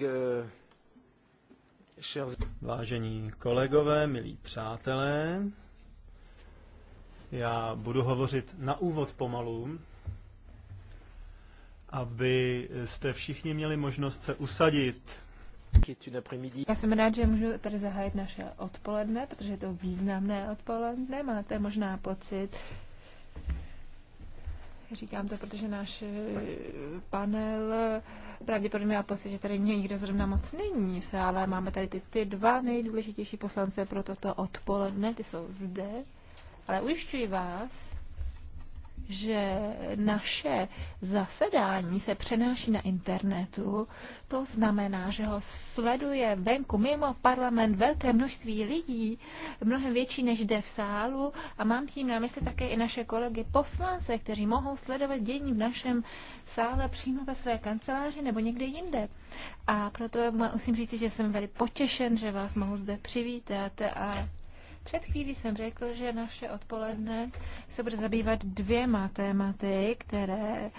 Euh, Vážení kolegové, milí přátelé, já budu hovořit na úvod pomalu, aby jste všichni měli možnost se usadit. Já jsem rád, že můžu tady zahájit naše odpoledne, protože je to významné odpoledne. Máte možná pocit, Říkám to, protože náš eh, panel eh, pravděpodobně má pocit, že tady někdo zrovna moc není v sále. Máme tady ty, ty dva nejdůležitější poslance pro toto odpoledne, ty jsou zde. Ale ujišťuji vás, že naše zasedání se přenáší na internetu, to znamená, že ho sleduje venku mimo parlament velké množství lidí, mnohem větší než jde v sálu a mám tím na mysli také i naše kolegy poslance, kteří mohou sledovat dění v našem sále přímo ve své kanceláři nebo někde jinde. A proto musím říct, že jsem velmi potěšen, že vás mohu zde přivítat a před chvílí jsem řekl, že naše odpoledne se bude zabývat dvěma tématy, které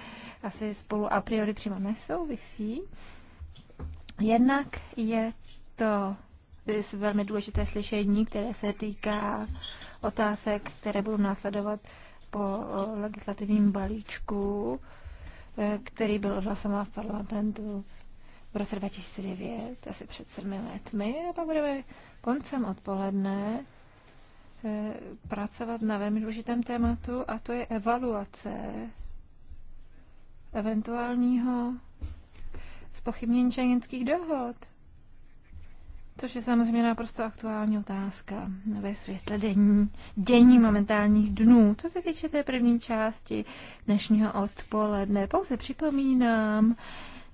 asi spolu a priori přímo nesouvisí. Jednak je to velmi důležité slyšení, které se týká otázek, které budou následovat po legislativním balíčku, eh, který byl odhlasován v parlamentu v roce 2009, asi před sedmi letmi. A pak budeme koncem odpoledne Eh, pracovat na velmi důležitém tématu a to je evaluace eventuálního zpochybnění šengenských dohod. Což je samozřejmě naprosto aktuální otázka ve světle denní, dění momentálních dnů. Co se týče té první části dnešního odpoledne, pouze připomínám,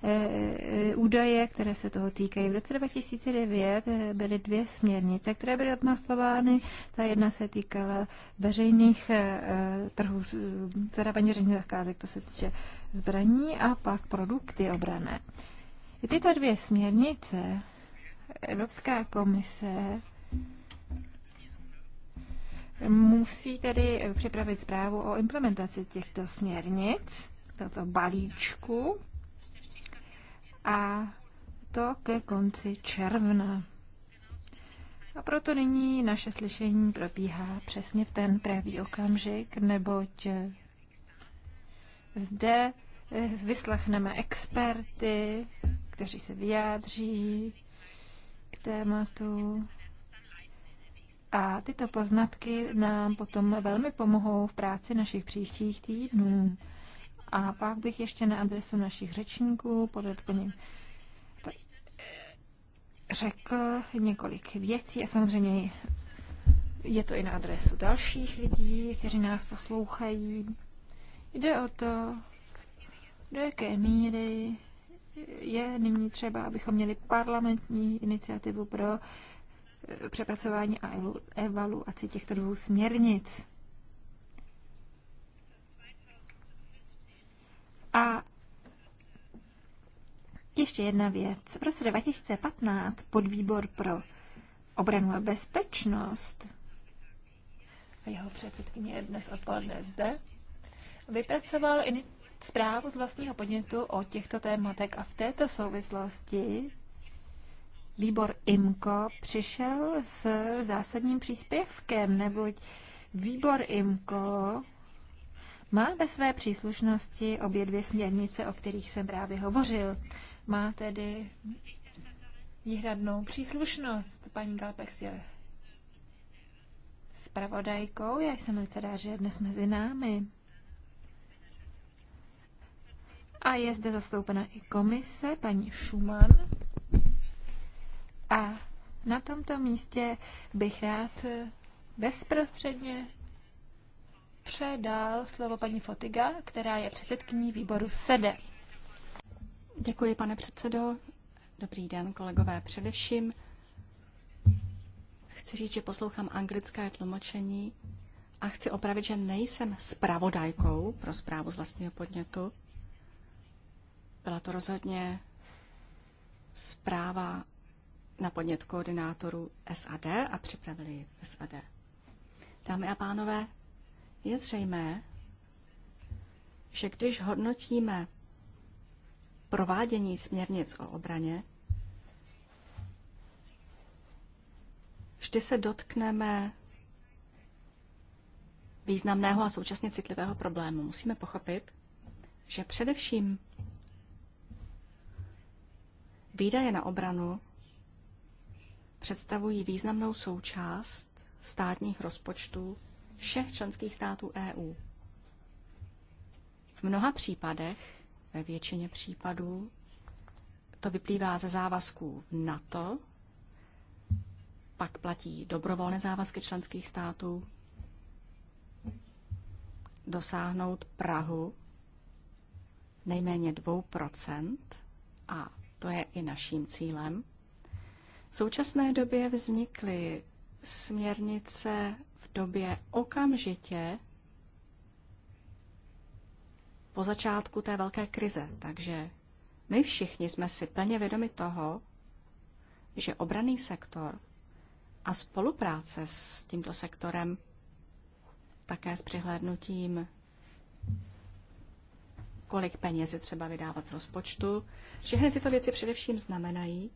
Eh, eh, údaje, které se toho týkají. V roce 2009 eh, byly dvě směrnice, které byly odmaslovány. Ta jedna se týkala veřejných trhů, zadávání veřejných zakázek, to se týče zbraní a pak produkty obrané. Tyto dvě směrnice Evropská komise musí tedy připravit zprávu o implementaci těchto směrnic, tohoto balíčku a to ke konci června. A proto nyní naše slyšení probíhá přesně v ten pravý okamžik, neboť zde eh, vyslechneme experty, kteří se vyjádří k tématu. A tyto poznatky nám potom velmi pomohou v práci našich příštích týdnů. A pak bych ještě na adresu našich řečníků podotkně řekl několik věcí a samozřejmě je to i na adresu dalších lidí, kteří nás poslouchají. Jde o to, do jaké míry je nyní třeba, abychom měli parlamentní iniciativu pro přepracování a evaluaci těchto dvou směrnic. A ještě jedna věc. V roce 2015 podvýbor pro obranu a bezpečnost a jeho předsedkyně je dnes odpoledne zde, vypracoval zprávu z vlastního podnětu o těchto tématech a v této souvislosti výbor IMCO přišel s zásadním příspěvkem, neboť výbor IMCO má ve své příslušnosti obě dvě směrnice, o kterých jsem právě hovořil. Má tedy výhradnou příslušnost. Paní Galpex je zpravodajkou. Já jsem velice rád, že je dnes mezi námi. A je zde zastoupena i komise, paní Schumann. A na tomto místě bych rád bezprostředně předal slovo paní Fotiga, která je předsedkyní výboru SEDE. Děkuji, pane předsedo. Dobrý den, kolegové. Především chci říct, že poslouchám anglické tlumočení a chci opravit, že nejsem spravodajkou pro zprávu z vlastního podnětu. Byla to rozhodně zpráva na podnět koordinátorů SAD a připravili SAD. Dámy a pánové, je zřejmé, že když hodnotíme provádění směrnic o obraně, vždy se dotkneme významného a současně citlivého problému. Musíme pochopit, že především výdaje na obranu představují významnou součást státních rozpočtů všech členských států EU. V mnoha případech, ve většině případů, to vyplývá ze závazků NATO, pak platí dobrovolné závazky členských států dosáhnout Prahu nejméně 2%, a to je i naším cílem. V současné době vznikly směrnice době okamžitě po začátku té velké krize. Takže my všichni jsme si plně vědomi toho, že obraný sektor a spolupráce s tímto sektorem, také s přihlédnutím, kolik peněz je třeba vydávat z rozpočtu, všechny tyto věci především znamenají,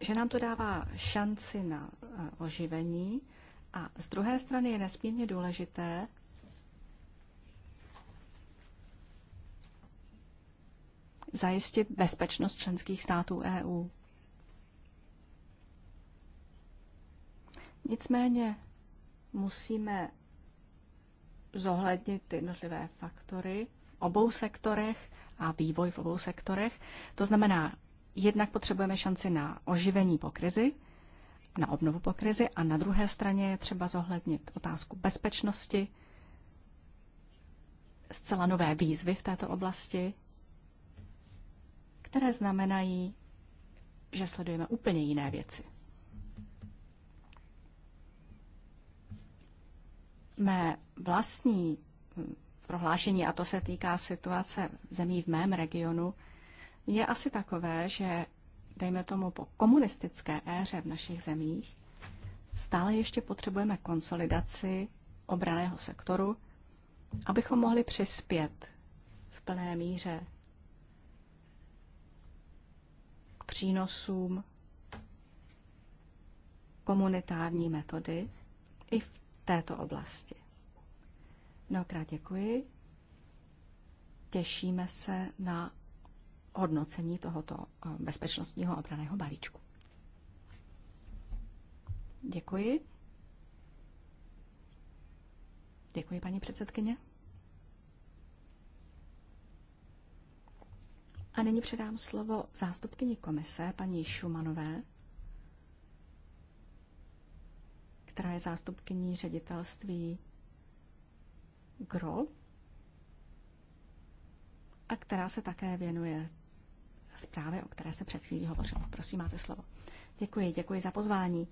že nám to dává šanci na eh, oživení a z druhé strany je nesmírně důležité, zajistit bezpečnost členských států EU. Nicméně musíme zohlednit jednotlivé faktory v obou sektorech a vývoj v obou sektorech. To znamená, jednak potřebujeme šanci na oživení po krizi na obnovu po krizi a na druhé straně je třeba zohlednit otázku bezpečnosti, zcela nové výzvy v této oblasti, které znamenají, že sledujeme úplně jiné věci. Mé vlastní hm, prohlášení, a to se týká situace zemí v mém regionu, je asi takové, že dejme tomu po komunistické éře v našich zemích, stále ještě potřebujeme konsolidaci obraného sektoru, abychom mohli přispět v plné míře k přínosům komunitární metody i v této oblasti. Mnohokrát děkuji. Těšíme se na hodnocení tohoto eh, bezpečnostního obraného balíčku. Děkuji. Děkuji, paní předsedkyně. A nyní předám slovo zástupkyni komise, paní Šumanové, která je zástupkyní ředitelství GRO a která se také věnuje zprávy, o které se před chvílí hovořilo. Prosím, máte slovo. Děkuji, děkuji za pozvání.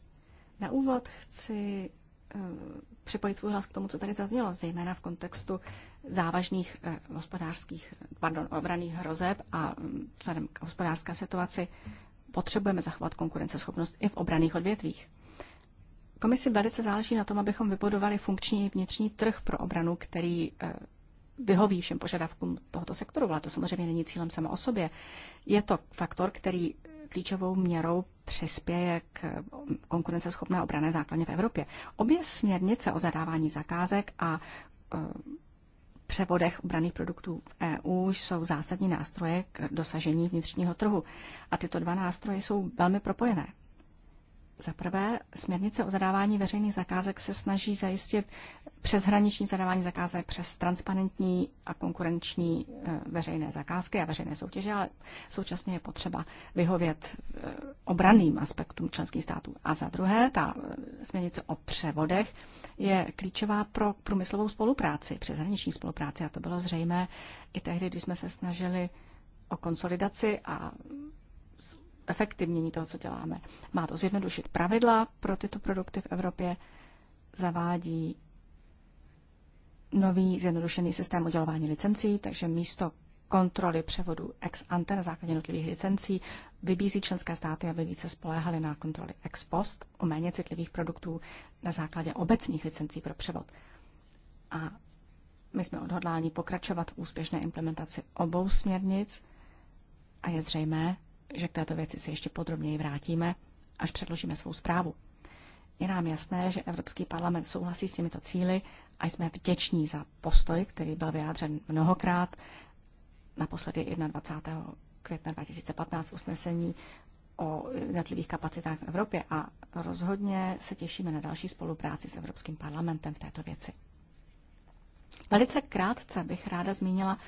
Na úvod chci eh, připojit svůj hlas k tomu, co tady zaznělo, zejména v kontextu závažných eh, hospodářských, pardon, obraných hrozeb a mm, vzhledem k hospodářské situaci potřebujeme zachovat konkurenceschopnost i v obraných odvětvích. Komisi velice záleží na tom, abychom vybudovali funkční vnitřní trh pro obranu, který eh, vyhoví všem požadavkům tohoto sektoru, ale to samozřejmě není cílem samo o sobě. Je to faktor, který klíčovou měrou přispěje k konkurenceschopné obrané základně v Evropě. Obě směrnice o zadávání zakázek a e, převodech obraných produktů v EU jsou zásadní nástroje k dosažení vnitřního trhu. A tyto dva nástroje jsou velmi propojené. Za prvé, směrnice o zadávání veřejných zakázek se snaží zajistit přeshraniční zadávání zakázek přes transparentní a konkurenční eh, veřejné zakázky a veřejné soutěže, ale současně je potřeba vyhovět eh, obraným aspektům členských států. A za druhé, ta eh, směrnice o převodech je klíčová pro průmyslovou spolupráci, přeshraniční spolupráci a to bylo zřejmé i tehdy, když jsme se snažili o konsolidaci a efektivnění toho, co děláme. Má to zjednodušit pravidla pro tyto produkty v Evropě, zavádí nový zjednodušený systém udělování licencí, takže místo kontroly převodu ex ante na základě jednotlivých licencí vybízí členské státy, aby více spoléhaly na kontroly ex post u méně citlivých produktů na základě obecných licencí pro převod. A my jsme odhodláni pokračovat v úspěšné implementaci obou směrnic a je zřejmé, že k této věci se ještě podrobněji vrátíme, až předložíme svou zprávu. Je nám jasné, že Evropský parlament souhlasí s těmito cíly a jsme vděční za postoj, který byl vyjádřen mnohokrát, naposledy 21. května 2015 usnesení o jednotlivých kapacitách v Evropě a rozhodně se těšíme na další spolupráci s Evropským parlamentem v této věci. Velice krátce bych ráda zmínila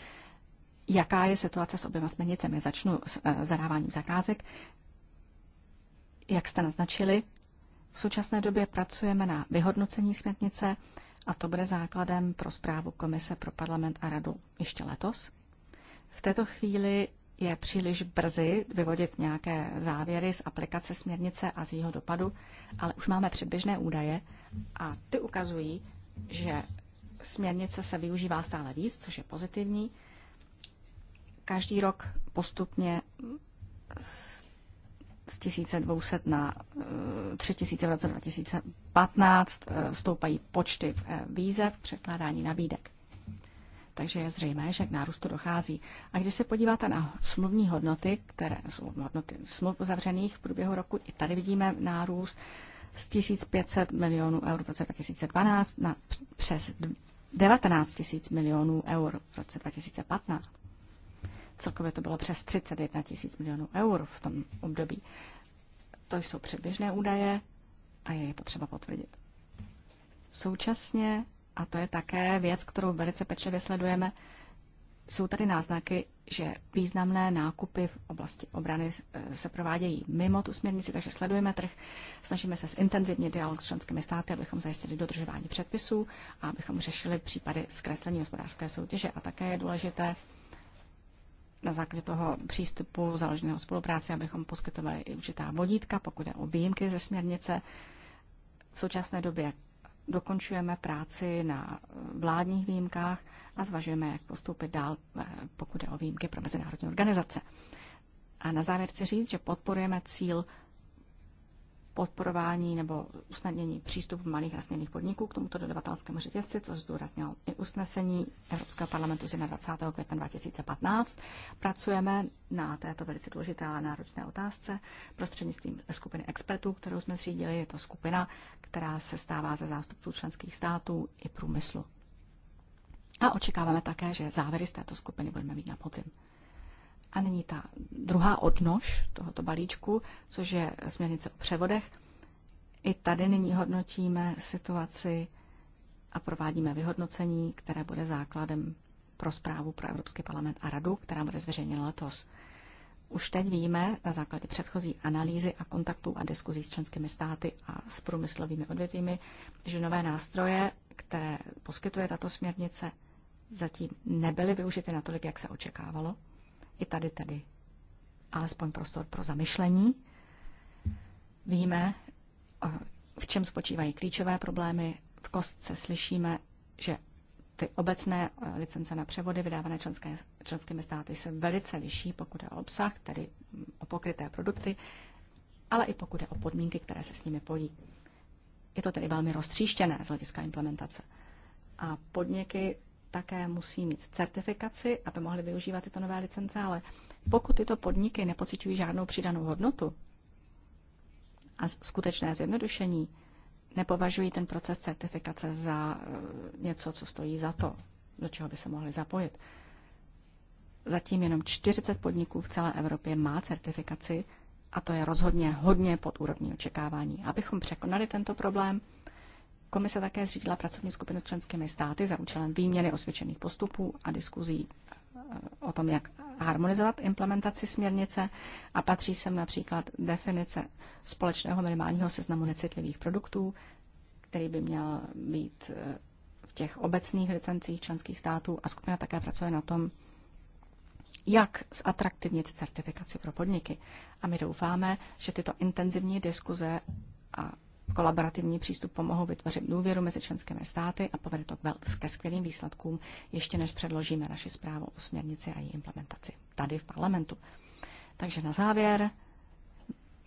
jaká je situace s oběma směrnicemi. Začnu s eh, zadáváním zakázek. Jak jste naznačili, v současné době pracujeme na vyhodnocení směrnice a to bude základem pro zprávu Komise pro parlament a radu ještě letos. V této chvíli je příliš brzy vyvodit nějaké závěry z aplikace směrnice a z jeho dopadu, ale už máme předběžné údaje a ty ukazují, že směrnice se využívá stále víc, což je pozitivní, každý rok postupně z 1200 na 3000 eh, v roce 2015 eh, stoupají počty výzev eh, překládání nabídek. Takže je zřejmé, že k nárůstu dochází. A když se podíváte na smluvní hodnoty, které jsou hodnoty smluv uzavřených v průběhu roku, i tady vidíme nárůst z 1500 milionů eur v roce 2012 na přes 19 000 milionů eur v roce 2015. Celkově to bylo přes 31 tisíc milionů eur v tom období. To jsou předběžné údaje a je potřeba potvrdit. Současně, a to je také věc, kterou velice pečlivě sledujeme, jsou tady náznaky, že významné nákupy v oblasti obrany eh, se provádějí mimo tu směrnici, takže sledujeme trh, snažíme se zintenzivnit dialog s členskými státy, abychom zajistili dodržování předpisů a abychom řešili případy zkreslení hospodářské soutěže. A také je důležité na základě toho přístupu založeného spolupráci, abychom poskytovali i určitá vodítka, pokud je o výjimky ze směrnice. V současné době dokončujeme práci na vládních výjimkách a zvažujeme, jak postoupit dál, eh, pokud je o výjimky pro mezinárodní organizace. A na závěr chci říct, že podporujeme cíl podporování nebo usnadnění přístupu malých a středních podniků k tomuto dodavatelskému řetězci, což zdůraznil i usnesení Evropského parlamentu z 21. května 2015. Pracujeme na této velice důležité a náročné otázce prostřednictvím skupiny expertů, kterou jsme zřídili. Je to skupina, která se stává ze zástupců členských států i průmyslu. A očekáváme také, že závěry z této skupiny budeme mít na podzim. A nyní ta druhá odnož tohoto balíčku, což je směrnice o převodech. I tady nyní hodnotíme situaci a provádíme vyhodnocení, které bude základem pro zprávu pro Evropský parlament a radu, která bude zveřejněna letos. Už teď víme na základě předchozí analýzy a kontaktů a diskuzí s členskými státy a s průmyslovými odvětvími, že nové nástroje, které poskytuje tato směrnice, zatím nebyly využity natolik, jak se očekávalo. I tady tedy alespoň prostor pro zamyšlení. Víme, eh, v čem spočívají klíčové problémy. V kostce slyšíme, že ty obecné eh, licence na převody vydávané členské, členskými státy se velice liší, pokud je o obsah, tedy mm, o pokryté produkty, ale i pokud je o podmínky, které se s nimi pojí. Je to tedy velmi roztříštěné z hlediska implementace. A podniky také musí mít certifikaci, aby mohli využívat tyto nové licence, ale pokud tyto podniky nepocitují žádnou přidanou hodnotu a skutečné zjednodušení, nepovažují ten proces certifikace za eh, něco, co stojí za to, do čeho by se mohli zapojit. Zatím jenom 40 podniků v celé Evropě má certifikaci a to je rozhodně hodně pod úrovní očekávání. Abychom překonali tento problém, Komise také zřídila pracovní skupinu členskými státy za účelem výměny osvědčených postupů a diskuzí eh, o tom, jak harmonizovat implementaci směrnice a patří sem například definice společného minimálního seznamu necitlivých produktů, který by měl být eh, v těch obecných licencích členských států a skupina také pracuje na tom, jak zatraktivnit certifikaci pro podniky. A my doufáme, že tyto intenzivní diskuze a kolaborativní přístup pomohou vytvořit důvěru mezi členskými státy a povede to ke skvělým výsledkům, ještě než předložíme naši zprávu o směrnici a její implementaci tady v parlamentu. Takže na závěr,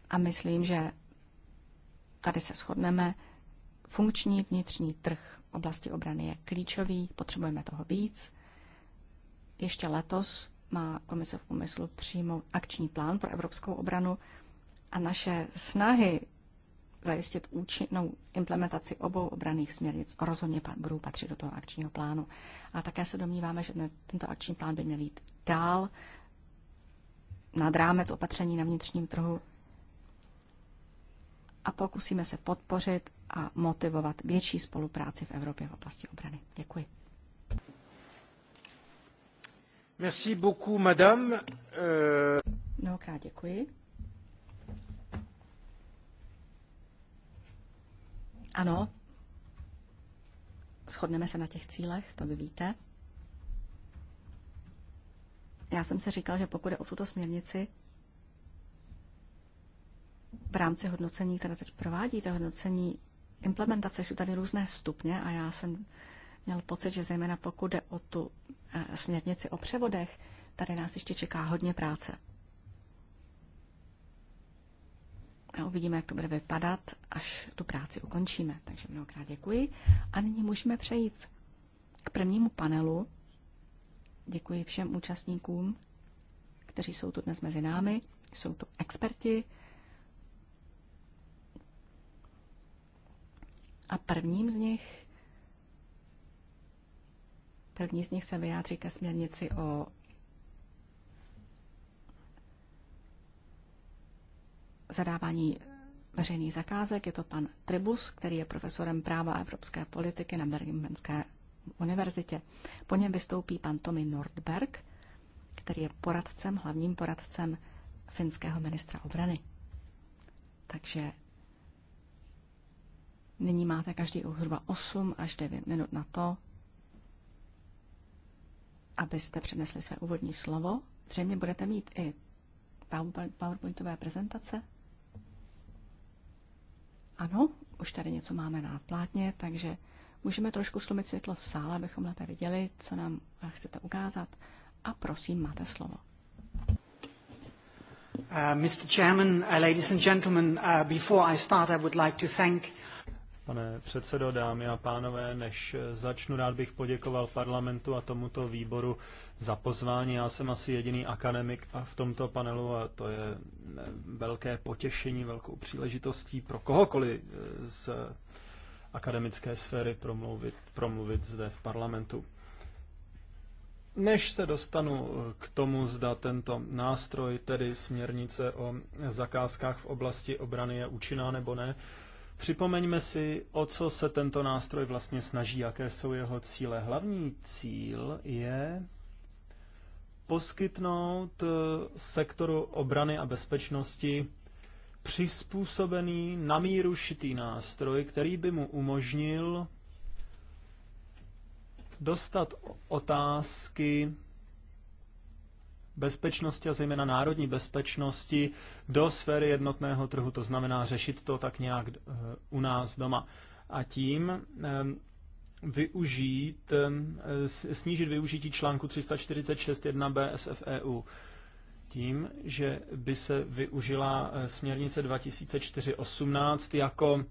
a myslím, že tady se shodneme, funkční vnitřní trh v oblasti obrany je klíčový, potřebujeme toho víc. Ještě letos má komise v úmyslu přijmout akční plán pro evropskou obranu a naše snahy zajistit účinnou implementaci obou obraných směrnic rozhodně budou patřit do toho akčního plánu. A také se domníváme, že tento akční plán by měl jít dál nad rámec opatření na vnitřním trhu a pokusíme se podpořit a motivovat větší spolupráci v Evropě v oblasti obrany. Děkuji. Merci beaucoup, madame. Euh, Mnohokrát děkuji. Ano, shodneme se na těch cílech, to vy víte. Já jsem se říkal, že pokud je o tuto směrnici, v rámci hodnocení, které teď provádíte, hodnocení implementace, jsou tady různé stupně a já jsem měl pocit, že zejména pokud jde o tu eh, směrnici o převodech, tady nás ještě čeká hodně práce. A uvidíme, jak to bude vypadat, až tu práci ukončíme. Takže mnohokrát děkuji. A nyní můžeme přejít k prvnímu panelu. Děkuji všem účastníkům, kteří jsou tu dnes mezi námi. Jsou to experti. A prvním z nich První z nich se vyjádří ke směrnici o zadávání veřejných zakázek. Je to pan Tribus, který je profesorem práva a evropské politiky na Bergenské univerzitě. Po něm vystoupí pan Tommy Nordberg, který je poradcem, hlavním poradcem finského ministra obrany. Takže nyní máte každý zhruba 8 až 9 minut na to, abyste přednesli své úvodní slovo. Zřejmě budete mít i PowerPointové prezentace. Ano, už tady něco máme na plátně, takže můžeme trošku slumit světlo v sále, abychom lépe viděli, co nám eh, chcete ukázat. A prosím, máte slovo. Uh, Mr. Chairman, uh, ladies and gentlemen, uh, before I start, I would like to thank uh, Pane předsedo, dámy a pánové, než začnu, rád bych poděkoval parlamentu a tomuto výboru za pozvání. Já jsem asi jediný akademik a v tomto panelu a to je velké potěšení, velkou příležitostí pro kohokoliv eh, z akademické sféry promluvit, promluvit zde v parlamentu. Než se dostanu eh, k tomu, zda tento nástroj, tedy směrnice o zakázkách v oblasti obrany je účinná nebo ne, Připomeňme si, o co se tento nástroj vlastně snaží, jaké jsou jeho cíle. Hlavní cíl je poskytnout eh, sektoru obrany a bezpečnosti přizpůsobený, namírušitý nástroj, který by mu umožnil dostat otázky bezpečnosti a zejména národní bezpečnosti do sféry jednotného trhu, to znamená řešit to tak nějak eh, u nás doma. A tím ehm, využít, ehm, snížit využití článku 346.1 BSF EU tím, že by se využila eh, směrnice 2004.18 18 jako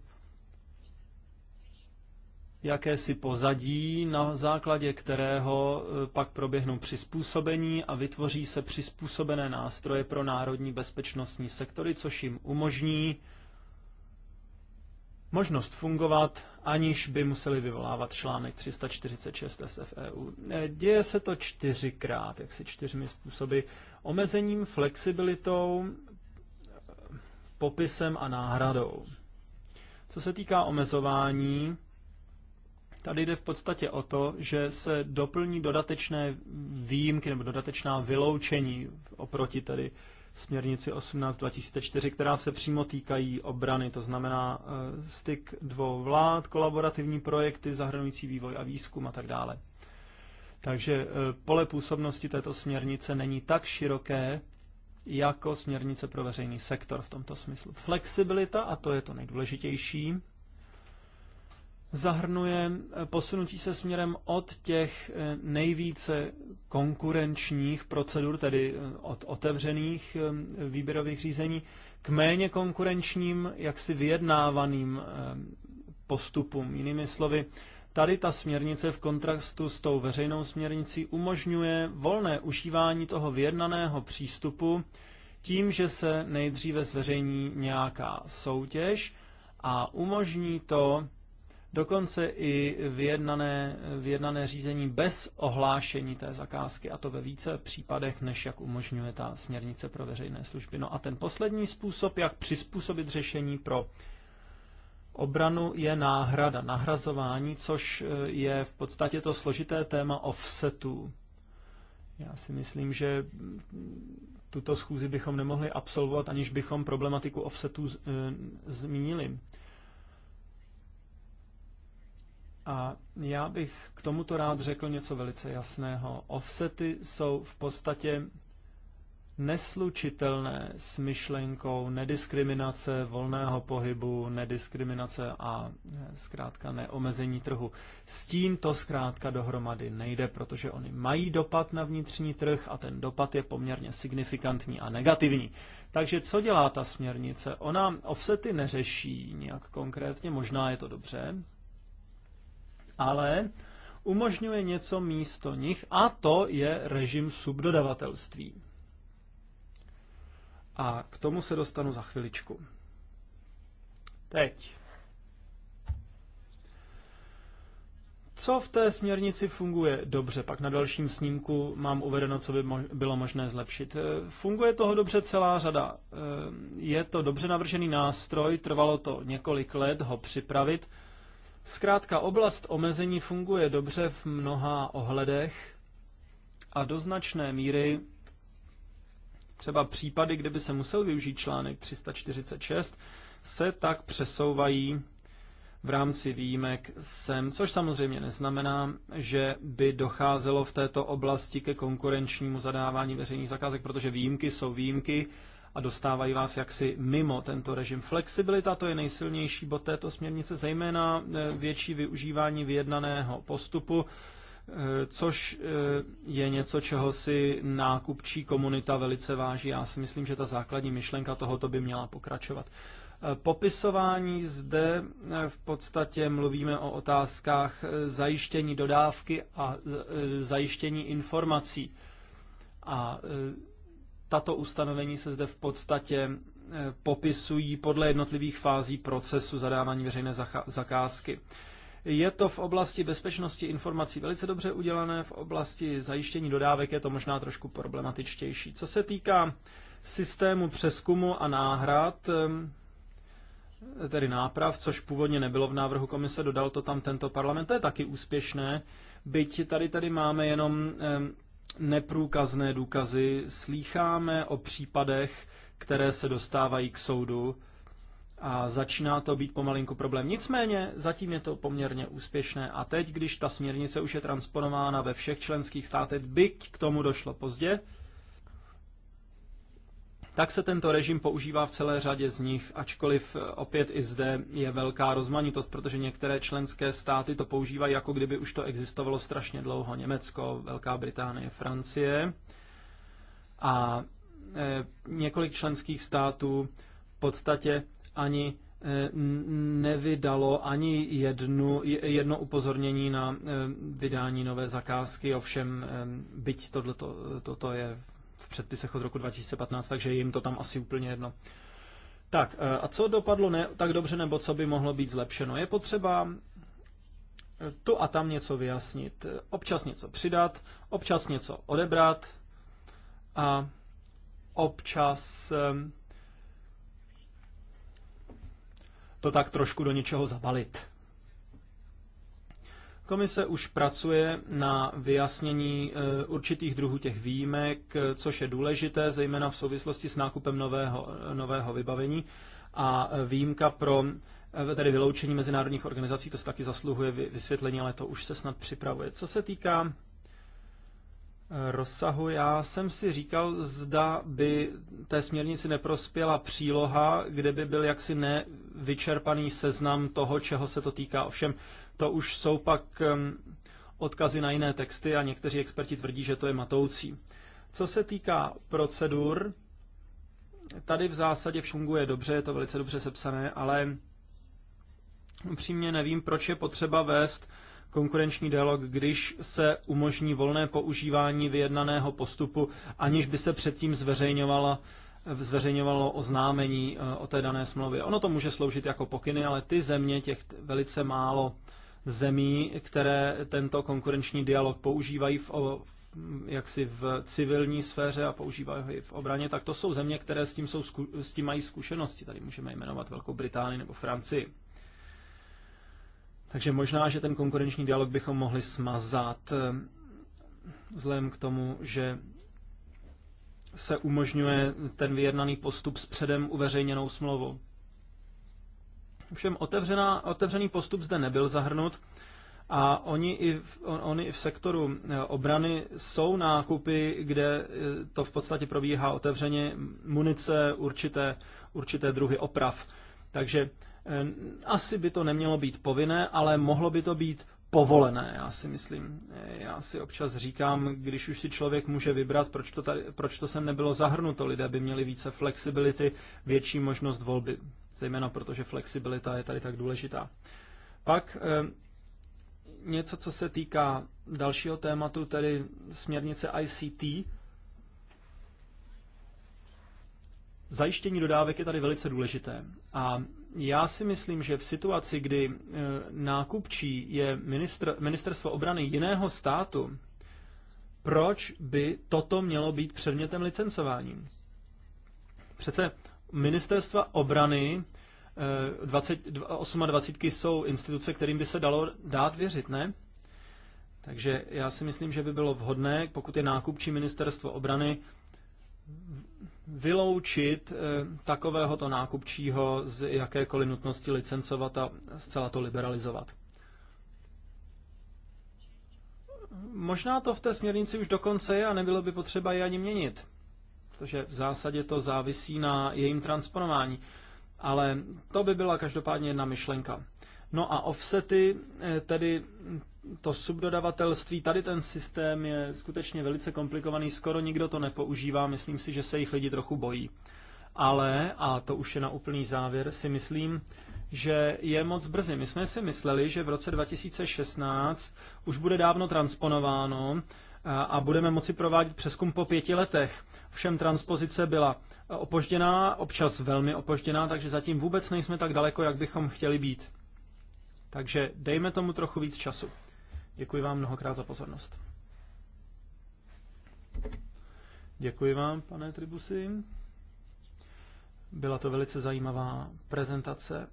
jakési pozadí, na základě kterého e, pak proběhnou přizpůsobení a vytvoří se přizpůsobené nástroje pro národní bezpečnostní sektory, což jim umožní možnost fungovat, aniž by museli vyvolávat článek 346 SFEU. E, děje se to čtyřikrát, jak si čtyřmi způsoby. Omezením, flexibilitou, popisem a náhradou. Co se týká omezování, Tady jde v podstatě o to, že se doplní dodatečné výjimky nebo dodatečná vyloučení oproti tady směrnici 18-2004, která se přímo týkají obrany, to znamená eh, styk dvou vlád, kolaborativní projekty zahrnující vývoj a výzkum a tak dále. Takže eh, pole působnosti této směrnice není tak široké, jako směrnice pro veřejný sektor v tomto smyslu. Flexibilita, a to je to nejdůležitější, zahrnuje eh, posunutí se směrem od těch eh, nejvíce konkurenčních procedur, tedy eh, od otevřených výběrových řízení, k méně konkurenčním, jaksi vyjednávaným postupům. Jinými slovy, tady ta směrnice v kontrastu s tou veřejnou směrnicí umožňuje volné užívání toho vyjednaného přístupu tím, že se nejdříve zveřejní nějaká soutěž a umožní to dokonce i vyjednané, vyjednané řízení bez ohlášení té zakázky, a to ve více případech, než jak umožňuje ta směrnice pro veřejné služby. No a ten poslední způsob, jak přizpůsobit řešení pro obranu, je náhrada, nahrazování, což eh, je v podstatě to složité téma offsetu. Já si myslím, že mm, tuto schůzi bychom nemohli absolvovat, aniž bychom problematiku offsetu eh, zmínili. E, a já bych k tomuto rád řekl něco velice jasného. Offsety jsou v podstatě neslučitelné s myšlenkou nediskriminace volného pohybu, nediskriminace a eh, zkrátka neomezení trhu. S tím to zkrátka dohromady nejde, protože oni mají dopad na vnitřní trh a ten dopad je poměrně signifikantní a negativní. Takže co dělá ta směrnice? Ona offsety neřeší nějak konkrétně, možná je to dobře, ale umožňuje něco místo nich a to je režim subdodavatelství. A k tomu se dostanu za chviličku. Teď. Co v té směrnici funguje dobře? Pak na dalším snímku mám uvedeno, co by bylo možné zlepšit. Eh, funguje toho dobře celá řada. Eh, je to dobře navržený nástroj, trvalo to několik let ho připravit Zkrátka, oblast omezení funguje dobře v mnoha ohledech a do značné míry třeba případy, kde by se musel využít článek 346, se tak přesouvají v rámci výjimek sem, což samozřejmě neznamená, že by docházelo v této oblasti ke konkurenčnímu zadávání veřejných zakázek, protože výjimky jsou výjimky a dostávají vás jaksi mimo tento režim. Flexibilita to je nejsilnější bod této směrnice, zejména e, větší využívání vyjednaného postupu, e, což e, je něco, čeho si nákupčí komunita velice váží. Já si myslím, že ta základní myšlenka tohoto by měla pokračovat. Popisování zde v podstatě mluvíme o otázkách zajištění dodávky a zajištění informací. A tato ustanovení se zde v podstatě e, popisují podle jednotlivých fází procesu zadávání veřejné zakázky. Je to v oblasti bezpečnosti informací velice dobře udělané, v oblasti zajištění dodávek je to možná trošku problematičtější. Co se týká systému přeskumu a náhrad, e, tedy náprav, což původně nebylo v návrhu komise, dodal to tam tento parlament, to je taky úspěšné, byť tady tady máme jenom e, neprůkazné důkazy, slýcháme o případech, které se dostávají k soudu a začíná to být pomalinku problém. Nicméně zatím je to poměrně úspěšné a teď, když ta směrnice už je transponována ve všech členských státech, byť k tomu došlo pozdě, tak se tento režim používá v celé řadě z nich, ačkoliv eh, opět i zde je velká rozmanitost, protože některé členské státy to používají, jako kdyby už to existovalo strašně dlouho. Německo, Velká Británie, Francie. A eh, několik členských států v podstatě ani eh, nevydalo ani jednu, jedno upozornění na vydání nové zakázky, ovšem byť tohleto, toto je předpisech od roku 2015, takže jim to tam asi úplně jedno. Tak, eh, a co dopadlo ne tak dobře, nebo co by mohlo být zlepšeno? Je potřeba eh, tu a tam něco vyjasnit, občas něco přidat, občas něco odebrat a občas eh, to tak trošku do něčeho zabalit. Komise už pracuje na vyjasnění eh, určitých druhů těch výjimek, což je důležité, zejména v souvislosti s nákupem nového, nového vybavení. A eh, výjimka pro eh, tedy vyloučení mezinárodních organizací, to se taky zasluhuje vysvětlení, ale to už se snad připravuje. Co se týká rozsahu, já jsem si říkal, zda by té směrnici neprospěla příloha, kde by byl jaksi nevyčerpaný seznam toho, čeho se to týká. Ovšem, to už jsou pak odkazy na jiné texty a někteří experti tvrdí, že to je matoucí. Co se týká procedur, tady v zásadě funguje dobře, je to velice dobře sepsané, ale upřímně nevím, proč je potřeba vést konkurenční dialog, když se umožní volné používání vyjednaného postupu, aniž by se předtím zveřejňovala zveřejňovalo oznámení eh, o té dané smlouvě. Ono to může sloužit jako pokyny, ale ty země, těch velice málo, zemí, které tento konkurenční dialog používají v, jaksi v civilní sféře a používají ho i v obraně, tak to jsou země, které s tím, jsou, s tím mají zkušenosti. Tady můžeme jmenovat Velkou Británii nebo Francii. Takže možná, že ten konkurenční dialog bychom mohli smazat eh, vzhledem k tomu, že se umožňuje ten vyjednaný postup s předem uveřejněnou smlouvou. Ovšem otevřený postup zde nebyl zahrnut a oni i, v, on, oni i v sektoru eh, obrany jsou nákupy, kde eh, to v podstatě probíhá otevřeně munice, určité, určité druhy oprav. Takže eh, asi by to nemělo být povinné, ale mohlo by to být povolené, já si myslím. Já si občas říkám, když už si člověk může vybrat, proč to, tady, proč to sem nebylo zahrnuto. Lidé by měli více flexibility, větší možnost volby zejména protože flexibilita je tady tak důležitá. Pak eh, něco, co se týká dalšího tématu, tedy směrnice ICT. Zajištění dodávek je tady velice důležité. A já si myslím, že v situaci, kdy eh, nákupčí je ministr, ministerstvo obrany jiného státu, proč by toto mělo být předmětem licencování? Přece Ministerstva obrany 28 eh, jsou instituce, kterým by se dalo dát věřit, ne? Takže já si myslím, že by bylo vhodné, pokud je nákupčí ministerstvo obrany, vyloučit eh, takovéhoto nákupčího z jakékoliv nutnosti licencovat a zcela to liberalizovat. Možná to v té směrnici už dokonce je a nebylo by potřeba ji ani měnit protože v zásadě to závisí na jejím transponování. Ale to by byla každopádně jedna myšlenka. No a offsety, eh, tedy to subdodavatelství, tady ten systém je skutečně velice komplikovaný, skoro nikdo to nepoužívá, myslím si, že se jich lidi trochu bojí. Ale, a to už je na úplný závěr, si myslím, že je moc brzy. My jsme si mysleli, že v roce 2016 už bude dávno transponováno a, budeme moci provádět přeskum po pěti letech. Všem transpozice byla opožděná, občas velmi opožděná, takže zatím vůbec nejsme tak daleko, jak bychom chtěli být. Takže dejme tomu trochu víc času. Děkuji vám mnohokrát za pozornost. Děkuji vám, pane Tribusy. Byla to velice zajímavá prezentace.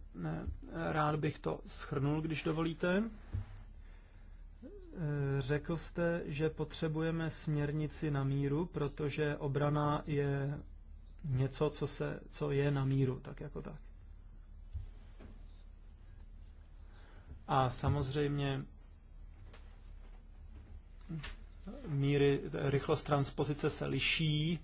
Rád bych to schrnul, když dovolíte. Řekl jste, že potřebujeme směrnici na míru, protože obrana je něco, co, se, co je na míru, tak jako tak. A samozřejmě míry, rychlost transpozice se liší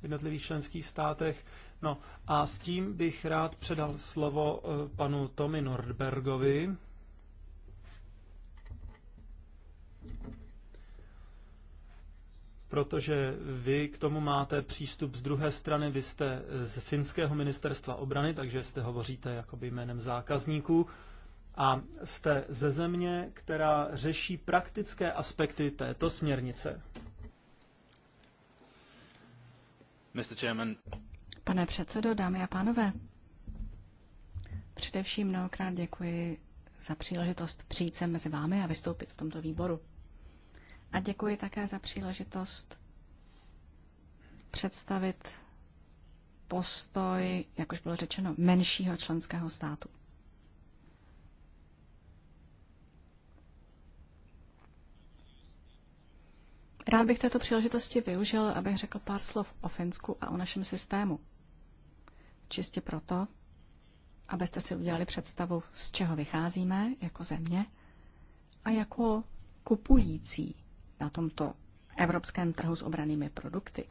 v jednotlivých členských státech. No a s tím bych rád předal slovo eh, panu Tomi Nordbergovi, protože vy k tomu máte přístup z druhé strany, vy jste z finského ministerstva obrany, takže jste hovoříte jakoby jménem zákazníků a jste ze země, která řeší praktické aspekty této směrnice. Mr. Chairman. Pane předsedo, dámy a pánové, především mnohokrát děkuji za příležitost přijít se mezi vámi a vystoupit v tomto výboru. A děkuji také za příležitost představit postoj, jak už bylo řečeno, menšího členského státu. Rád bych této příležitosti využil, abych řekl pár slov o Finsku a o našem systému. Čistě proto, abyste si udělali představu, z čeho vycházíme jako země a jako kupující na tomto evropském trhu s obranými produkty.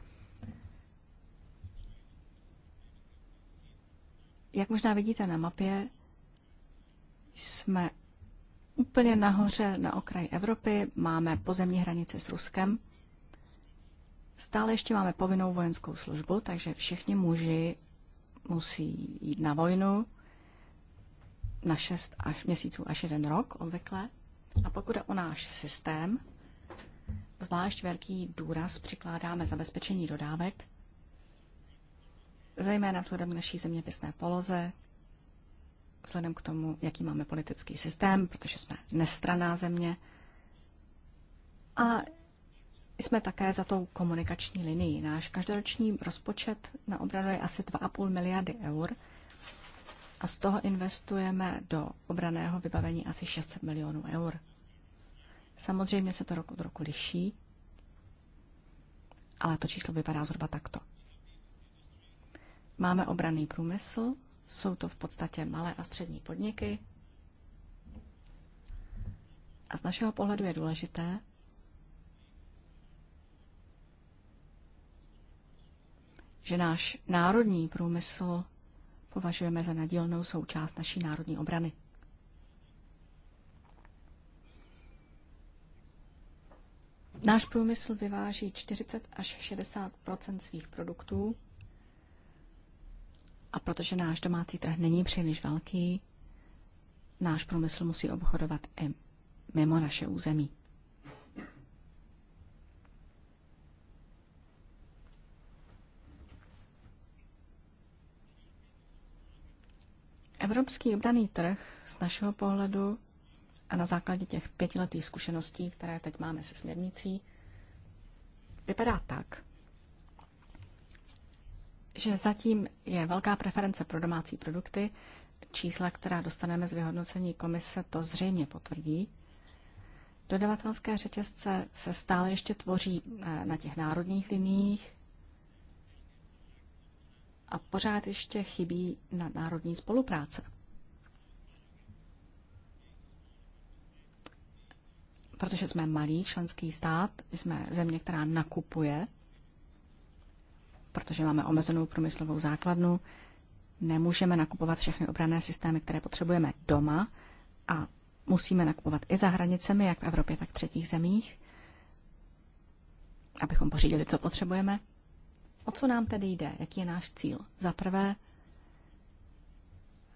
Jak možná vidíte na mapě, jsme úplně nahoře na okraji Evropy, máme pozemní hranice s Ruskem. Stále ještě máme povinnou vojenskou službu, takže všichni muži musí jít na vojnu na 6 až, měsíců až jeden rok obvykle. A pokud je o náš systém, Zvlášť velký důraz přikládáme zabezpečení dodávek, zejména vzhledem k naší zeměpisné poloze, vzhledem k tomu, jaký máme politický systém, protože jsme nestraná země. A jsme také za tou komunikační linií. Náš každoroční rozpočet na obranu je asi 2,5 miliardy eur a z toho investujeme do obraného vybavení asi 600 milionů eur. Samozřejmě se to rok od roku liší, ale to číslo vypadá zhruba takto. Máme obraný průmysl, jsou to v podstatě malé a střední podniky. A z našeho pohledu je důležité, že náš národní průmysl považujeme za nadílnou součást naší národní obrany. Náš průmysl vyváží 40 až 60 svých produktů a protože náš domácí trh není příliš velký, náš průmysl musí obchodovat i mimo naše území. Evropský obdaný trh z našeho pohledu a na základě těch pětiletých zkušeností, které teď máme se směrnicí, vypadá tak, že zatím je velká preference pro domácí produkty. Čísla, která dostaneme z vyhodnocení komise, to zřejmě potvrdí. Dodavatelské řetězce se stále ještě tvoří eh, na těch národních liních a pořád ještě chybí na národní spolupráce. protože jsme malý členský stát, jsme země, která nakupuje, protože máme omezenou průmyslovou základnu, nemůžeme nakupovat všechny obrané systémy, které potřebujeme doma a musíme nakupovat i za hranicemi, jak v Evropě, tak v třetích zemích, abychom pořídili, co potřebujeme. O co nám tedy jde? Jaký je náš cíl? Za prvé,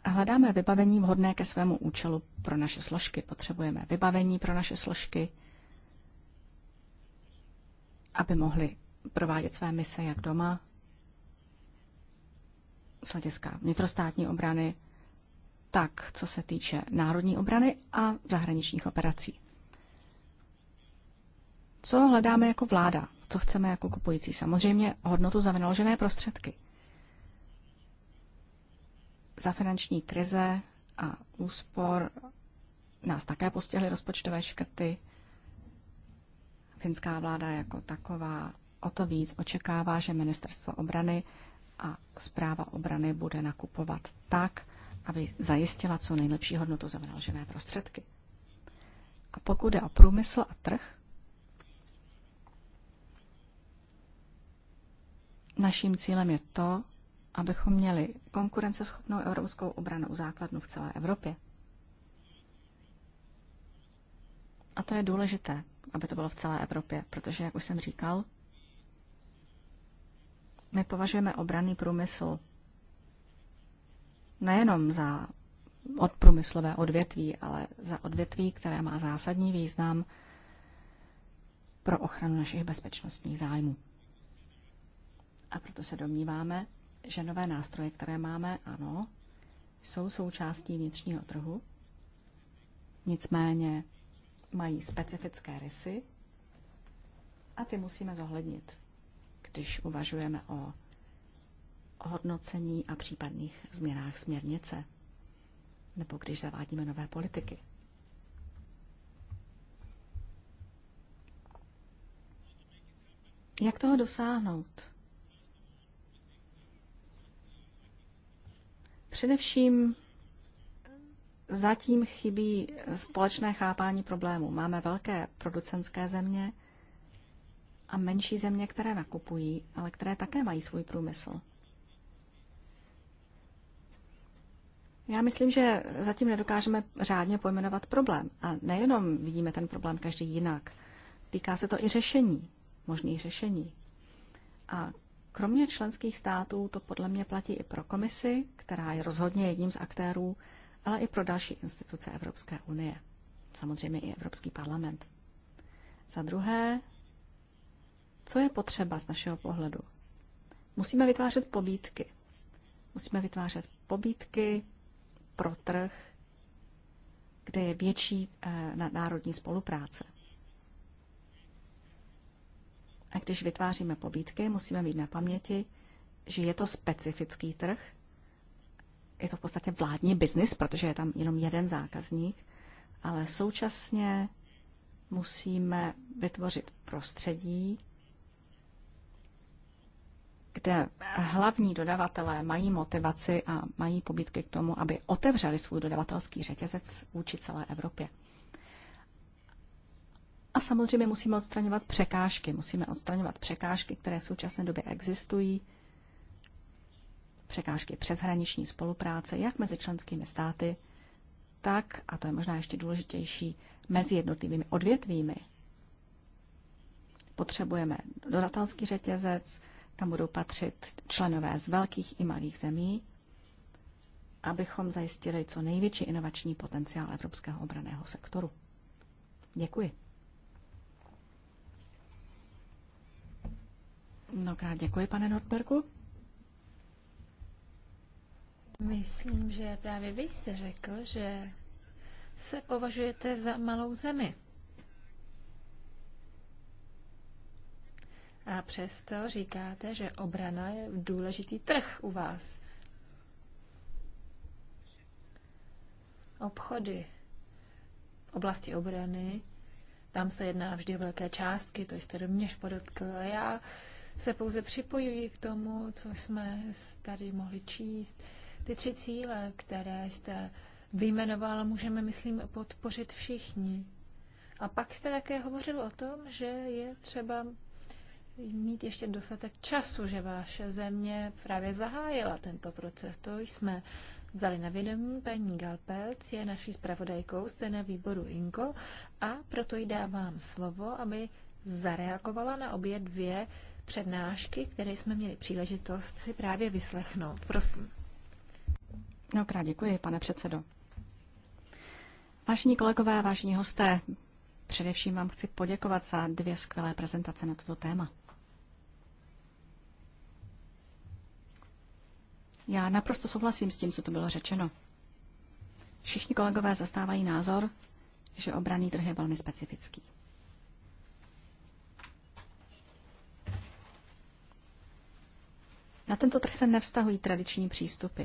Hledáme vybavení vhodné ke svému účelu pro naše složky. Potřebujeme vybavení pro naše složky, aby mohli provádět své mise jak doma, z hlediska vnitrostátní obrany, tak co se týče národní obrany a zahraničních operací. Co hledáme jako vláda? Co chceme jako kupující? Samozřejmě hodnotu za vynaložené prostředky – za finanční krize a úspor nás také postihly rozpočtové škrty. Finská vláda jako taková o to víc očekává, že ministerstvo obrany a zpráva obrany bude nakupovat tak, aby zajistila co nejlepší hodnotu za vynaložené prostředky. A pokud je o průmysl a trh, naším cílem je to, abychom měli konkurenceschopnou evropskou obranou základnu v celé Evropě. A to je důležité, aby to bylo v celé Evropě, protože, jak už jsem říkal, my považujeme obranný průmysl nejenom za odprůmyslové odvětví, ale za odvětví, které má zásadní význam pro ochranu našich bezpečnostních zájmů. A proto se domníváme, že nové nástroje, které máme, ano, jsou součástí vnitřního trhu, nicméně mají specifické rysy a ty musíme zohlednit, když uvažujeme o hodnocení a případných změnách směrnice nebo když zavádíme nové politiky. Jak toho dosáhnout? Především zatím chybí společné chápání problému. Máme velké producentské země a menší země, které nakupují, ale které také mají svůj průmysl. Já myslím, že zatím nedokážeme řádně pojmenovat problém. A nejenom vidíme ten problém každý jinak. Týká se to i řešení, možných řešení. A Kromě členských států to podle mě platí i pro komisi, která je rozhodně jedním z aktérů, ale i pro další instituce Evropské unie. Samozřejmě i Evropský parlament. Za druhé, co je potřeba z našeho pohledu? Musíme vytvářet pobídky. Musíme vytvářet pobídky pro trh, kde je větší eh, národní spolupráce. A když vytváříme pobídky, musíme mít na paměti, že je to specifický trh, je to v podstatě vládní biznis, protože je tam jenom jeden zákazník, ale současně musíme vytvořit prostředí, kde hlavní dodavatelé mají motivaci a mají pobídky k tomu, aby otevřeli svůj dodavatelský řetězec vůči celé Evropě. A samozřejmě musíme odstraňovat překážky. Musíme odstraňovat překážky, které v současné době existují. Překážky přeshraniční spolupráce, jak mezi členskými státy, tak, a to je možná ještě důležitější, mezi jednotlivými odvětvími. Potřebujeme dodatelský řetězec, tam budou patřit členové z velkých i malých zemí, abychom zajistili co největší inovační potenciál evropského obraného sektoru. Děkuji. Mnohokrát děkuji, pane Nordbergu. Myslím, že právě vy jste řekl, že se považujete za malou zemi. A přesto říkáte, že obrana je důležitý trh u vás. Obchody v oblasti obrany, tam se jedná vždy o velké částky, to jste rovněž podotkl. Já se pouze připojuji k tomu, co jsme tady mohli číst. Ty tři cíle, které jste vyjmenoval, můžeme, myslím, podpořit všichni. A pak jste také hovořil o tom, že je třeba mít ještě dostatek času, že vaše země právě zahájila tento proces. To jsme vzali na vědomí. Paní Galpelc je naší zpravodajkou, jste na výboru INKO a proto jí dávám slovo, aby zareagovala na obě dvě přednášky, které jsme měli příležitost si právě vyslechnout. Prosím. Mnohokrát děkuji, pane předsedo. Vážení kolegové, vážení hosté, především vám chci poděkovat za dvě skvělé prezentace na toto téma. Já naprosto souhlasím s tím, co tu bylo řečeno. Všichni kolegové zastávají názor, že obraný trh je velmi specifický. Na tento trh se nevztahují tradiční přístupy.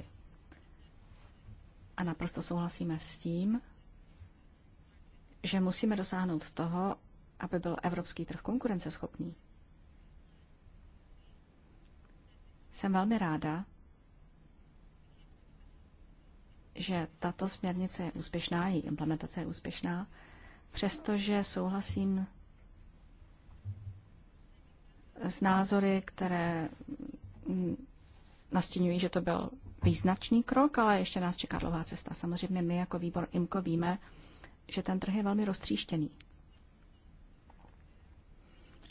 A naprosto souhlasíme s tím, že musíme dosáhnout toho, aby byl evropský trh konkurenceschopný. Jsem velmi ráda, že tato směrnice je úspěšná, její implementace je úspěšná, přestože souhlasím s názory, které Mm, nastínují, že to byl význačný krok, ale ještě nás čeká dlouhá cesta. Samozřejmě my jako výbor IMKO víme, že ten trh je velmi roztříštěný.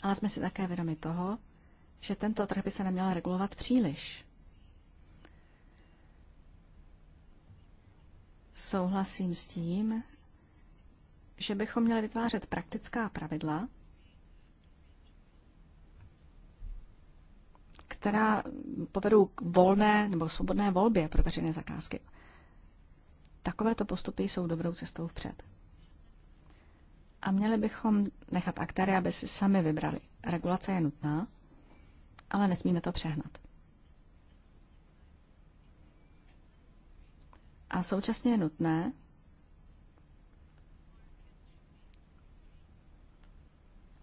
Ale jsme si také vědomi toho, že tento trh by se neměl regulovat příliš. Souhlasím s tím, že bychom měli vytvářet praktická pravidla, která povedou k volné nebo svobodné volbě pro veřejné zakázky. Takovéto postupy jsou dobrou cestou vpřed. A měli bychom nechat aktéry, aby si sami vybrali. Regulace je nutná, ale nesmíme to přehnat. A současně je nutné,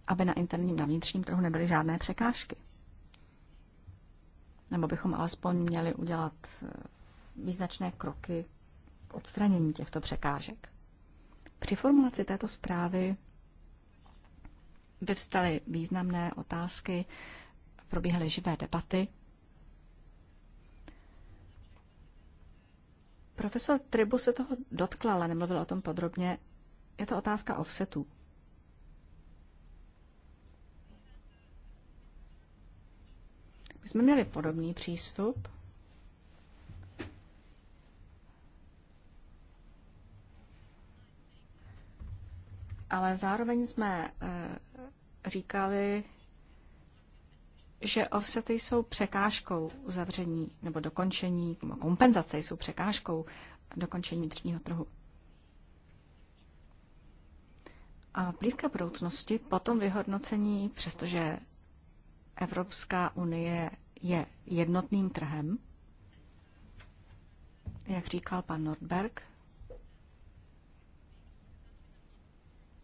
aby na interním, na vnitřním trhu nebyly žádné překážky nebo bychom alespoň měli udělat eh, význačné kroky k odstranění těchto překážek. Při formulaci této zprávy vyvstaly významné otázky, probíhaly živé debaty. Profesor Tribu se toho dotkla, ale nemluvil o tom podrobně. Je to otázka offsetů. My jsme měli podobný přístup. Ale zároveň jsme eh, říkali, že offsety jsou překážkou uzavření nebo dokončení, nebo kompenzace jsou překážkou dokončení vnitřního trhu. A v blízké budoucnosti po tom vyhodnocení, přestože Evropská unie je jednotným trhem, jak říkal pan Nordberg.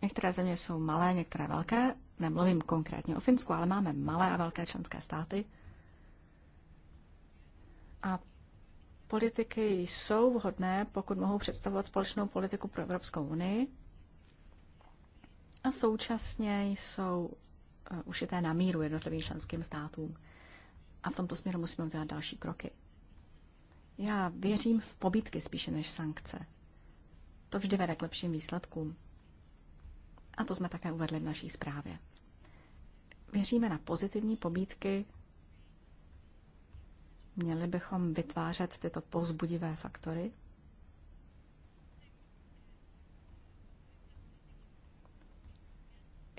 Některé země jsou malé, některé velké. Nemluvím konkrétně o Finsku, ale máme malé a velké členské státy. A politiky jsou vhodné, pokud mohou představovat společnou politiku pro Evropskou unii a současně jsou Eh, ušité na míru jednotlivým členským státům. A v tomto směru musíme udělat další kroky. Já věřím v pobítky spíše než sankce. To vždy vede k lepším výsledkům. A to jsme také uvedli v naší zprávě. Věříme na pozitivní pobídky. Měli bychom vytvářet tyto pozbudivé faktory,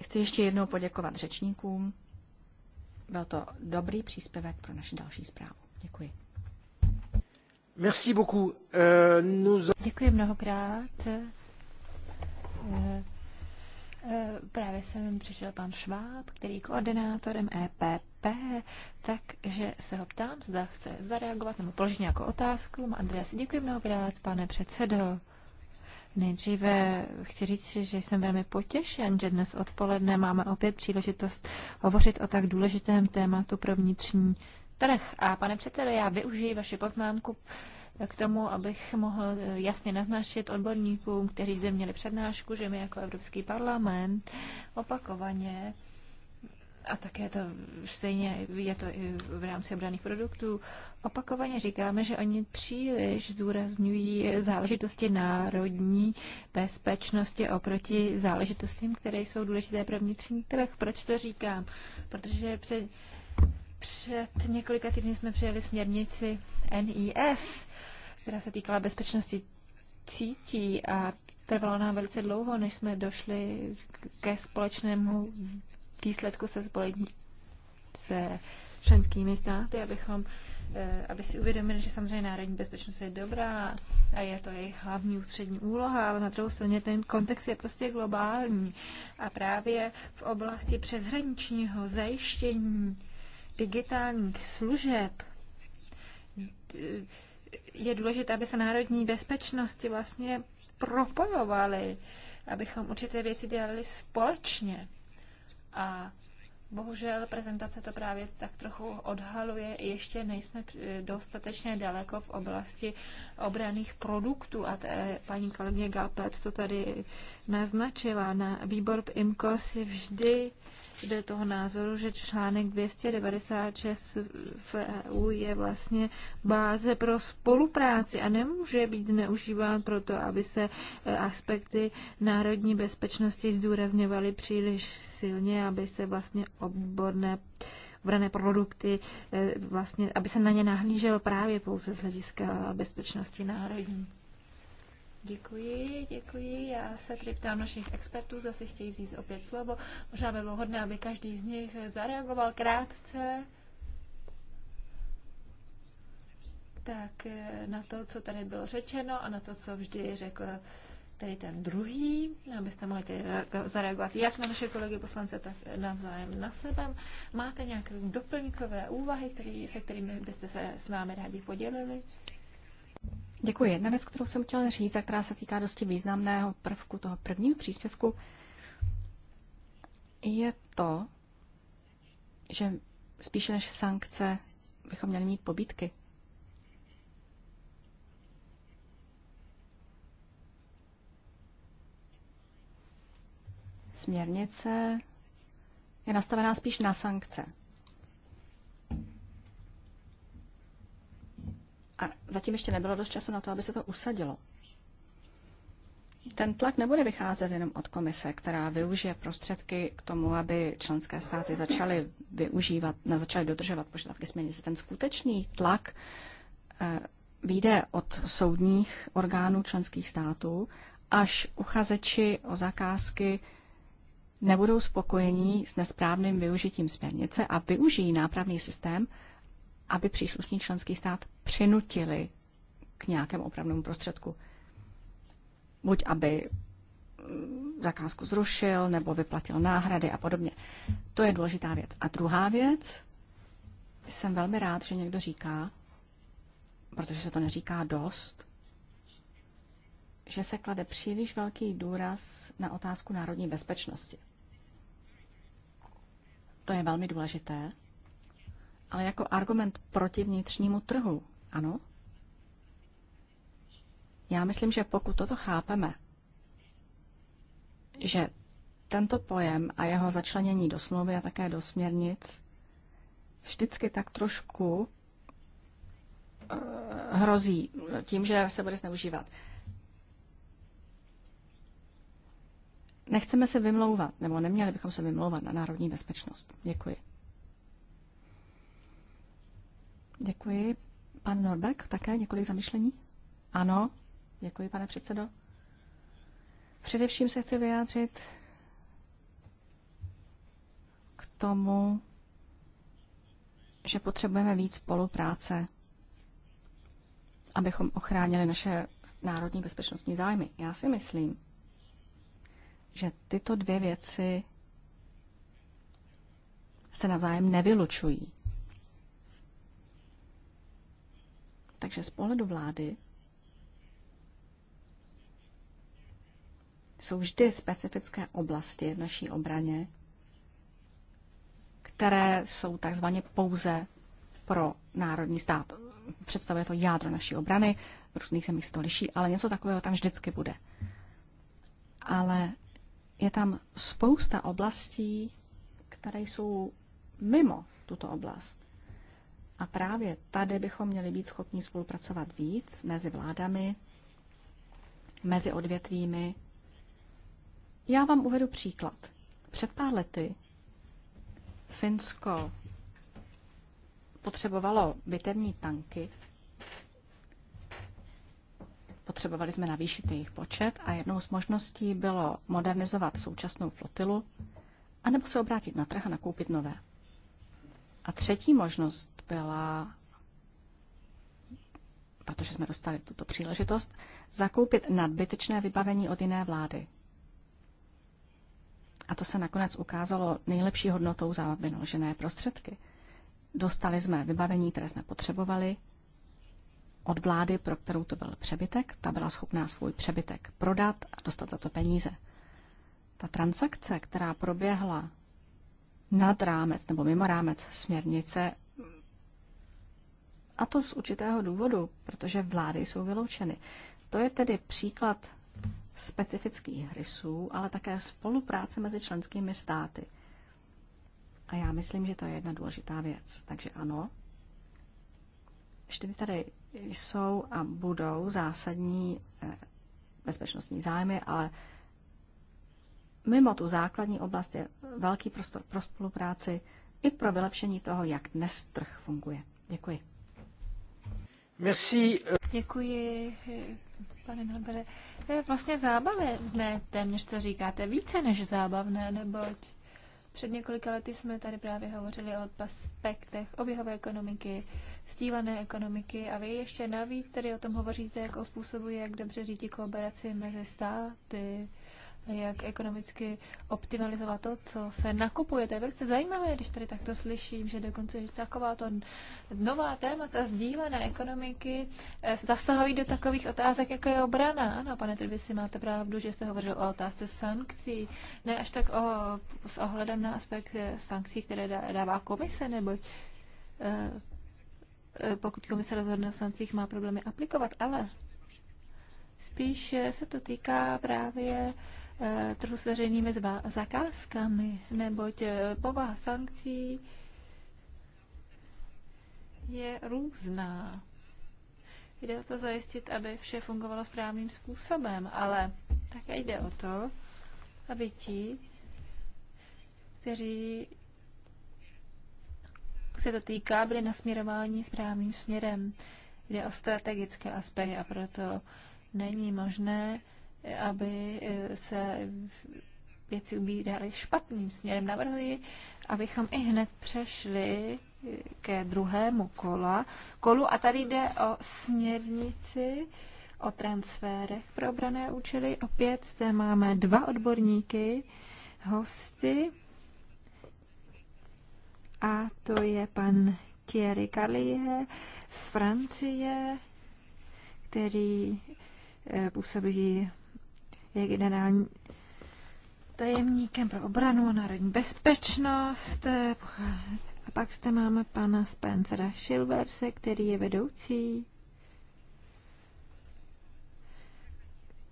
Chci ještě jednou poděkovat řečníkům. Byl to dobrý příspěvek pro naši další zprávu. Děkuji. Merci beaucoup. Uh, nous... Děkuji mnohokrát. Uh, Právě jsem přišel pan Šváb, který je koordinátorem EPP, takže se ho ptám, zda chce zareagovat nebo položit nějakou otázku. Andreas, děkuji mnohokrát, pane předsedo. Nejdříve chci říct, že jsem velmi potěšen, že dnes odpoledne máme opět příležitost hovořit o tak důležitém tématu pro vnitřní trh. A pane předsedo, já využiji vaši poznámku k tomu, abych mohl jasně naznačit odborníkům, kteří zde měli přednášku, že my jako Evropský parlament opakovaně a také to stejně je to i v rámci obraných produktů. Opakovaně říkáme, že oni příliš zdůrazňují záležitosti národní bezpečnosti oproti záležitostím, které jsou důležité pro vnitřní trh. Proč to říkám? Protože před, před několika týdny jsme přijali směrnici NIS, která se týkala bezpečnosti cítí a trvalo nám velice dlouho, než jsme došli ke společnému výsledku se spojení se členskými státy, abychom eh, aby si uvědomili, že samozřejmě národní bezpečnost je dobrá a je to jejich hlavní ústřední úloha, ale na druhou straně ten kontext je prostě globální. A právě v oblasti přeshraničního zajištění digitálních služeb eh, je důležité, aby se národní bezpečnosti vlastně propojovaly, abychom určité věci dělali společně. A bohužel prezentace to právě tak trochu odhaluje. Ještě nejsme dostatečně daleko v oblasti obraných produktů. A té, eh, paní kolegyně Galpec to tady naznačila. Na výbor IMCO si vždy jde toho názoru, že článek 296 v EU je vlastně báze pro spolupráci a nemůže být zneužíván proto, aby se e, aspekty národní bezpečnosti zdůrazňovaly příliš silně, aby se vlastně odborné obrané produkty, e, vlastně, aby se na ně nahlíželo právě pouze z hlediska bezpečnosti národní. Děkuji, děkuji. Já se tedy ptám našich expertů, zase chtějí vzít opět slovo. Možná by bylo hodné, aby každý z nich zareagoval krátce. Tak eh, na to, co tady bylo řečeno a na to, co vždy řekl tady ten druhý, abyste mohli tady zareagovat jak na naše kolegy poslance, tak navzájem na sebe. Máte nějaké doplňkové úvahy, který, se kterými byste se s námi rádi podělili? Děkuji. Jedna věc, kterou jsem chtěla říct, a která se týká dosti významného prvku toho prvního příspěvku, je to, že spíše než sankce bychom měli mít pobítky. Směrnice je nastavená spíš na sankce. A zatím ještě nebylo dost času na to, aby se to usadilo. Ten tlak nebude vycházet jenom od komise, která využije prostředky k tomu, aby členské státy začaly využívat, ne, no, začaly dodržovat požadavky směrnice. Ten skutečný tlak eh, vyjde od soudních orgánů členských států, až uchazeči o zakázky nebudou spokojení s nesprávným využitím směrnice a využijí nápravný systém, aby příslušný členský stát přinutili k nějakému opravnému prostředku. Buď aby mm, zakázku zrušil nebo vyplatil náhrady a podobně. To je důležitá věc. A druhá věc, jsem velmi rád, že někdo říká, protože se to neříká dost, že se klade příliš velký důraz na otázku národní bezpečnosti. To je velmi důležité, ale jako argument proti vnitřnímu trhu. Ano? Já myslím, že pokud toto chápeme, že tento pojem a jeho začlenění do smlouvy a také do směrnic vždycky tak trošku eh, hrozí tím, že se bude zneužívat. Nechceme se vymlouvat, nebo neměli bychom se vymlouvat na národní bezpečnost. Děkuji. Děkuji. Pan Norberg také několik zamišlení? Ano, děkuji, pane předsedo. Především se chci vyjádřit k tomu, že potřebujeme víc spolupráce, abychom ochránili naše národní bezpečnostní zájmy. Já si myslím, že tyto dvě věci se navzájem nevylučují. Takže z pohledu vlády jsou vždy specifické oblasti v naší obraně, které jsou takzvaně pouze pro národní stát. Představuje to jádro naší obrany, v různých zemích se to liší, ale něco takového tam vždycky bude. Ale je tam spousta oblastí, které jsou mimo tuto oblast. A právě tady bychom měli být schopni spolupracovat víc mezi vládami, mezi odvětvími. Já vám uvedu příklad. Před pár lety Finsko potřebovalo bitevní tanky. Potřebovali jsme navýšit jejich počet a jednou z možností bylo modernizovat současnou flotilu anebo se obrátit na trh a nakoupit nové. A třetí možnost byla, protože jsme dostali tuto příležitost, zakoupit nadbytečné vybavení od jiné vlády. A to se nakonec ukázalo nejlepší hodnotou za vynaložené prostředky. Dostali jsme vybavení, které jsme potřebovali, od vlády, pro kterou to byl přebytek, ta byla schopná svůj přebytek prodat a dostat za to peníze. Ta transakce, která proběhla nad rámec nebo mimo rámec směrnice, a to z určitého důvodu, protože vlády jsou vyloučeny. To je tedy příklad specifických rysů, ale také spolupráce mezi členskými státy. A já myslím, že to je jedna důležitá věc. Takže ano, ještě tady jsou a budou zásadní eh, bezpečnostní zájmy, ale mimo tu základní oblast je velký prostor pro spolupráci i pro vylepšení toho, jak dnes trh funguje. Děkuji. Děkuji, pane Norbere. To je vlastně zábavné téměř, co říkáte, více než zábavné, neboť před několika lety jsme tady právě hovořili o aspektech oběhové ekonomiky, stílené ekonomiky a vy ještě navíc tady o tom hovoříte jako o způsobu, jak dobře řídit kooperaci mezi státy, jak ekonomicky optimalizovat to, co se nakupuje. To je velice zajímavé, když tady takto slyším, že dokonce taková to nová témata sdílené ekonomiky eh, zasahují do takových otázek, jako je obrana. Ano, pane Trvisi, máte pravdu, že jste hovořil o otázce sankcí, ne až tak o, s ohledem na aspekt eh, sankcí, které dává komise, nebo eh, pokud komise rozhodne o sankcích, má problémy aplikovat, ale spíš se to týká právě Eh, trhu s veřejnými zakázkami, neboť eh, povaha sankcí je různá. Jde o to zajistit, aby vše fungovalo správným způsobem, ale také jde o to, aby ti, kteří se to týká, byli nasměrováni správným směrem. Jde o strategické aspekty a proto není možné aby eh, se věci ubíraly špatným směrem. Navrhuji, abychom i hned přešli eh, ke druhému kola, kolu a tady jde o směrnici o transférech pro obrané účely. Opět zde máme dva odborníky, hosty a to je pan Thierry Carlier z Francie, který eh, působí je generální tajemníkem pro obranu a národní bezpečnost. A pak zde máme pana Spencera Silverse, který je vedoucí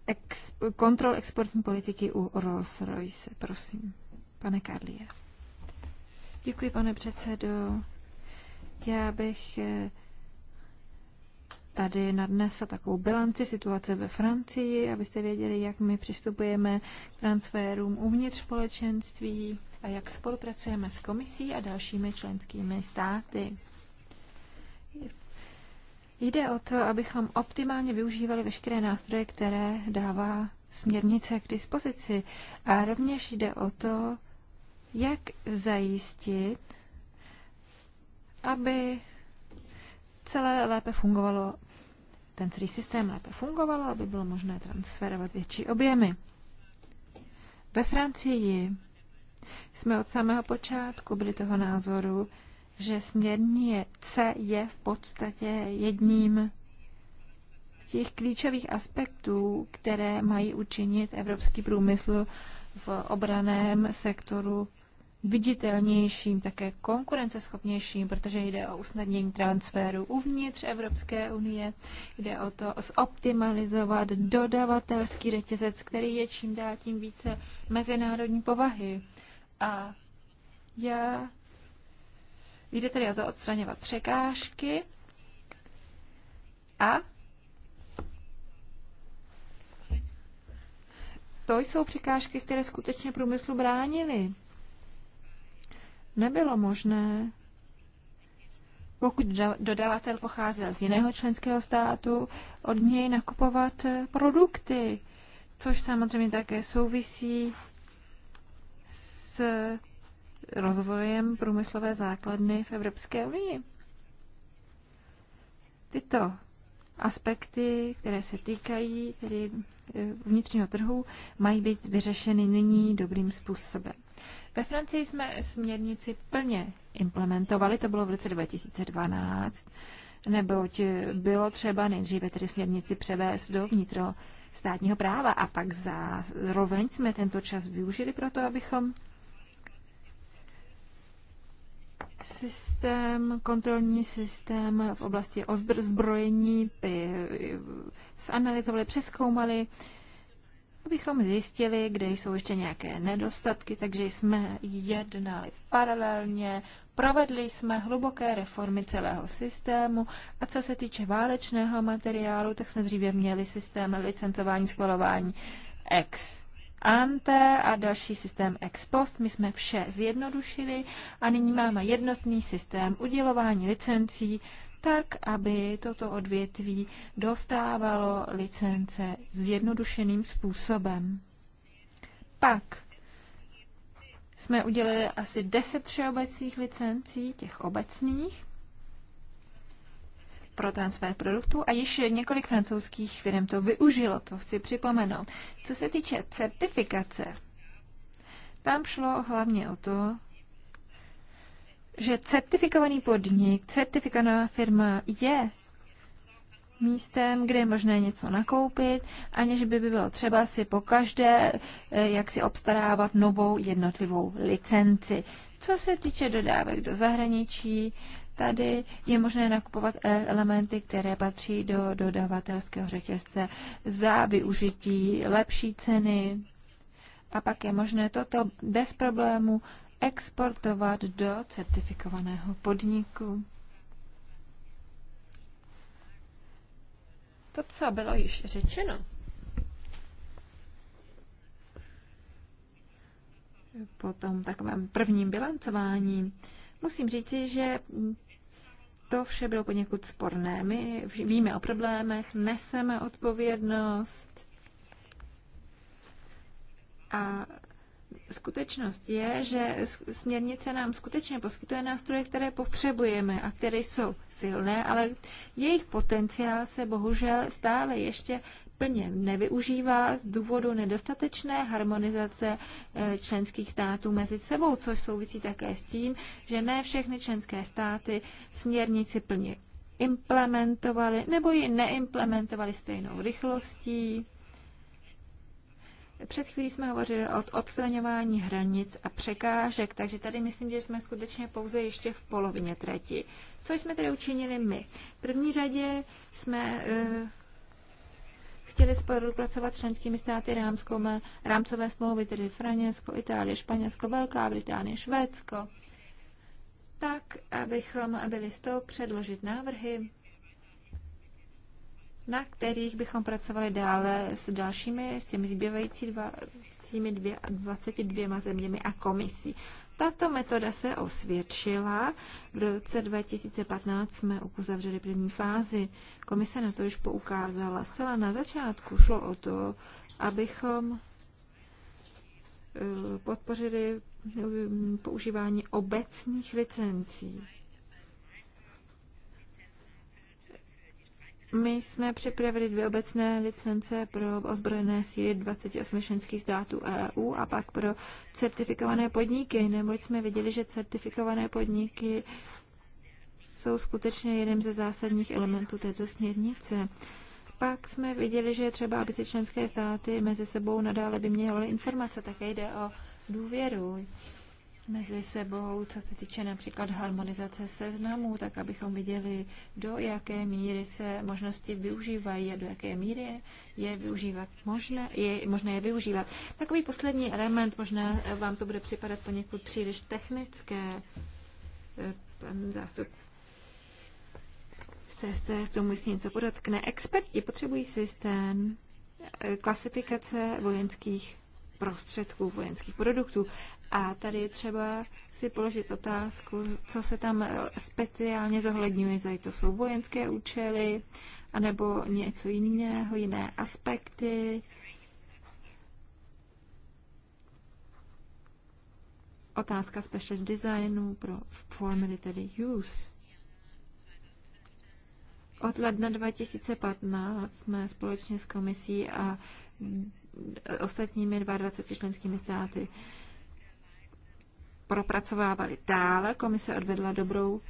ex, kontrol exportní politiky u Rolls-Royce. Prosím, pane Karlie. Děkuji, pane předsedo. Já bych eh, tady nadnesl takovou bilanci situace ve Francii, abyste věděli, jak my přistupujeme k transferům uvnitř společenství a jak spolupracujeme s komisí a dalšími členskými státy. Jde o to, abychom optimálně využívali veškeré nástroje, které dává směrnice k dispozici. A rovněž jde o to, jak zajistit, aby celé lépe fungovalo ten celý systém lépe fungoval, aby bylo možné transferovat větší objemy. Ve Francii jsme od samého počátku byli toho názoru, že směrnice je v podstatě jedním z těch klíčových aspektů, které mají učinit evropský průmysl v obraném sektoru viditelnějším, také konkurenceschopnějším, protože jde o usnadnění transferu uvnitř Evropské unie, jde o to zoptimalizovat dodavatelský řetězec, který je čím dál tím více mezinárodní povahy. A já jde tedy o to odstraňovat překážky a to jsou překážky, které skutečně průmyslu bránily nebylo možné pokud dodavatel pocházel z jiného členského státu, od něj nakupovat eh, produkty, což samozřejmě také souvisí s rozvojem průmyslové základny v Evropské unii. Tyto aspekty, které se týkají tedy eh, vnitřního trhu, mají být vyřešeny nyní dobrým způsobem. Ve Francii jsme směrnici plně implementovali, to bylo v roce 2012, neboť bylo třeba nejdříve tedy směrnici převést do vnitro státního práva a pak zároveň jsme tento čas využili pro to, abychom systém, kontrolní systém v oblasti ozbrojení eh, eh, zanalizovali, přeskoumali, abychom zjistili, kde jsou ještě nějaké nedostatky, takže jsme jednali paralelně, provedli jsme hluboké reformy celého systému a co se týče válečného materiálu, tak jsme dříve měli systém licencování, schvalování ex ante a další systém ex post. My jsme vše zjednodušili a nyní máme jednotný systém udělování licencí tak aby toto odvětví dostávalo licence zjednodušeným způsobem. Pak jsme udělali asi 10 všeobecných licencí, těch obecných, pro transfer produktů a již několik francouzských firm to využilo, to chci připomenout. Co se týče certifikace, tam šlo hlavně o to, že certifikovaný podnik, certifikovaná firma je místem, kde je možné něco nakoupit, aniž by bylo třeba si po každé eh, jak si obstarávat novou jednotlivou licenci. Co se týče dodávek do zahraničí, tady je možné nakupovat elementy, které patří do dodavatelského řetězce za využití lepší ceny a pak je možné toto bez problému exportovat do certifikovaného podniku. To, co bylo již řečeno, po tom takovém prvním bilancování, musím říci, že to vše bylo poněkud sporné. My víme o problémech, neseme odpovědnost a skutečnost je, že směrnice nám skutečně poskytuje nástroje, které potřebujeme a které jsou silné, ale jejich potenciál se bohužel stále ještě plně nevyužívá z důvodu nedostatečné harmonizace eh, členských států mezi sebou, což souvisí také s tím, že ne všechny členské státy směrnici plně implementovaly nebo ji neimplementovaly stejnou rychlostí před chvílí jsme hovořili o odstraňování hranic a překážek, takže tady myslím, že jsme skutečně pouze ještě v polovině trati. Co jsme tedy učinili my? V první řadě jsme uh, chtěli spolupracovat s členskými státy rámskou, rámcové smlouvy, tedy Franěsko, Itálie, Španělsko, Velká Británie, Švédsko, tak, abychom byli s tou předložit návrhy na kterých bychom pracovali dále s dalšími, s těmi zbývající dva, těmi dvě, 22 zeměmi a komisí. Tato metoda se osvědčila. V roce 2015 jsme uzavřeli první fázi. Komise na to již poukázala. Sela na začátku šlo o to, abychom eh, podpořili eh, používání obecných licencí. My jsme připravili dvě obecné licence pro ozbrojené síly 28 členských států EU a pak pro certifikované podniky, neboť jsme viděli, že certifikované podniky jsou skutečně jeden ze zásadních elementů této směrnice. Pak jsme viděli, že třeba, aby si členské státy mezi sebou nadále vyměňovaly informace, také jde o důvěru mezi sebou, co se týče například harmonizace seznamů, tak abychom viděli, do jaké míry se možnosti využívají a do jaké míry je, využívat možné, je možné je využívat. Takový poslední element, možná vám to bude připadat poněkud příliš technické, eh, pan zástup chce se k tomu si něco podatkne. Experti potřebují systém eh, klasifikace vojenských prostředků, vojenských produktů. A tady je třeba si položit otázku, co se tam eh, speciálně zohledňuje, za to jsou vojenské účely, anebo něco jiného, jiné aspekty. Otázka special designu pro for military use. Od ledna 2015 jsme společně s komisí a ostatními 22 členskými státy propracovávali dále. Komise odvedla dobrou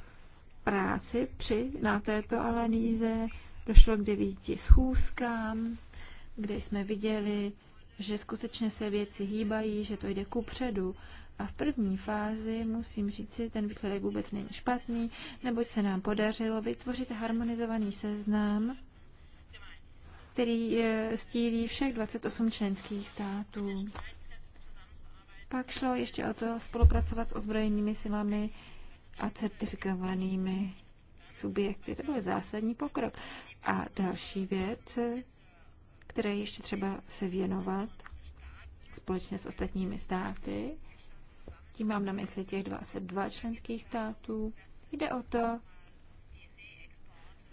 práci při, na této analýze. Došlo k devíti schůzkám, kde jsme viděli, že skutečně se věci hýbají, že to jde ku předu. A v první fázi, musím říct, si, ten výsledek vůbec není špatný, neboť se nám podařilo vytvořit harmonizovaný seznam, který eh, stílí všech 28 členských států. Pak šlo ještě o to spolupracovat s ozbrojenými silami a certifikovanými subjekty. To byl zásadní pokrok. A další věc, které ještě třeba se věnovat společně s ostatními státy, tím mám na mysli těch 22 členských států, jde o to,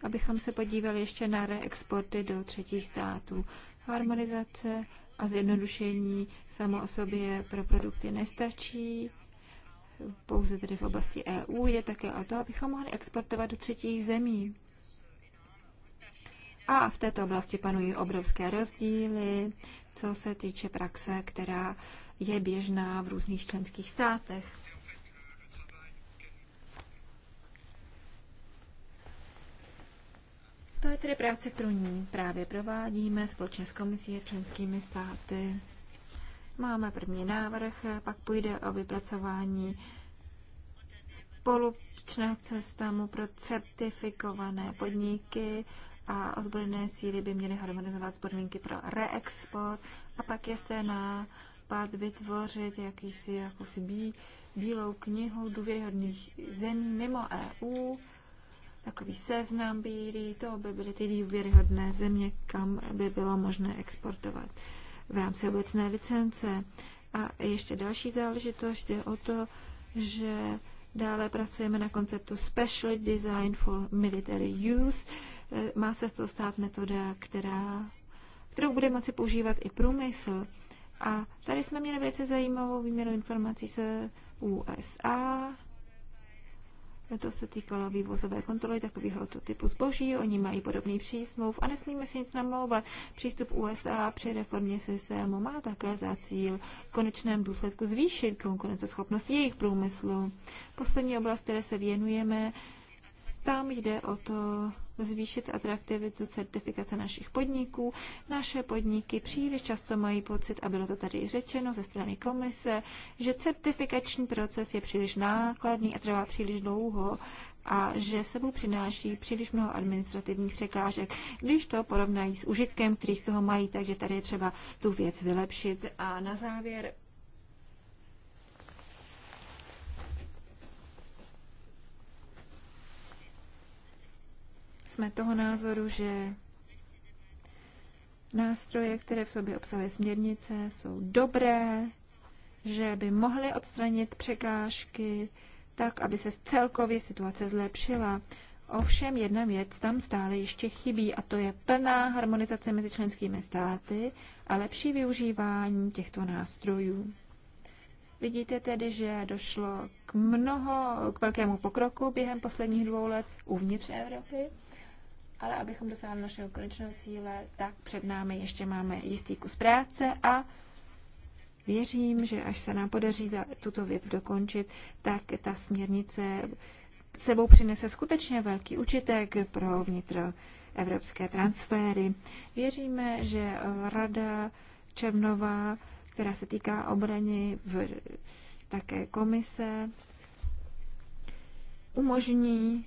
abychom se podívali ještě na reexporty do třetích států. Harmonizace a zjednodušení samo o sobě pro produkty nestačí. Pouze tedy v oblasti EU je také o to, abychom mohli exportovat do třetích zemí. A v této oblasti panují obrovské rozdíly, co se týče praxe, která je běžná v různých členských státech. To je tedy práce, kterou ní právě provádíme společně s komisí a členskými státy. Máme první návrh, pak půjde o vypracování spolupčná cestamu pro certifikované podniky a ozbrojené síly by měly harmonizovat podmínky pro reexport a pak je zde nápad vytvořit jakýsi jakousi bí, bílou knihu důvěryhodných zemí mimo EU, takový seznam bílý, to by byly ty důvěryhodné země, kam by bylo možné exportovat v rámci obecné licence. A ještě další záležitost je o to, že dále pracujeme na konceptu Special Design for Military Use. E, má se z toho stát metoda, která, kterou bude moci používat i průmysl. A tady jsme měli velice zajímavou výměnu informací se USA, to se týkalo vývozové kontroly takového typu zboží, oni mají podobný přísmluv a nesmíme si nic namlouvat. Přístup USA při reformě systému má také za cíl v konečném důsledku zvýšit konkurenceschopnost jejich průmyslu. Poslední oblast, které se věnujeme, tam jde o to, zvýšit atraktivitu certifikace našich podniků. Naše podniky příliš často mají pocit, a bylo to tady řečeno ze strany komise, že certifikační proces je příliš nákladný a trvá příliš dlouho a že sebou přináší příliš mnoho administrativních překážek, když to porovnají s užitkem, který z toho mají, takže tady je třeba tu věc vylepšit. A na závěr jsme toho názoru, že nástroje, které v sobě obsahují směrnice, jsou dobré, že by mohly odstranit překážky tak, aby se celkově situace zlepšila. Ovšem jedna věc tam stále ještě chybí a to je plná harmonizace mezi členskými státy a lepší využívání těchto nástrojů. Vidíte tedy, že došlo k mnoho, k velkému pokroku během posledních dvou let uvnitř Evropy ale abychom dosáhli našeho konečného cíle, tak před námi ještě máme jistý kus práce a věřím, že až se nám podaří za tuto věc dokončit, tak ta směrnice sebou přinese skutečně velký učitek pro vnitro evropské transfery. Věříme, že Rada Černová, která se týká obrany v také komise, umožní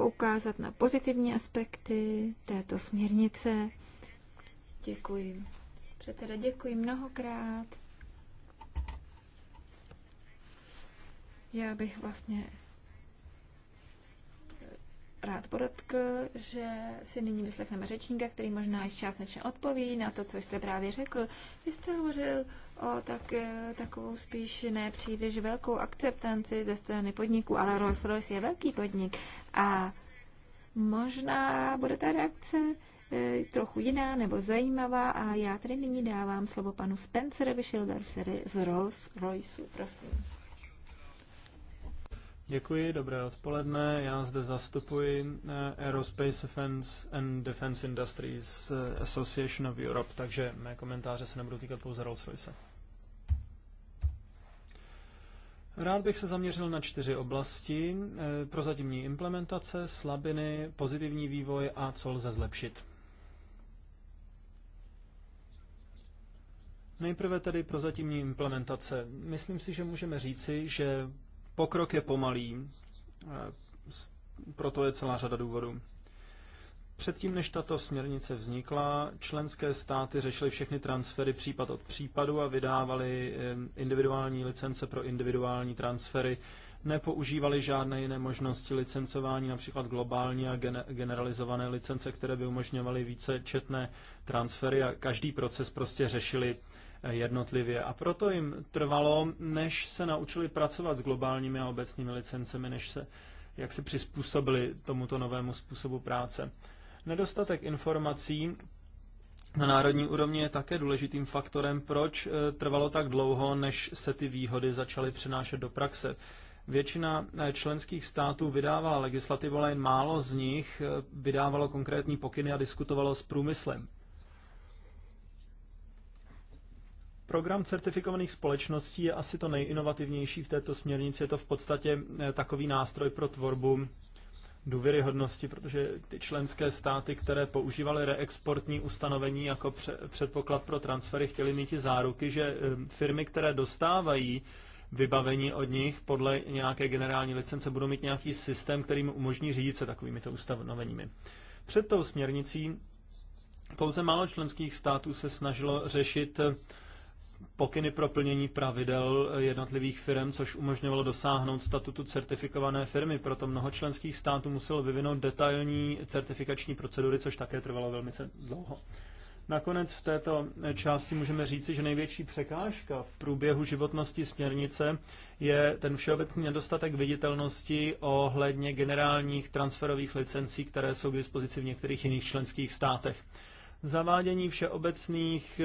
poukázat na pozitivní aspekty této směrnice. Děkuji. Předseda, děkuji mnohokrát. Já bych vlastně rád podotkl, že si nyní vyslechneme řečníka, který možná i částečně odpoví na to, co jste právě řekl. Vy jste hovořil o tak, e, takovou spíš nepříliš velkou akceptanci ze strany podniku, ale Rolls-Royce je velký podnik a možná bude ta reakce e, trochu jiná nebo zajímavá a já tady nyní dávám slovo panu Spencerovi Schildersery z Rolls-Royce, prosím. Děkuji, dobré odpoledne. Já zde zastupuji e, Aerospace Defense and Defense Industries Association of Europe, takže mé komentáře se nebudou týkat pouze Rolls-Royce. Rád bych se zaměřil na čtyři oblasti. Eh, prozatímní implementace, slabiny, pozitivní vývoj a co lze zlepšit. Nejprve tedy prozatímní implementace. Myslím si, že můžeme říci, že pokrok je pomalý, eh, proto je celá řada důvodů. Předtím, než tato směrnice vznikla, členské státy řešily všechny transfery případ od případu a vydávali individuální licence pro individuální transfery. Nepoužívali žádné jiné možnosti licencování, například globální a generalizované licence, které by umožňovaly více četné transfery a každý proces prostě řešili eh, jednotlivě. A proto jim trvalo, než se naučili pracovat s globálními a obecnými licencemi, než se jak se přizpůsobili tomuto novému způsobu práce. Nedostatek informací na národní úrovni je také důležitým faktorem, proč eh, trvalo tak dlouho, než se ty výhody začaly přenášet do praxe. Většina eh, členských států vydávala legislativu, ale jen málo z nich eh, vydávalo konkrétní pokyny a diskutovalo s průmyslem. Program certifikovaných společností je asi to nejinovativnější v této směrnici. Je to v podstatě takový nástroj pro tvorbu důvěryhodnosti, protože ty členské státy, které používaly reexportní ustanovení jako předpoklad pro transfery, chtěly mít i záruky, že eh, firmy, které dostávají vybavení od nich podle nějaké generální licence, budou mít nějaký systém, který mu umožní řídit se takovými to ustanoveními. Před tou směrnicí pouze málo členských států se snažilo řešit eh, pokyny pro plnění pravidel eh, jednotlivých firm, což umožňovalo dosáhnout statutu certifikované firmy. Proto mnoho členských států muselo vyvinout detailní certifikační procedury, což také trvalo velmi dlouho. Nakonec v této eh, části můžeme říci, že největší překážka v průběhu životnosti směrnice je ten všeobecný nedostatek viditelnosti ohledně generálních transferových licencí, které jsou k dispozici v některých jiných členských státech. Zavádění všeobecných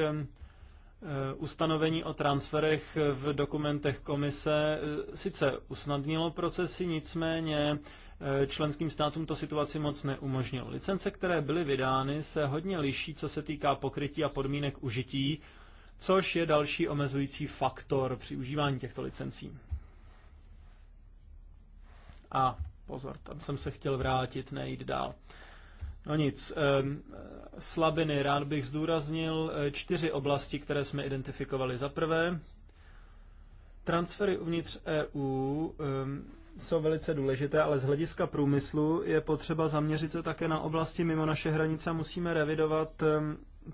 Eh, ustanovení o transferech v dokumentech komise eh, sice usnadnilo procesy, nicméně eh, členským státům to situaci moc neumožnilo. Licence, které byly vydány, se hodně liší, co se týká pokrytí a podmínek užití, což je další omezující faktor při užívání těchto licencí. A pozor, tam jsem se chtěl vrátit, nejít dál. No nic, slabiny rád bych zdůraznil eh, čtyři oblasti, které jsme identifikovali. Za prvé, transfery uvnitř EU jsou velice důležité, ale z hlediska průmyslu je potřeba zaměřit se také na oblasti mimo naše hranice a musíme revidovat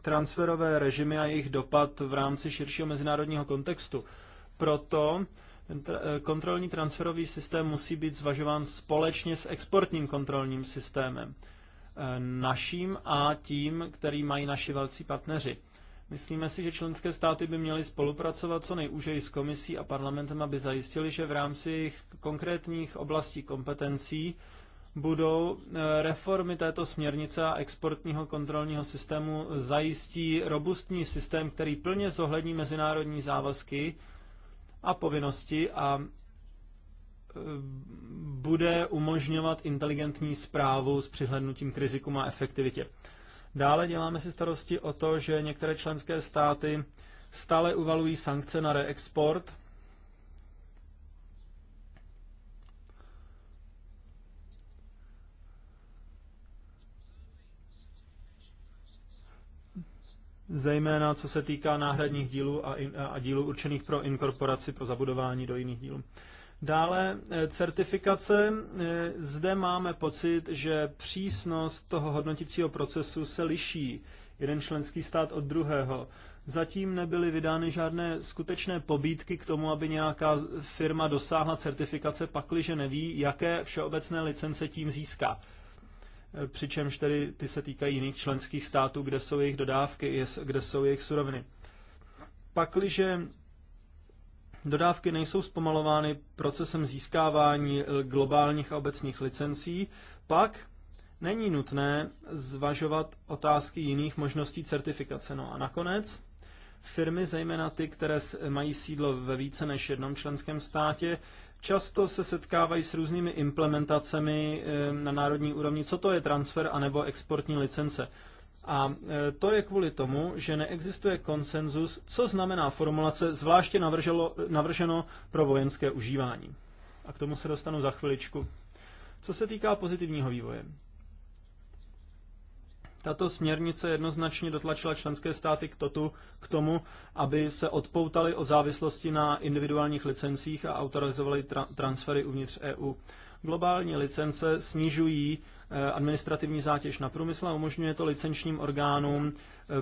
transferové režimy a jejich dopad v rámci širšího mezinárodního kontextu. Proto eh, kontrolní transferový systém musí být zvažován společně s exportním kontrolním systémem naším a tím, který mají naši velcí partneři. Myslíme si, že členské státy by měly spolupracovat co nejúžeji s komisí a parlamentem, aby zajistili, že v rámci jejich konkrétních oblastí kompetencí budou eh, reformy této směrnice a exportního kontrolního systému zajistí robustní systém, který plně zohlední mezinárodní závazky a povinnosti a Eh, bude umožňovat inteligentní zprávu s přihlednutím k rizikům a efektivitě. Dále děláme si starosti o to, že některé členské státy stále uvalují sankce na reexport. zejména co se týká náhradních dílů a, in, a dílů určených pro inkorporaci, pro zabudování do jiných dílů. Dále eh, certifikace. Eh, zde máme pocit, že přísnost toho hodnoticího procesu se liší jeden členský stát od druhého. Zatím nebyly vydány žádné skutečné pobídky k tomu, aby nějaká firma dosáhla certifikace, pakliže neví, jaké všeobecné licence tím získá. Eh, přičemž tedy ty se týkají jiných členských států, kde jsou jejich dodávky, kde jsou jejich suroviny. Pakliže Dodávky nejsou zpomalovány procesem získávání globálních a obecních licencí, pak není nutné zvažovat otázky jiných možností certifikace. No a nakonec, firmy, zejména ty, které mají sídlo ve více než jednom členském státě, často se setkávají s různými implementacemi eh, na národní úrovni, co to je transfer anebo exportní licence. A e, to je kvůli tomu, že neexistuje konsenzus, co znamená formulace zvláště navrželo, navrženo pro vojenské užívání. A k tomu se dostanu za chviličku. Co se týká pozitivního vývoje, tato směrnice jednoznačně dotlačila členské státy k, totu, k tomu, aby se odpoutali o závislosti na individuálních licencích a autorizovali tra- transfery uvnitř EU. Globální licence snižují eh, administrativní zátěž na průmysl a umožňuje to licenčním orgánům eh,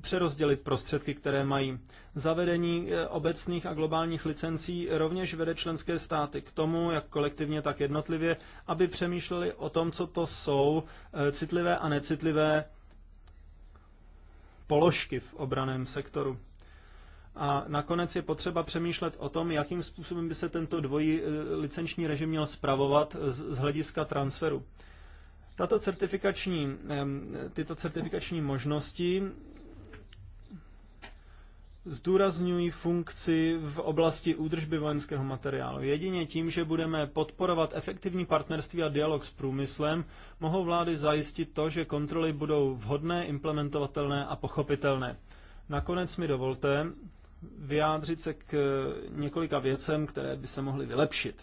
přerozdělit prostředky, které mají. Zavedení e, obecných a globálních licencí rovněž vede členské státy k tomu, jak kolektivně, tak jednotlivě, aby přemýšleli o tom, co to jsou e, citlivé a necitlivé položky v obraném sektoru. A nakonec je potřeba přemýšlet o tom, jakým způsobem by se tento dvojí e, licenční režim měl spravovat z hlediska transferu. Tato certifikační, tyto certifikační možnosti zdůrazňují funkci v oblasti údržby vojenského materiálu. Jedině tím, že budeme podporovat efektivní partnerství a dialog s průmyslem, mohou vlády zajistit to, že kontroly budou vhodné, implementovatelné a pochopitelné. Nakonec mi dovolte vyjádřit se k několika věcem, které by se mohly vylepšit.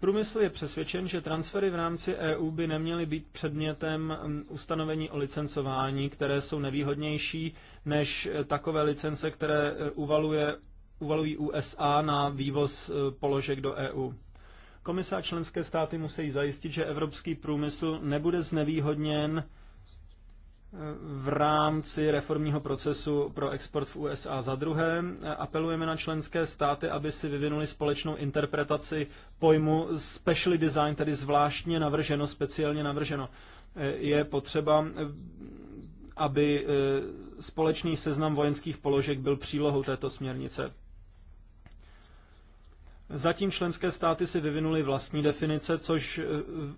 Průmysl je přesvědčen, že transfery v rámci EU by neměly být předmětem mm, ustanovení o licencování, které jsou nevýhodnější než eh, takové licence, které eh, uvaluje, uvalují USA na vývoz eh, položek do EU. Komise a členské státy musí zajistit, že evropský průmysl nebude znevýhodněn v rámci reformního procesu pro export v USA. Za druhé, apelujeme na členské státy, aby si vyvinuli společnou interpretaci pojmu specially design, tedy zvláštně navrženo, speciálně navrženo. Je potřeba, aby eh, společný seznam vojenských položek byl přílohou této směrnice. Zatím členské státy si vyvinuly vlastní definice, což eh,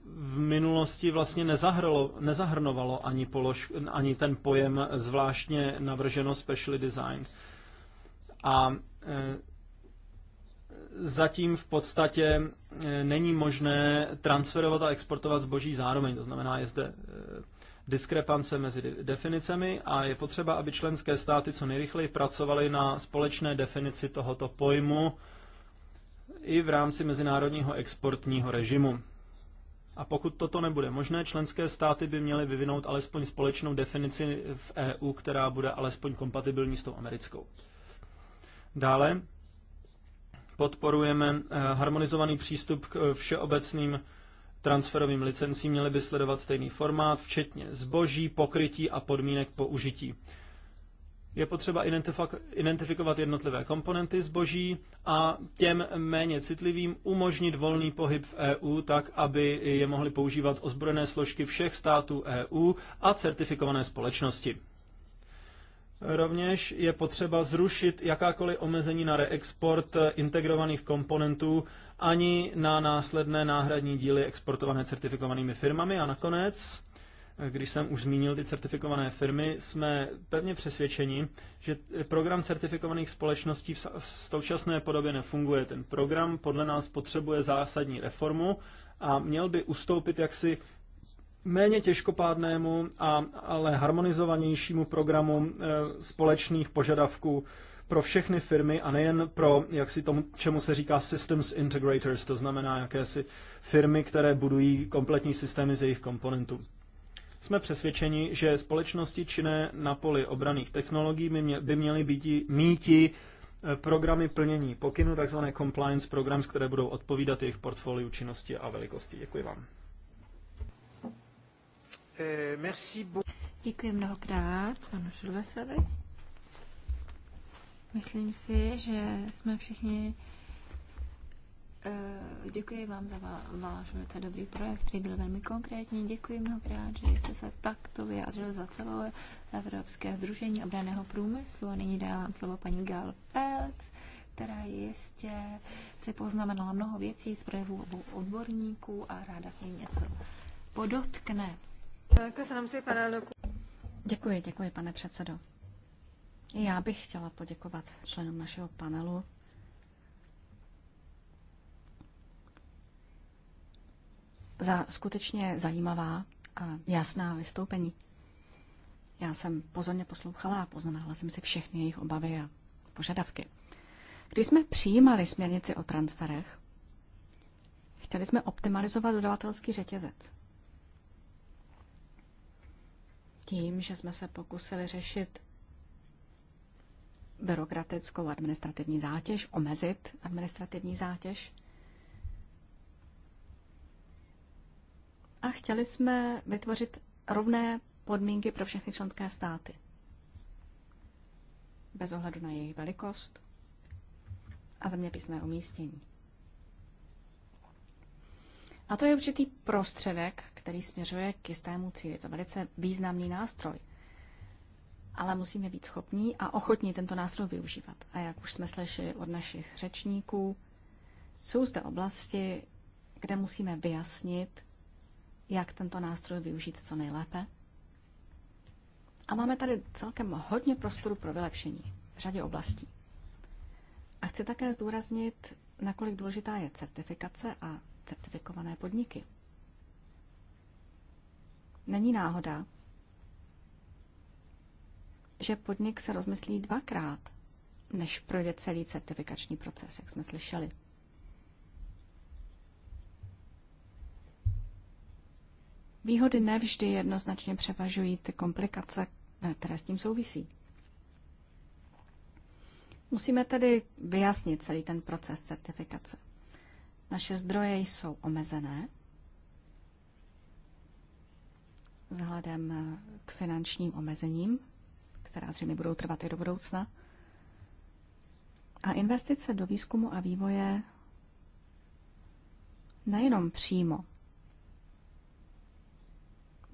v minulosti vlastně nezahrlo, nezahrnovalo ani, polož, ani ten pojem eh, zvláštně navrženo special design. A eh, zatím v podstatě není možné transferovat a exportovat zboží zároveň. To znamená, je zde diskrepance mezi definicemi a je potřeba, aby členské státy co nejrychleji pracovaly na společné definici tohoto pojmu, i v rámci mezinárodního exportního režimu. A pokud toto nebude možné, členské státy by měly vyvinout alespoň společnou definici v EU, která bude alespoň kompatibilní s tou americkou. Dále podporujeme eh, harmonizovaný přístup k eh, všeobecným transferovým licencím, měly by sledovat stejný formát, včetně zboží, pokrytí a podmínek použití je potřeba identifikovat jednotlivé komponenty zboží a těm méně citlivým umožnit volný pohyb v EU tak, aby je mohly používat ozbrojené složky všech států EU a certifikované společnosti. Rovněž je potřeba zrušit jakákoliv omezení na reexport integrovaných komponentů ani na následné náhradní díly exportované certifikovanými firmami. A nakonec když jsem už zmínil ty certifikované firmy, jsme pevně přesvědčeni, že program certifikovaných společností v současné podobě nefunguje. Ten program podle nás potřebuje zásadní reformu a měl by ustoupit jaksi méně těžkopádnému, a, ale harmonizovanějšímu programu e, společných požadavků pro všechny firmy a nejen pro, jak si tomu, čemu se říká systems integrators, to znamená jakési firmy, které budují kompletní systémy z jejich komponentů. Jsme přesvědčeni, že společnosti činné na poli obraných technologií by měly být míti e, programy plnění pokynu, takzvané compliance programs, které budou odpovídat jejich portfoliu činnosti a velikosti. Děkuji vám. Eh, Děkuji mnohokrát panu Šulvesovi. Myslím si, že jsme všichni Eh, děkuji vám za váš velice dobrý projekt, který byl velmi konkrétní. Děkuji mnohokrát, že jste se takto vyjádřil za celou Evropské združení obraného průmyslu. A nyní dávám slovo paní Gal Pelc, která jistě si poznamenala mnoho věcí z projevů obou odborníků a ráda k ní něco podotkne. Děkuji, děkuji, pane předsedo. Já bych chtěla poděkovat členům našeho panelu za skutečně zajímavá a jasná vystoupení. Já jsem pozorně poslouchala a poznala jsem si všechny jejich obavy a požadavky. Když jsme přijímali směrnici o transferech, chtěli jsme optimalizovat dodavatelský řetězec. Tím, že jsme se pokusili řešit byrokratickou administrativní zátěž, omezit administrativní zátěž, a chtěli jsme vytvořit rovné podmínky pro všechny členské státy. Bez ohledu na jejich velikost a zeměpisné umístění. A to je určitý prostředek, který směřuje k jistému cíli. Je to velice významný nástroj. Ale musíme být schopní a ochotní tento nástroj využívat. A jak už jsme slyšeli od našich řečníků, jsou zde oblasti, kde musíme vyjasnit, jak tento nástroj využít co nejlépe. A máme tady celkem hodně prostoru pro vylepšení v řadě oblastí. A chci také zdůraznit, nakolik důležitá je certifikace a certifikované podniky. Není náhoda, že podnik se rozmyslí dvakrát, než projde celý certifikační proces, jak jsme slyšeli. Výhody nevždy jednoznačně převažují ty komplikace, eh, které s tím souvisí. Musíme tedy vyjasnit celý ten proces certifikace. Naše zdroje jsou omezené vzhledem eh, k finančním omezením, která zřejmě budou trvat i do budoucna. A investice do výzkumu a vývoje nejenom přímo,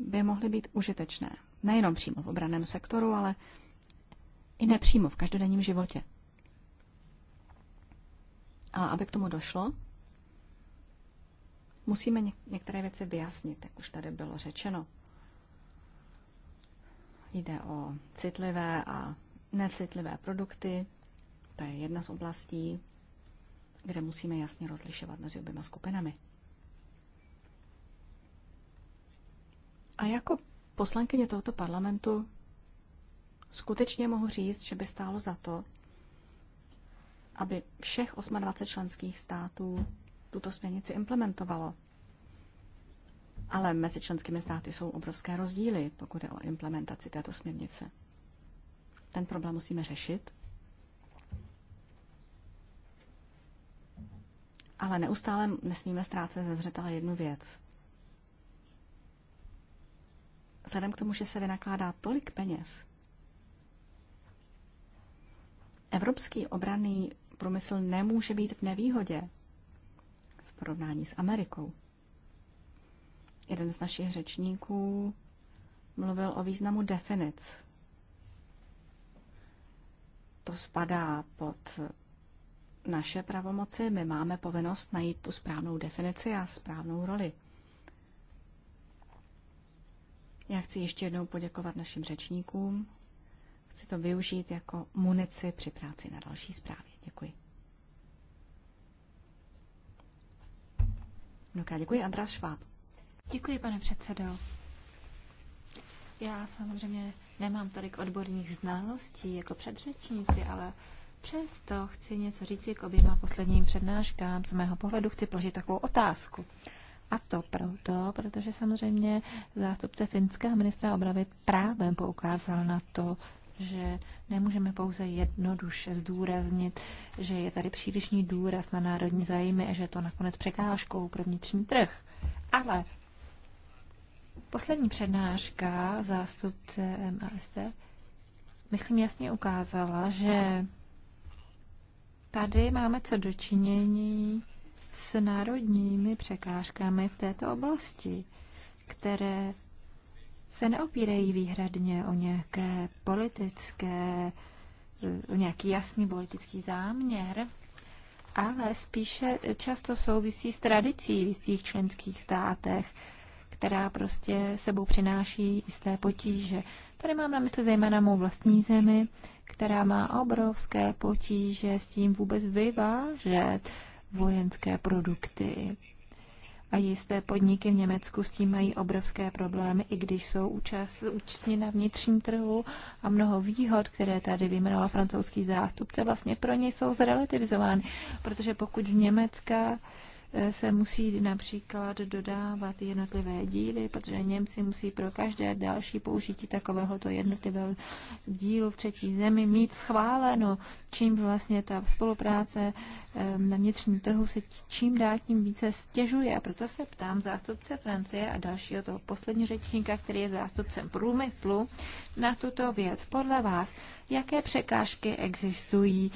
by mohly být užitečné. Nejenom přímo v obraném sektoru, ale i nepřímo v každodenním životě. A aby k tomu došlo, musíme některé věci vyjasnit, jak už tady bylo řečeno. Jde o citlivé a necitlivé produkty. To je jedna z oblastí, kde musíme jasně rozlišovat mezi oběma skupinami. A jako poslankyně tohoto parlamentu skutečně mohu říct, že by stálo za to, aby všech 28 členských států tuto směrnici implementovalo. Ale mezi členskými státy jsou obrovské rozdíly, pokud je o implementaci této směrnice. Ten problém musíme řešit. Ale neustále nesmíme ztrácet ze zřetele jednu věc vzhledem k tomu, že se vynakládá tolik peněz, evropský obranný průmysl nemůže být v nevýhodě v porovnání s Amerikou. Jeden z našich řečníků mluvil o významu definic. To spadá pod naše pravomoci. My máme povinnost najít tu správnou definici a správnou roli. Já chci ještě jednou poděkovat našim řečníkům. Chci to využít jako munici při práci na další zprávě. Děkuji. Mnohokrát děkuji. András Šváb. Děkuji, pane předsedo. Já samozřejmě nemám tolik odborných znalostí jako předřečníci, ale přesto chci něco říct k jako oběma posledním přednáškám. Z mého pohledu chci položit takovou otázku. A to proto, protože samozřejmě zástupce finského ministra obravy právem poukázal na to, že nemůžeme pouze jednoduše zdůraznit, že je tady přílišný důraz na národní zájmy a že to nakonec překážkou pro vnitřní trh. Ale poslední přednáška zástupce MAST myslím, jasně ukázala, že tady máme co dočinění s národními překážkami v této oblasti, které se neopírají výhradně o nějaké politické, o nějaký jasný politický záměr, ale spíše často souvisí s tradicí v jistých členských státech, která prostě sebou přináší jisté potíže. Tady mám na mysli zejména mou vlastní zemi, která má obrovské potíže s tím vůbec vyvážet vojenské produkty. A jisté podniky v Německu s tím mají obrovské problémy, i když jsou účast, účastní na vnitřním trhu a mnoho výhod, které tady vyjmenoval francouzský zástupce, vlastně pro ně jsou zrelativizovány. Protože pokud z Německa se musí například dodávat jednotlivé díly, protože Němci musí pro každé další použití takovéhoto jednotlivého dílu v třetí zemi mít schváleno, čím vlastně ta spolupráce na vnitřním trhu se čím dál tím více stěžuje. A proto se ptám zástupce Francie a dalšího toho posledního řečníka, který je zástupcem průmyslu, na tuto věc. Podle vás, jaké překážky existují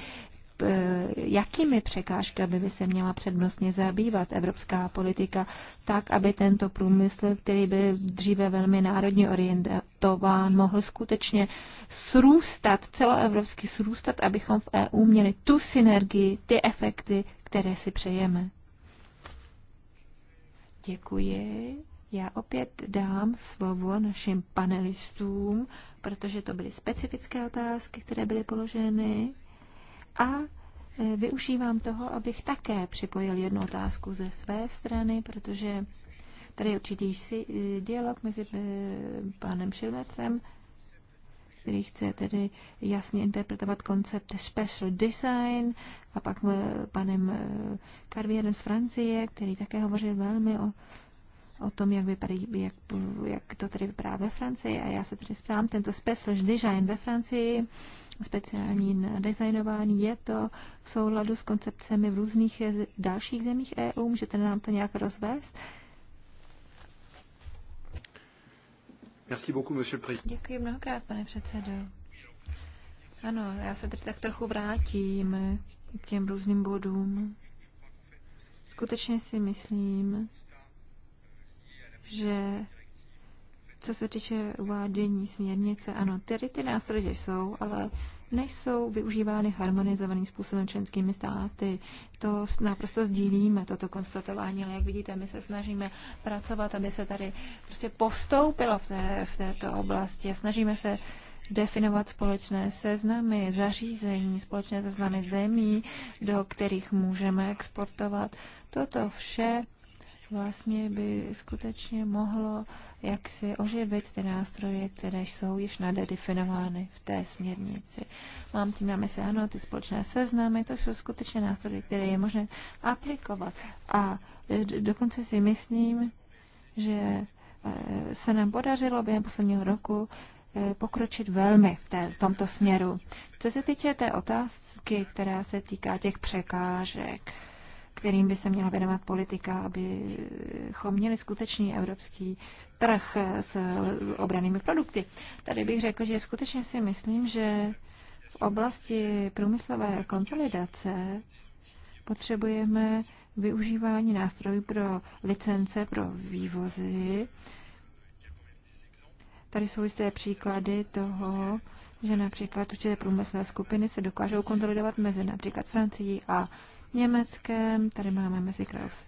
Eh, jakými překážkami by se měla přednostně zabývat evropská politika, tak, aby tento průmysl, který byl dříve velmi národně orientován, mohl skutečně srůstat, celoevropsky srůstat, abychom v EU měli tu synergii, ty efekty, které si přejeme. Děkuji. Já opět dám slovo našim panelistům, protože to byly specifické otázky, které byly položeny. A e, využívám toho, abych také připojil jednu otázku ze své strany, protože tady je určitý e, dialog mezi e, panem Šilvecem, který chce tedy jasně interpretovat koncept special design a pak panem Carvierem z Francie, který také hovořil velmi o, o tom, jak, vypadá, jak, jak to tedy vypadá ve Francii a já se tedy ptám, tento special design ve Francii speciální designování je to v souladu s koncepcemi v různých dalších zemích EU? Můžete nám to nějak rozvést? Děkuji mnohokrát, pane předsedo. Ano, já se teď tak trochu vrátím k těm různým bodům. Skutečně si myslím, že co se týče uvádění směrnice, ano, tedy ty nástroje jsou, ale nejsou využívány harmonizovaným způsobem členskými státy. To naprosto sdílíme, toto konstatování, ale jak vidíte, my se snažíme pracovat, aby se tady prostě postoupilo v, té, v této oblasti. Snažíme se definovat společné seznamy, zařízení, společné seznamy zemí, do kterých můžeme exportovat. Toto vše vlastně by skutečně mohlo jaksi oživit ty nástroje, které jsou již nadedefinovány v té směrnici. Mám tím na se ano, ty společné seznamy, to jsou skutečně nástroje, které je možné aplikovat. A e, dokonce si myslím, že e, se nám podařilo během posledního roku e, pokročit velmi v, té, v tomto směru. Co se týče té otázky, která se týká těch překážek, kterým by se měla věnovat politika, abychom měli skutečný evropský trh s obranými produkty. Tady bych řekl, že skutečně si myslím, že v oblasti průmyslové konsolidace potřebujeme využívání nástrojů pro licence, pro vývozy. Tady jsou jisté příklady toho, že například určité průmyslové skupiny se dokážou konsolidovat mezi například Francií a Německem. Tady máme mezi Kraus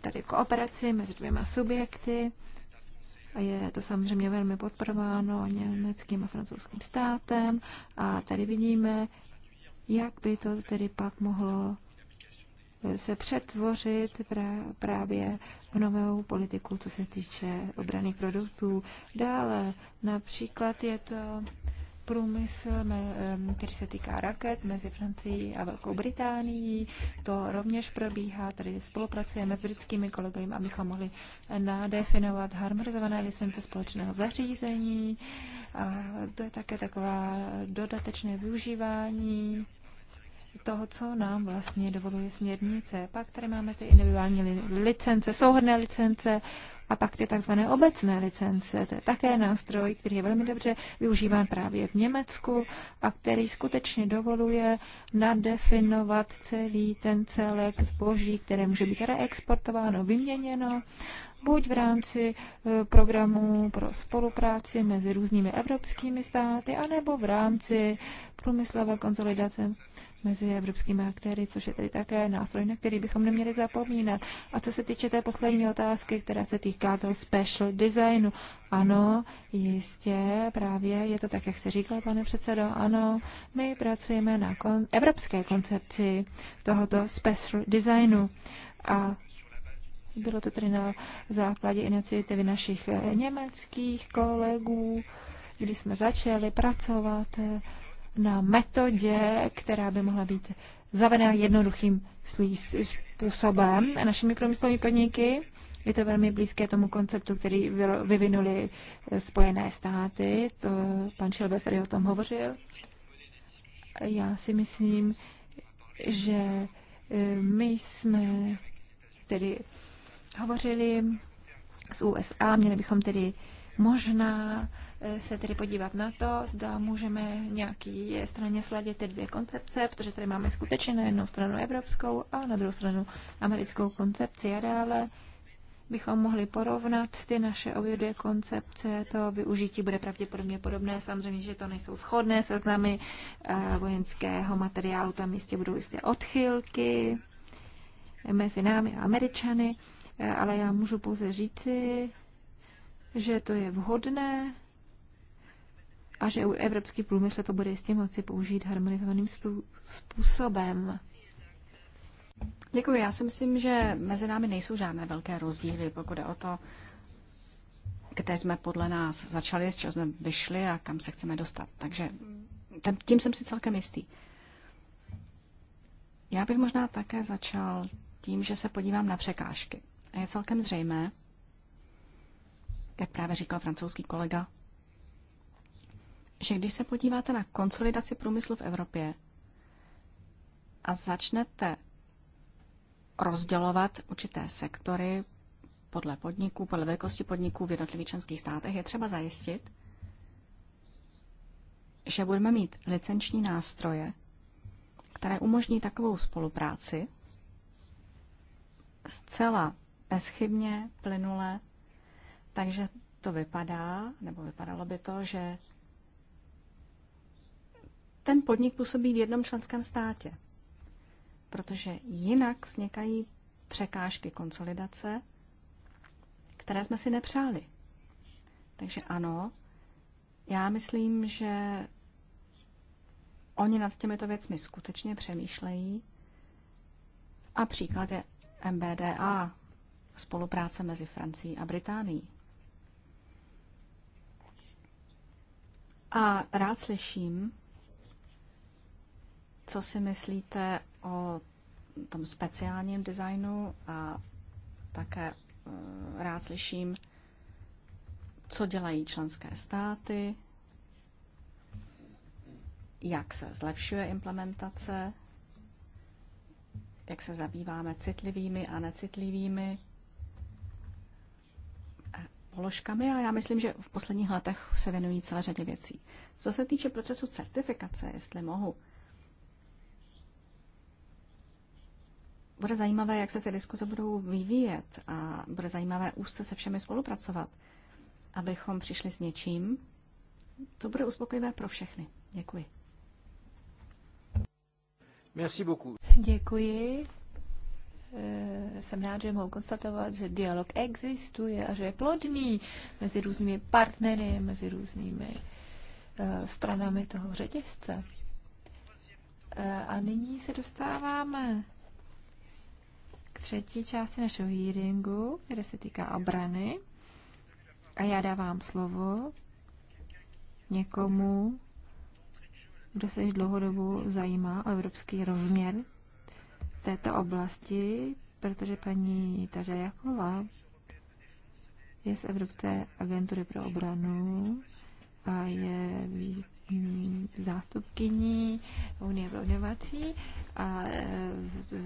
tady kooperaci mezi dvěma subjekty. A je to samozřejmě velmi podporováno německým a francouzským státem. A tady vidíme, jak by to tedy pak mohlo eh, se přetvořit právě v novou politiku, co se týče obraných produktů. Dále například je to průmysl, který se týká raket mezi Francií a Velkou Británií. To rovněž probíhá, tady spolupracujeme s britskými kolegy, abychom mohli nadefinovat harmonizované licence společného zařízení. A to je také taková dodatečné využívání toho, co nám vlastně dovoluje směrnice. Pak tady máme ty individuální licence, souhodné licence, a pak ty tzv. obecné licence, to je také nástroj, který je velmi dobře využíván právě v Německu a který skutečně dovoluje nadefinovat celý ten celek zboží, které může být reexportováno, vyměněno buď v rámci e, programů pro spolupráci mezi různými evropskými státy, anebo v rámci průmyslové konsolidace mezi evropskými aktéry, což je tedy také nástroj, na který bychom neměli zapomínat. A co se týče té poslední otázky, která se týká toho special designu, ano, jistě, právě je to tak, jak se říkal, pane předsedo, ano, my pracujeme na kon- evropské koncepci tohoto special designu. A bylo to tedy na základě iniciativy našich německých kolegů, kdy jsme začali pracovat na metodě, která by mohla být zavedena jednoduchým způsobem našimi průmyslovými podniky. Je to velmi blízké tomu konceptu, který vyvinuli Spojené státy. To pan Šilvestr o tom hovořil. Já si myslím, že e, my jsme tedy hovořili z USA, měli bychom tedy možná se tedy podívat na to, zda můžeme nějaký straně sladit ty dvě koncepce, protože tady máme skutečně na jednu stranu evropskou a na druhou stranu americkou koncepci a dále bychom mohli porovnat ty naše obě dvě koncepce. To využití bude pravděpodobně podobné. Samozřejmě, že to nejsou shodné seznamy eh, vojenského materiálu. Tam jistě budou jistě odchylky mezi námi a Američany, eh, ale já můžu pouze říci, že to je vhodné a že evropský průmysl to bude jistě moci použít harmonizovaným způsobem. Děkuji. Já si myslím, že mezi námi nejsou žádné velké rozdíly, pokud je o to, kde jsme podle nás začali, z čeho jsme vyšli a kam se chceme dostat. Takže tím jsem si celkem jistý. Já bych možná také začal tím, že se podívám na překážky. A je celkem zřejmé, jak právě říkal francouzský kolega, že když se podíváte na konsolidaci průmyslu v Evropě a začnete rozdělovat určité sektory podle podniků, podle velikosti podniků v jednotlivých členských státech, je třeba zajistit, že budeme mít licenční nástroje, které umožní takovou spolupráci zcela bezchybně, plynule, takže to vypadá, nebo vypadalo by to, že ten podnik působí v jednom členském státě. Protože jinak vznikají překážky konsolidace, které jsme si nepřáli. Takže ano, já myslím, že oni nad těmito věcmi skutečně přemýšlejí. A příklad je MBDA, spolupráce mezi Francií a Británií. A rád slyším, co si myslíte o tom speciálním designu a také eh, rád slyším, co dělají členské státy, jak se zlepšuje implementace, jak se zabýváme citlivými a necitlivými eh, položkami a já myslím, že v posledních letech se věnují celé řadě věcí. Co se týče procesu certifikace, jestli mohu, Bude zajímavé, jak se ty diskuze budou vyvíjet a bude zajímavé úzce se všemi spolupracovat, abychom přišli s něčím, co bude uspokojivé pro všechny. Děkuji. Merci beaucoup. Děkuji. Eh, jsem rád, že mohu konstatovat, že dialog existuje a že je plodný mezi různými partnery, mezi různými eh, stranami toho řetězce. Eh, a nyní se dostáváme třetí části našeho hearingu, které se týká obrany. A já dávám slovo někomu, kdo se již dlouhodobu zajímá o evropský rozměr této oblasti, protože paní Taža Jakola je z Evropské agentury pro obranu a je zástupkyní Unie pro inovací a e,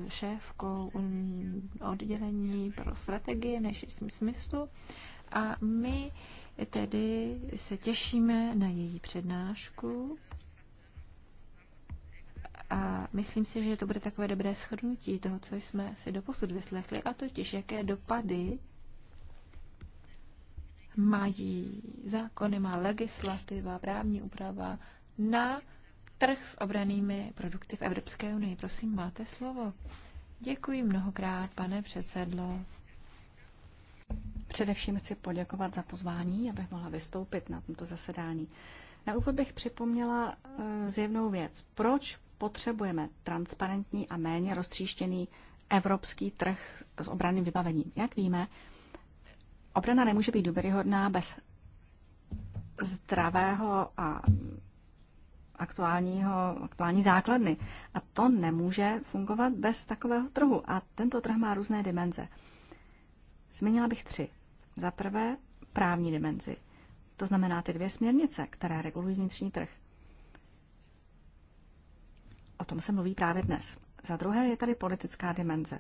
šéfkou oddělení pro strategie v nejširším smyslu. A my tedy se těšíme na její přednášku a myslím si, že to bude takové dobré shrnutí toho, co jsme si doposud vyslechli, a totiž jaké dopady mají zákony, má legislativa, právní úprava na trh s obranými produkty v Evropské unii. Prosím, máte slovo. Děkuji mnohokrát, pane předsedlo. Především chci poděkovat za pozvání, abych mohla vystoupit na tomto zasedání. Na úvod bych připomněla eh, zjevnou věc. Proč potřebujeme transparentní a méně roztříštěný evropský trh s obranným vybavením? Jak víme, Obrana nemůže být důvěryhodná bez zdravého a aktuálního, aktuální základny. A to nemůže fungovat bez takového trhu. A tento trh má různé dimenze. Zmínila bych tři. Za prvé právní dimenzi. To znamená ty dvě směrnice, které regulují vnitřní trh. O tom se mluví právě dnes. Za druhé je tady politická dimenze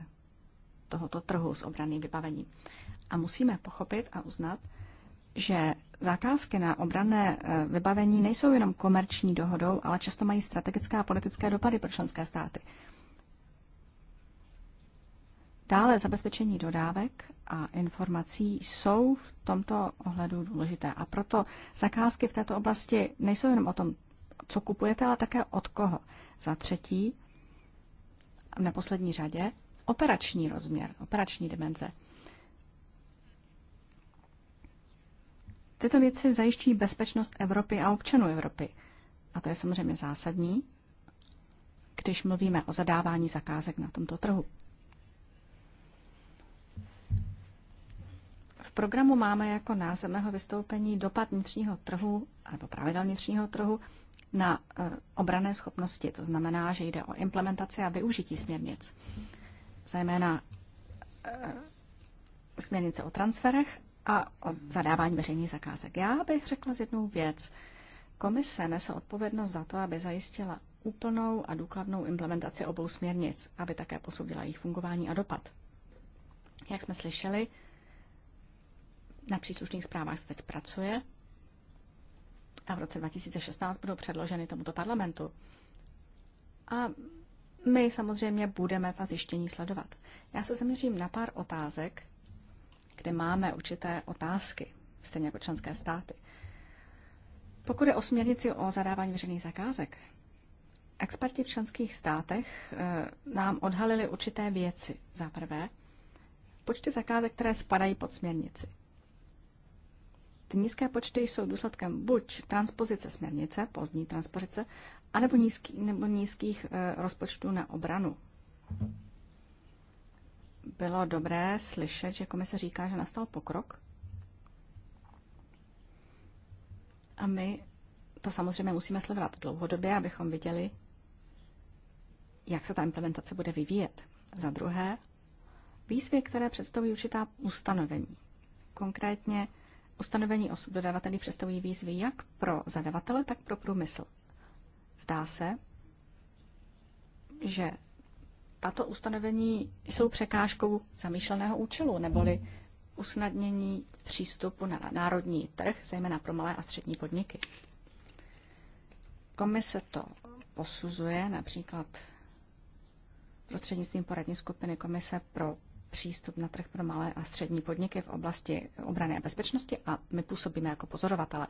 tohoto trhu s obraným vybavením. A musíme pochopit a uznat, že zakázky na obranné eh, vybavení nejsou jenom komerční dohodou, ale často mají strategické a politické dopady pro členské státy. Dále zabezpečení dodávek a informací jsou v tomto ohledu důležité. A proto zakázky v této oblasti nejsou jenom o tom, co kupujete, ale také od koho. Za třetí, v neposlední řadě, operační rozměr, operační dimenze. Tyto věci zajišťují bezpečnost Evropy a občanů Evropy. A to je samozřejmě zásadní, když mluvíme o zadávání zakázek na tomto trhu. V programu máme jako název mého vystoupení dopad vnitřního trhu, nebo pravidel vnitřního trhu, na e, obrané schopnosti. To znamená, že jde o implementaci a využití směrnic. Zajména e, směrnice o transferech a o zadávání veřejných zakázek. Já bych řekla z jednu věc. Komise nese odpovědnost za to, aby zajistila úplnou a důkladnou implementaci obou směrnic, aby také posoudila jejich fungování a dopad. Jak jsme slyšeli, na příslušných zprávách se teď pracuje a v roce 2016 budou předloženy tomuto parlamentu. A my samozřejmě budeme ta zjištění sledovat. Já se zaměřím na pár otázek, kde máme určité otázky, stejně jako členské státy. Pokud je o směrnici o zadávání veřejných zakázek, experti v členských státech eh, nám odhalili určité věci. Za prvé, počty zakázek, které spadají pod směrnici. Ty nízké počty jsou důsledkem buď transpozice směrnice, pozdní transpozice, anebo nízký, nebo nízkých eh, rozpočtů na obranu bylo dobré slyšet, že komise říká, že nastal pokrok. A my to samozřejmě musíme sledovat dlouhodobě, abychom viděli, jak se ta implementace bude vyvíjet. Za druhé, výzvy, které představují určitá ustanovení. Konkrétně ustanovení o subdodavatelích představují výzvy jak pro zadavatele, tak pro průmysl. Zdá se, že tato ustanovení jsou překážkou zamýšleného účelu, neboli usnadnění přístupu na národní trh, zejména pro malé a střední podniky. Komise to posuzuje například prostřednictvím poradní skupiny Komise pro přístup na trh pro malé a střední podniky v oblasti obrany a bezpečnosti a my působíme jako pozorovatele.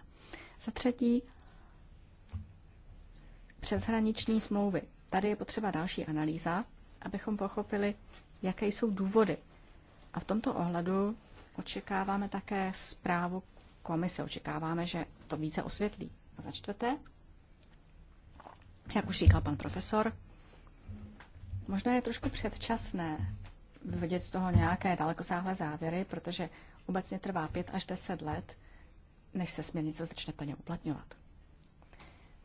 Za třetí, přeshraniční smlouvy. Tady je potřeba další analýza, abychom pochopili, jaké jsou důvody. A v tomto ohledu očekáváme také zprávu komise. Očekáváme, že to více osvětlí. A za čtvrté, jak už říkal pan profesor, možná je trošku předčasné vidět z toho nějaké dalekosáhlé závěry, protože obecně trvá pět až deset let, než se směrnice začne plně uplatňovat.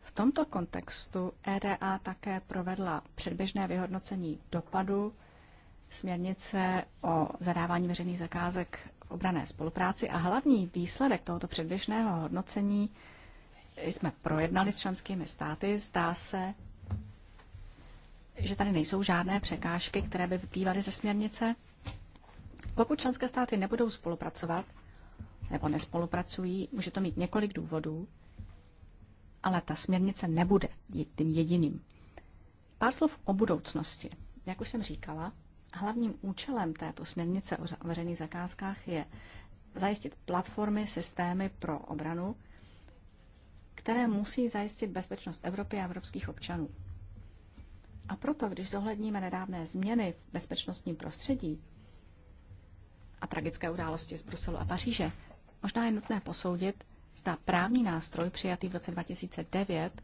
V tomto kontextu EDA také provedla předběžné vyhodnocení dopadu směrnice o zadávání veřejných zakázek v obrané spolupráci a hlavní výsledek tohoto předběžného hodnocení jsme projednali s členskými státy. Zdá se, že tady nejsou žádné překážky, které by vyplývaly ze směrnice. Pokud členské státy nebudou spolupracovat nebo nespolupracují, může to mít několik důvodů ale ta směrnice nebude tím jediným. Pár slov o budoucnosti. Jak už jsem říkala, hlavním účelem této směrnice o veřejných zakázkách je zajistit platformy, systémy pro obranu, které musí zajistit bezpečnost Evropy a evropských občanů. A proto, když zohledníme nedávné změny v bezpečnostním prostředí a tragické události z Bruselu a Paříže, možná je nutné posoudit, zda právní nástroj přijatý v roce 2009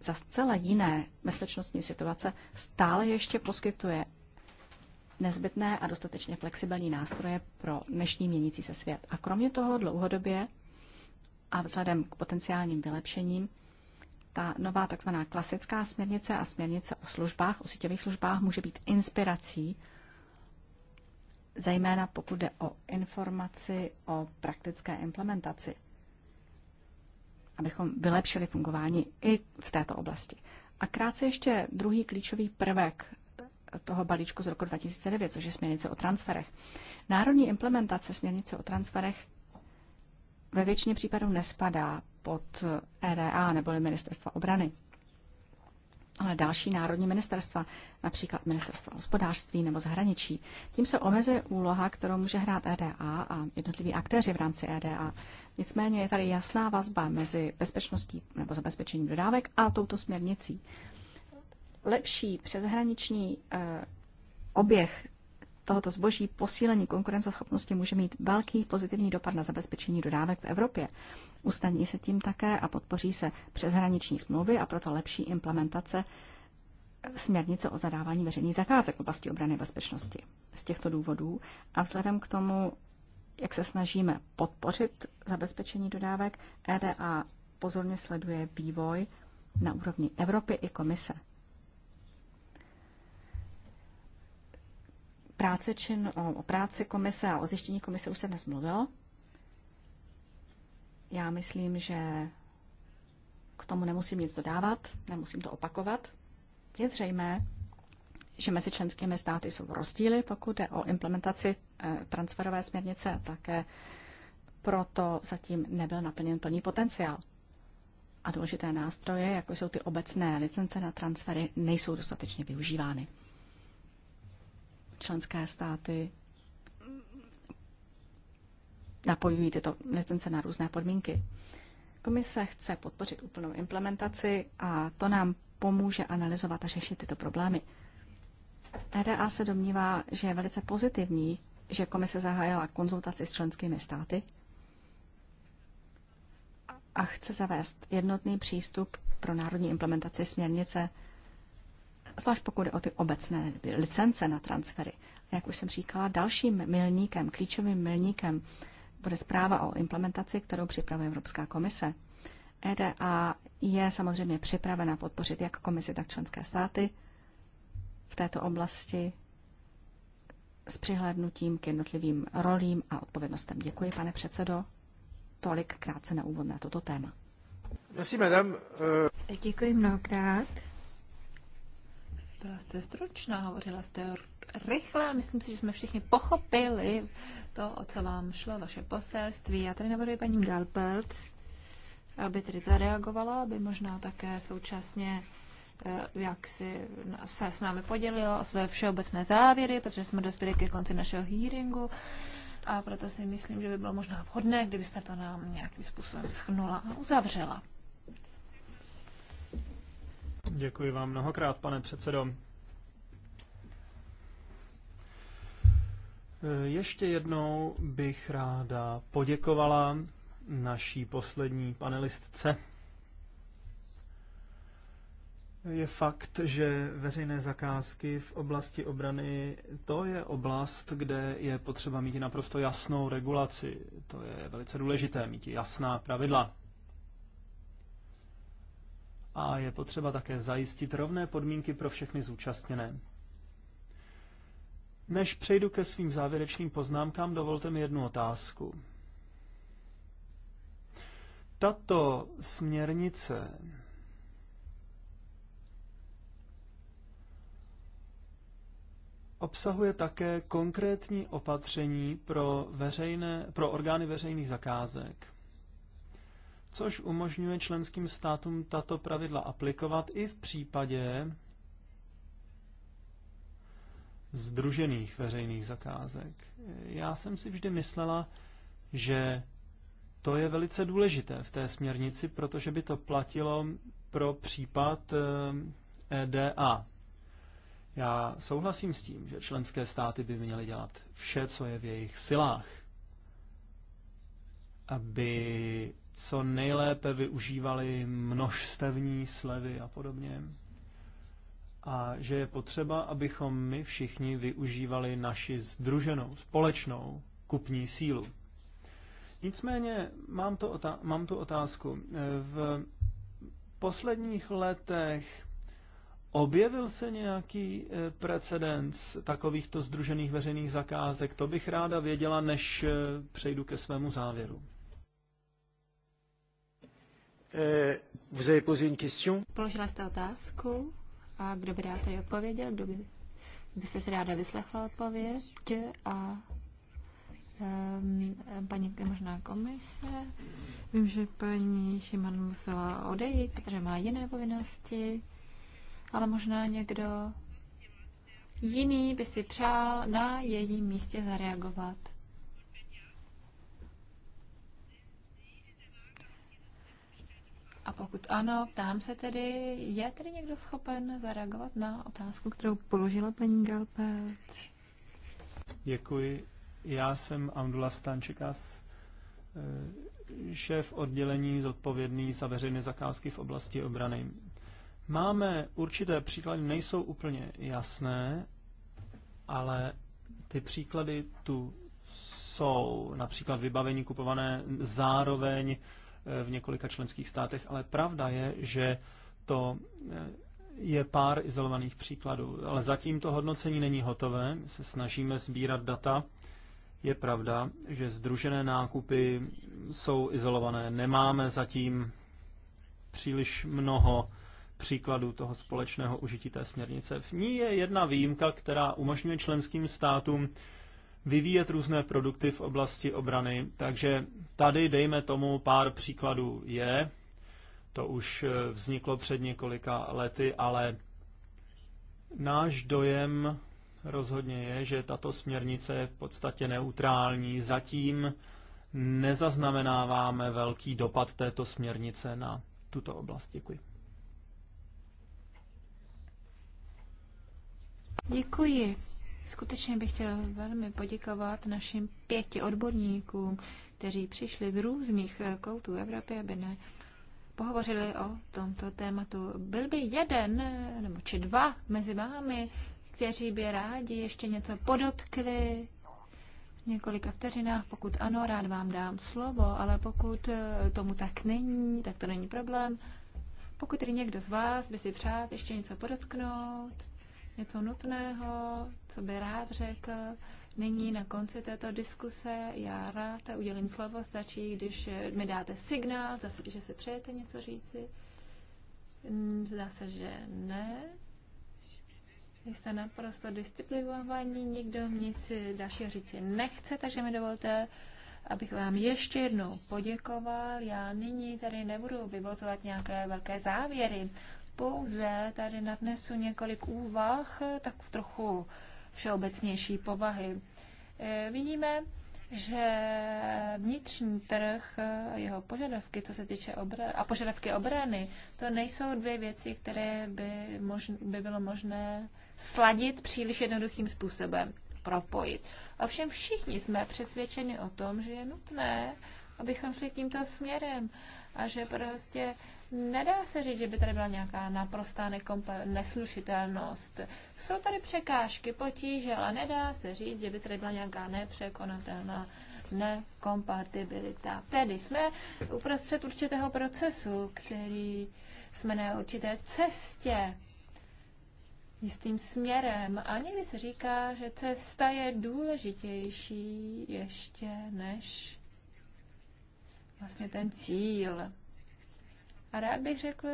za zcela jiné bezpečnostní situace stále ještě poskytuje nezbytné a dostatečně flexibilní nástroje pro dnešní měnící se svět. A kromě toho dlouhodobě a vzhledem k potenciálním vylepšením, ta nová tzv. klasická směrnice a směrnice o službách, o síťových službách může být inspirací, zejména pokud jde o informaci o praktické implementaci abychom vylepšili fungování i v této oblasti. A krátce ještě druhý klíčový prvek toho balíčku z roku 2009, což je směrnice o transferech. Národní implementace směrnice o transferech ve většině případů nespadá pod EDA nebo Ministerstva obrany ale další národní ministerstva, například ministerstva hospodářství nebo zahraničí. Tím se omezuje úloha, kterou může hrát EDA a jednotliví aktéři v rámci EDA. Nicméně je tady jasná vazba mezi bezpečností nebo zabezpečením dodávek a touto směrnicí. Lepší přeshraniční eh, oběh tohoto zboží posílení konkurenceschopnosti může mít velký pozitivní dopad na zabezpečení dodávek v Evropě. Ustaní se tím také a podpoří se přeshraniční smlouvy a proto lepší implementace směrnice o zadávání veřejných zakázek v oblasti obrany a bezpečnosti. Z těchto důvodů a vzhledem k tomu, jak se snažíme podpořit zabezpečení dodávek, EDA pozorně sleduje vývoj na úrovni Evropy i komise. práce čin, o, o práci komise a o zjištění komise už se dnes mluvilo. Já myslím, že k tomu nemusím nic dodávat, nemusím to opakovat. Je zřejmé, že mezi členskými státy jsou rozdíly, pokud jde o implementaci e, transferové směrnice, také proto zatím nebyl naplněn plný potenciál. A důležité nástroje, jako jsou ty obecné licence na transfery, nejsou dostatečně využívány členské státy napojují tyto licence na různé podmínky. Komise chce podpořit úplnou implementaci a to nám pomůže analyzovat a řešit tyto problémy. EDA se domnívá, že je velice pozitivní, že komise zahájila konzultaci s členskými státy a chce zavést jednotný přístup pro národní implementaci směrnice zvlášť pokud je o ty obecné licence na transfery. A jak už jsem říkala, dalším milníkem, klíčovým milníkem bude zpráva o implementaci, kterou připravuje Evropská komise. EDA je samozřejmě připravena podpořit jak komisi, tak členské státy v této oblasti s přihlédnutím k jednotlivým rolím a odpovědnostem. Děkuji, pane předsedo. Tolik krátce na úvod na toto téma. Merci, madame. Děkuji mnohokrát. Byla jste stručná, hovořila jste rychle, myslím si, že jsme všichni pochopili to, o co vám šlo, vaše poselství. Já tady navrhuji paní Galpelt, aby tedy zareagovala, aby možná také současně eh, jak si se s námi podělila o své všeobecné závěry, protože jsme dospěli ke konci našeho hearingu a proto si myslím, že by bylo možná vhodné, kdybyste to nám nějakým způsobem schnula a uzavřela. Děkuji vám mnohokrát, pane předsedo. E, ještě jednou bych ráda poděkovala naší poslední panelistce. Je fakt, že veřejné zakázky v oblasti obrany, to je oblast, kde je potřeba mít naprosto jasnou regulaci. To je velice důležité, mít jasná pravidla a je potřeba také zajistit rovné podmínky pro všechny zúčastněné. Než přejdu ke svým závěrečným poznámkám, dovolte mi jednu otázku. Tato směrnice obsahuje také konkrétní opatření pro, veřejné, pro orgány veřejných zakázek což umožňuje členským státům tato pravidla aplikovat i v případě združených veřejných zakázek. Já jsem si vždy myslela, že to je velice důležité v té směrnici, protože by to platilo pro případ EDA. Eh, e Já souhlasím s tím, že členské státy by měly dělat vše, co je v jejich silách, aby co nejlépe využívali množstevní slevy a podobně. A že je potřeba, abychom my všichni využívali naši združenou, společnou kupní sílu. Nicméně mám, to otá- mám tu otázku. V posledních letech objevil se nějaký e, precedens takovýchto združených veřejných zakázek? To bych ráda věděla, než e, přejdu ke svému závěru. Euh, vous avez posé une question. Položila jste otázku a kdo by rád tady odpověděl, kdo by, byste se ráda vyslechla odpověď a um, paní možná komise. Vím, že paní Šiman musela odejít, protože má jiné povinnosti, ale možná někdo jiný by si přál na jejím místě zareagovat. A pokud ano, ptám se tedy, je tedy někdo schopen zareagovat na otázku, kterou položila paní Galpelt? Děkuji. Já jsem Amdula Stančekas, eh, šéf oddělení zodpovědný za veřejné zakázky v oblasti obrany. Máme určité příklady, nejsou úplně jasné, ale ty příklady tu jsou. Například vybavení kupované zároveň v několika členských státech, ale pravda je, že to eh, je pár izolovaných příkladů, ale zatím to hodnocení není hotové, My se snažíme sbírat data. Je pravda, že združené nákupy jsou izolované, nemáme zatím příliš mnoho příkladů toho společného užití té směrnice. V ní je jedna výjimka, která umožňuje členským státům vyvíjet různé produkty v oblasti obrany, takže Tady, dejme tomu, pár příkladů je. To už eh, vzniklo před několika lety, ale náš dojem rozhodně je, že tato směrnice je v podstatě neutrální. Zatím nezaznamenáváme velký dopad této směrnice na tuto oblast. Děkuji. Děkuji. Skutečně bych chtěl velmi poděkovat našim pěti odborníkům kteří přišli z různých eh, koutů Evropy, aby ne pohovořili o tomto tématu. Byl by jeden eh, nebo či dva mezi vámi, kteří by rádi ještě něco podotkli v několika vteřinách. Pokud ano, rád vám dám slovo, ale pokud eh, tomu tak není, tak to není problém. Pokud tedy někdo z vás by si přát ještě něco podotknout, něco nutného, co by rád řekl, Nyní na konci této diskuse já ráda udělím slovo, stačí, když mi dáte signál, zase, že si přejete něco říci. Hmm, zdá se, že ne. Jste naprosto disciplinovaní, nikdo nic dalšího říci nechce, takže mi dovolte, abych vám ještě jednou poděkoval. Já nyní tady nebudu vyvozovat nějaké velké závěry, pouze tady nadnesu několik úvah, tak trochu uh, všeobecnější povahy. Eh, vidíme, že vnitřní trh a eh, jeho požadavky, co se týče obrany, a požadavky obrany, to nejsou dvě věci, které by, možn, by bylo možné sladit příliš jednoduchým způsobem, propojit. Ovšem všichni jsme přesvědčeni o tom, že je nutné, abychom šli tímto směrem a že prostě Nedá se říct, že by tady byla nějaká naprostá neslušitelnost. Jsou tady překážky, potíže, ale nedá se říct, že by tady byla nějaká nepřekonatelná nekompatibilita. Tedy jsme uprostřed určitého procesu, který jsme na určité cestě jistým směrem. A někdy se říká, že cesta je důležitější ještě než vlastně ten cíl. A rád bych řekl,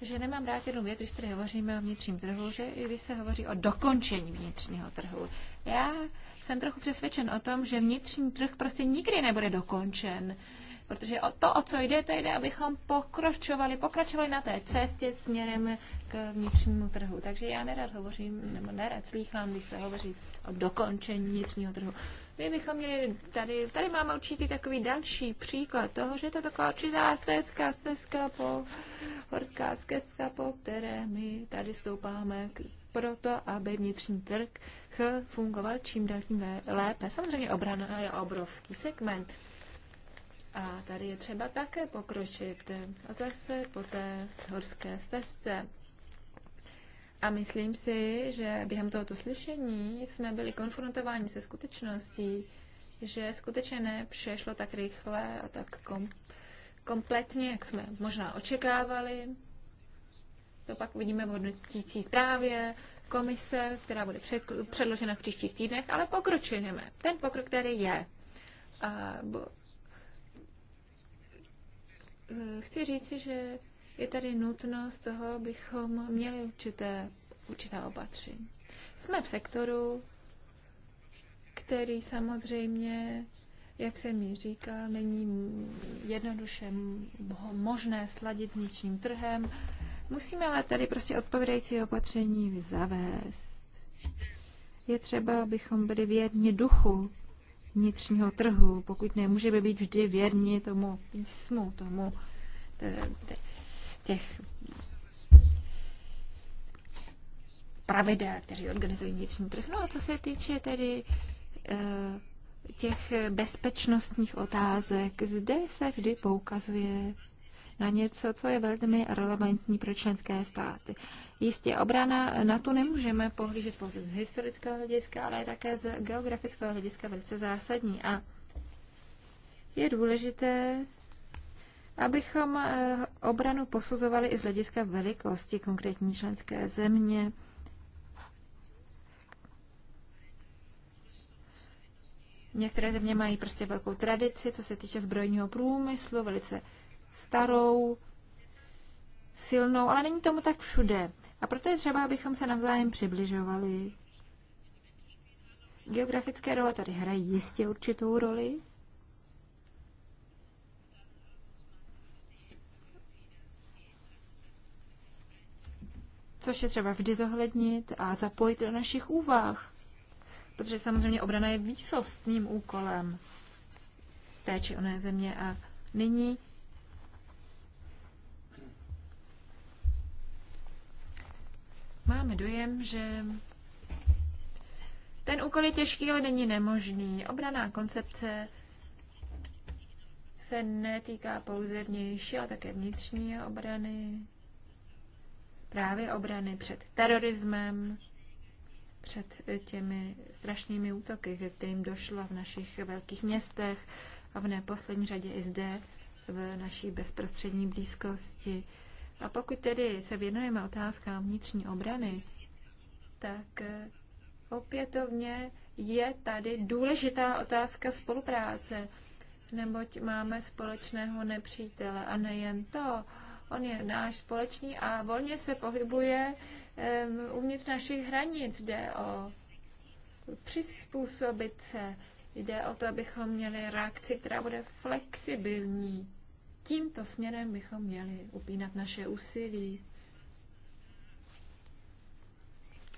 že nemám rád jednu věc, když tady hovoříme o vnitřním trhu, že i když se hovoří o dokončení vnitřního trhu. Já jsem trochu přesvědčen o tom, že vnitřní trh prostě nikdy nebude dokončen. Uh, Protože o to, o co jde, to jde, abychom pokračovali, pokračovali na té cestě směrem k vnitřnímu trhu. Takže já nerad hovořím, nebo nerad slýchám, když se hovoří o dokončení vnitřního trhu. My bychom měli tady, tady máme určitý takový další příklad toho, že to je taková určitá stezka, stezka po, horská stezka, po které my tady stoupáme k proto, aby vnitřní trh fungoval čím dál tím lépe. Samozřejmě obrana je obrovský segment. A tady je třeba také pokročit. A zase po té horské stezce. A myslím si, že během tohoto slyšení jsme byli konfrontováni se skutečností, že skutečně ne vše šlo tak rychle a tak kom- kompletně, jak jsme možná očekávali. To pak vidíme v hodnotící zprávě komise, která bude předložena v příštích týdnech, ale pokročujeme. Ten pokrok, který je. A Eh, chci říci, že je tady nutnost toho, abychom měli určité, určité opatření. Jsme v sektoru, který samozřejmě, jak jsem mi říkal, není jednoduše možné sladit s vnitřním trhem. Musíme ale tady prostě odpovědající opatření zavést. Je třeba, abychom byli vědni duchu vnitřního trhu, pokud nemůžeme být vždy věrni tomu písmu, tomu těch pravidel, kteří organizují vnitřní trh. No a co se týče tedy eh, těch bezpečnostních otázek, zde se vždy poukazuje na něco, co je velmi relevantní pro členské státy. Jistě obrana na tu nemůžeme pohlížet pouze z historického hlediska, ale také z geografického hlediska velice zásadní. A je důležité, abychom eh, obranu posuzovali i z hlediska velikosti konkrétní členské země. Některé země mají prostě velkou tradici, co se týče zbrojního průmyslu, velice starou, silnou, ale není tomu tak všude. A proto je třeba, abychom se navzájem přibližovali. Geografické role tady hrají jistě určitou roli. Což je třeba vždy zohlednit a zapojit do našich úvah. Protože samozřejmě obrana je výsostným úkolem té či oné země a nyní Máme dojem, že ten úkol je těžký, ale není nemožný. Obraná koncepce se netýká pouze vnější, ale také vnitřní obrany, právě obrany před terorismem, před těmi strašnými útoky, ke kterým došlo v našich velkých městech a v neposlední řadě i zde, v naší bezprostřední blízkosti. A pokud tedy se věnujeme otázkám vnitřní obrany, tak eh, opětovně je tady důležitá otázka spolupráce, neboť máme společného nepřítele. A nejen to, on je náš společný a volně se pohybuje um, uvnitř našich hranic. Jde o přizpůsobit se, jde o to, abychom měli reakci, která bude flexibilní. Tímto směrem bychom měli upínat naše úsilí,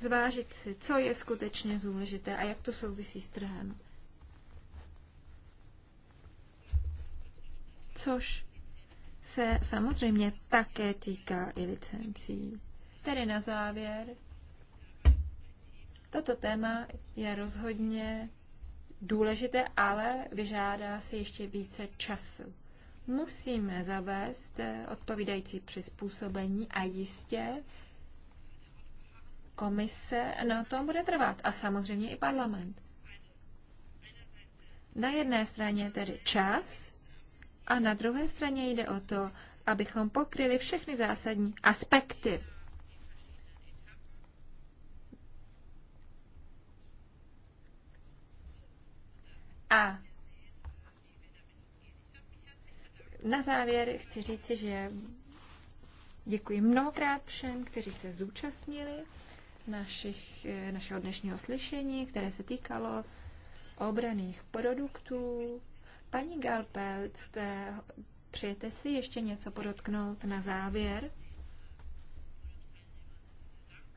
zvážit si, co je skutečně důležité a jak to souvisí s trhem. Což se samozřejmě také týká i licencí. Tedy na závěr, toto téma je rozhodně důležité, ale vyžádá si ještě více času musíme zavést eh, odpovídající přizpůsobení a jistě komise na tom bude trvat a samozřejmě i parlament. Na jedné straně tedy čas a na druhé straně jde o to, abychom pokryli všechny zásadní aspekty. A Na závěr chci říci, že děkuji mnohokrát všem, kteří se zúčastnili našich, eh, našeho dnešního slyšení, které se týkalo obraných produktů. Paní Galpelt, jste, přejete si ještě něco podotknout na závěr?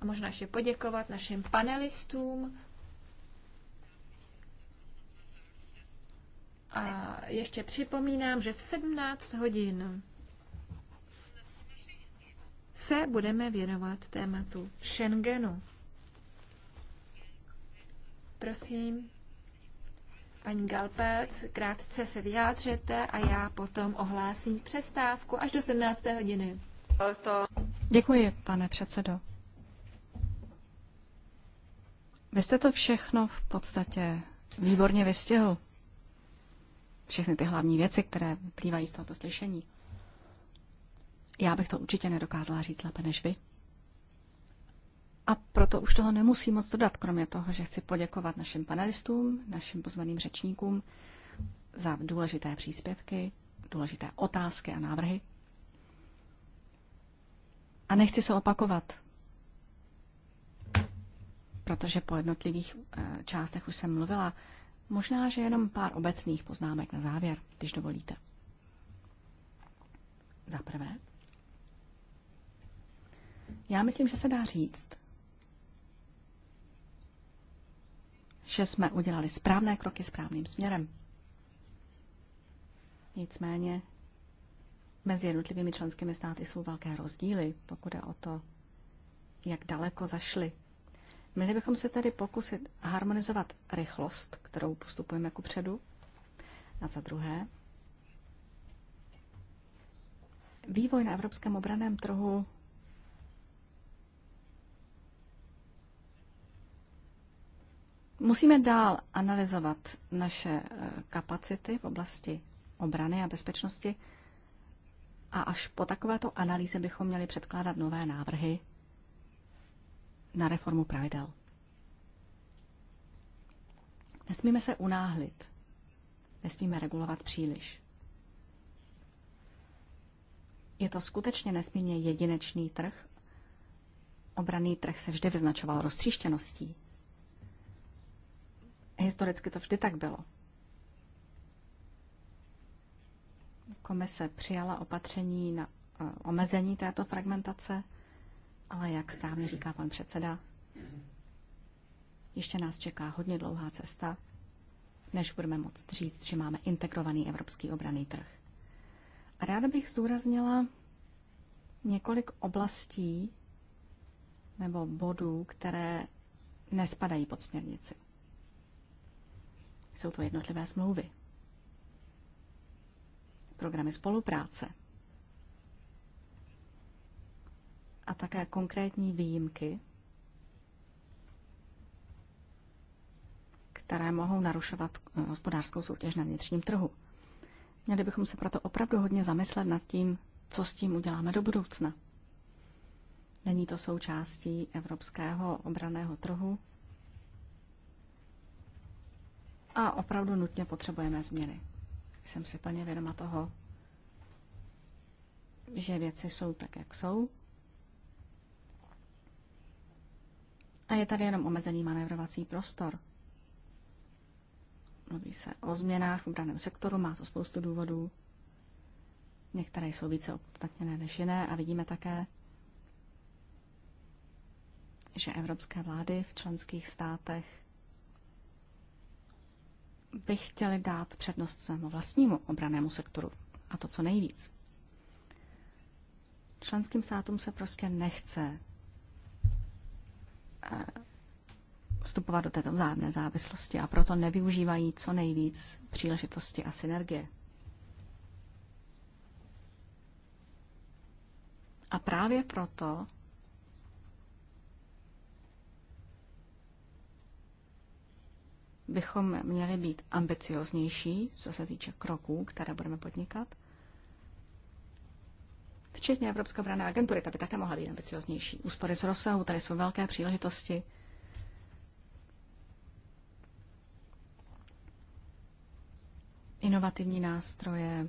A možná ještě poděkovat našim panelistům, A ještě připomínám, že v 17 hodin se budeme věnovat tématu Schengenu. Prosím, paní Galpec, krátce se vyjádřete a já potom ohlásím přestávku až do 17. hodiny. Děkuji, pane předsedo. Vy jste to všechno v podstatě výborně vystihl všechny ty hlavní věci, které vyplývají z tohoto slyšení. Já bych to určitě nedokázala říct lépe než vy. A proto už toho nemusím moc dodat, kromě toho, že chci poděkovat našim panelistům, našim pozvaným řečníkům za důležité příspěvky, důležité otázky a návrhy. A nechci se opakovat, protože po jednotlivých eh, částech už jsem mluvila. Možná, že jenom pár obecných poznámek na závěr, když dovolíte. Za prvé, já myslím, že se dá říct, že jsme udělali správné kroky správným směrem. Nicméně mezi jednotlivými členskými státy jsou velké rozdíly, pokud je o to, jak daleko zašly Měli bychom se tady pokusit harmonizovat rychlost, kterou postupujeme ku předu. A za druhé, vývoj na evropském obraném trhu Musíme dál analyzovat naše eh, kapacity v oblasti obrany a bezpečnosti a až po takovéto analýze bychom měli předkládat nové návrhy na reformu pravidel. Nesmíme se unáhlit. Nesmíme regulovat příliš. Je to skutečně nesmírně jedinečný trh. Obraný trh se vždy vyznačoval roztříštěností. Historicky to vždy tak bylo. Komise přijala opatření na eh, omezení této fragmentace – ale jak správně říká pan předseda, ještě nás čeká hodně dlouhá cesta, než budeme moct říct, že máme integrovaný evropský obraný trh. A ráda bych zdůraznila několik oblastí nebo bodů, které nespadají pod směrnici. Jsou to jednotlivé smlouvy, programy spolupráce, a také konkrétní výjimky, které mohou narušovat eh, hospodářskou soutěž na vnitřním trhu. Měli bychom se proto opravdu hodně zamyslet nad tím, co s tím uděláme do budoucna. Není to součástí evropského obraného trhu a opravdu nutně potřebujeme změny. Jsem si plně vědoma toho, že věci jsou tak, jak jsou A je tady jenom omezený manévrovací prostor. Mluví se o změnách v obraném sektoru, má to spoustu důvodů. Některé jsou více opodstatněné než jiné a vidíme také, že evropské vlády v členských státech by chtěly dát přednost svému vlastnímu obranému sektoru a to co nejvíc. Členským státům se prostě nechce vstupovat do této vzájemné závislosti a proto nevyužívají co nejvíc příležitosti a synergie. A právě proto bychom měli být ambicioznější, co se týče kroků, které budeme podnikat včetně Evropské obrané agentury, ta by také mohla být ambicioznější. Úspory z rozsahu, tady jsou velké příležitosti. Inovativní nástroje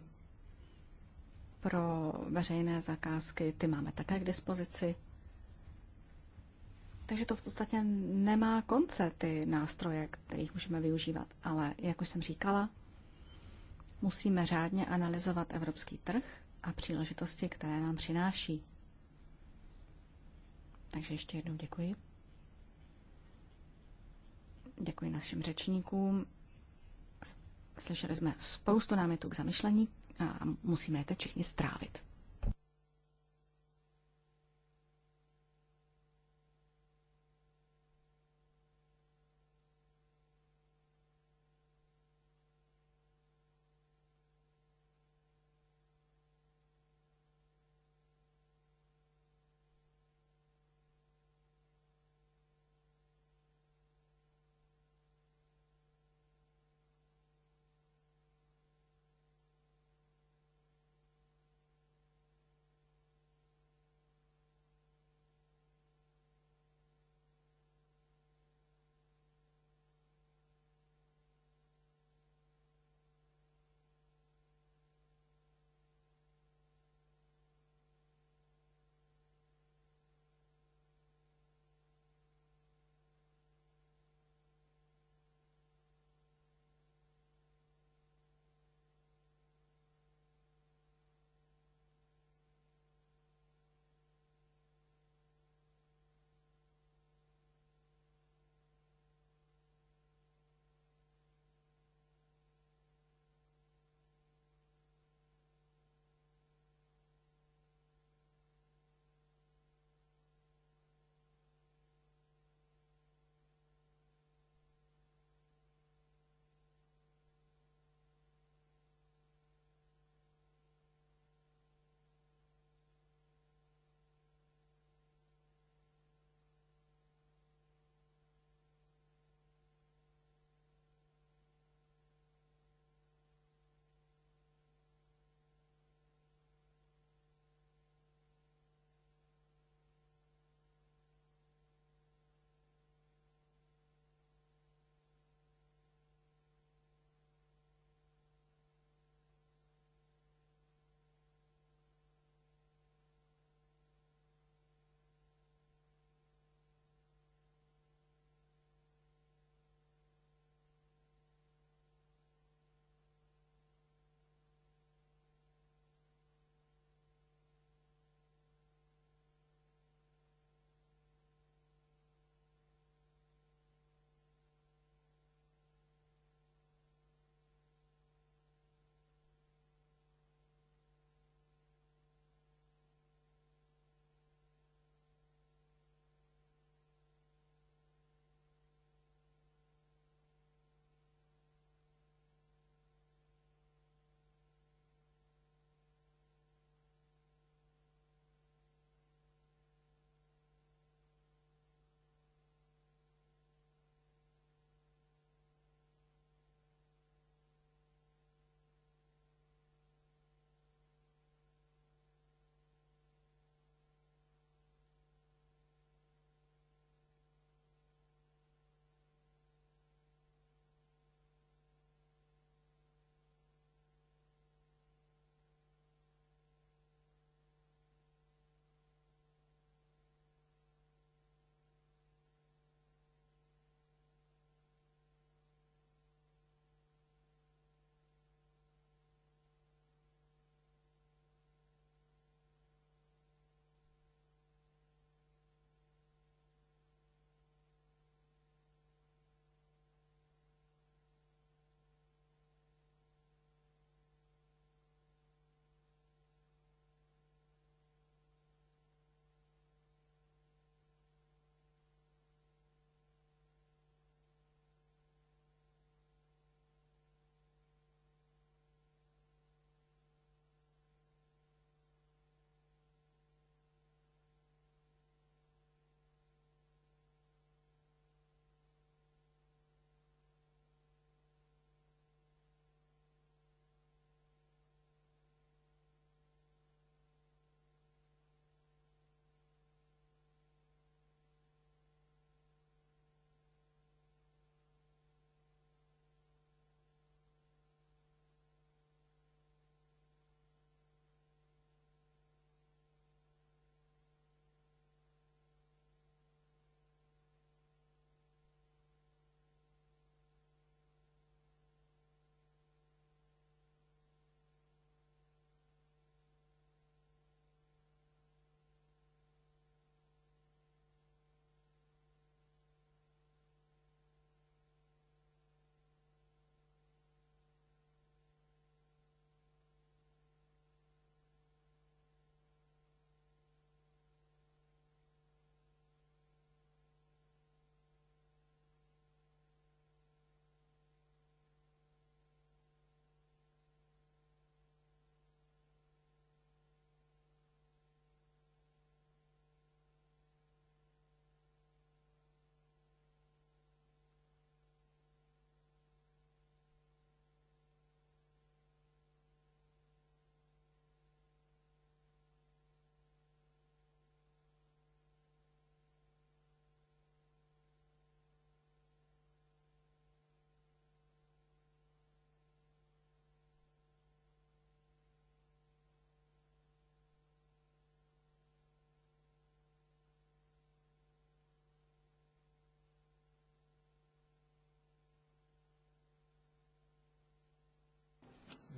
pro veřejné zakázky, ty máme také k dispozici. Takže to v podstatě nemá konce, ty nástroje, kterých můžeme využívat. Ale, jak už jsem říkala, musíme řádně analyzovat evropský trh a příležitosti, které nám přináší. Takže ještě jednou děkuji. Děkuji našim řečníkům. Slyšeli jsme spoustu námětů k zamyšlení a musíme je teď všichni strávit.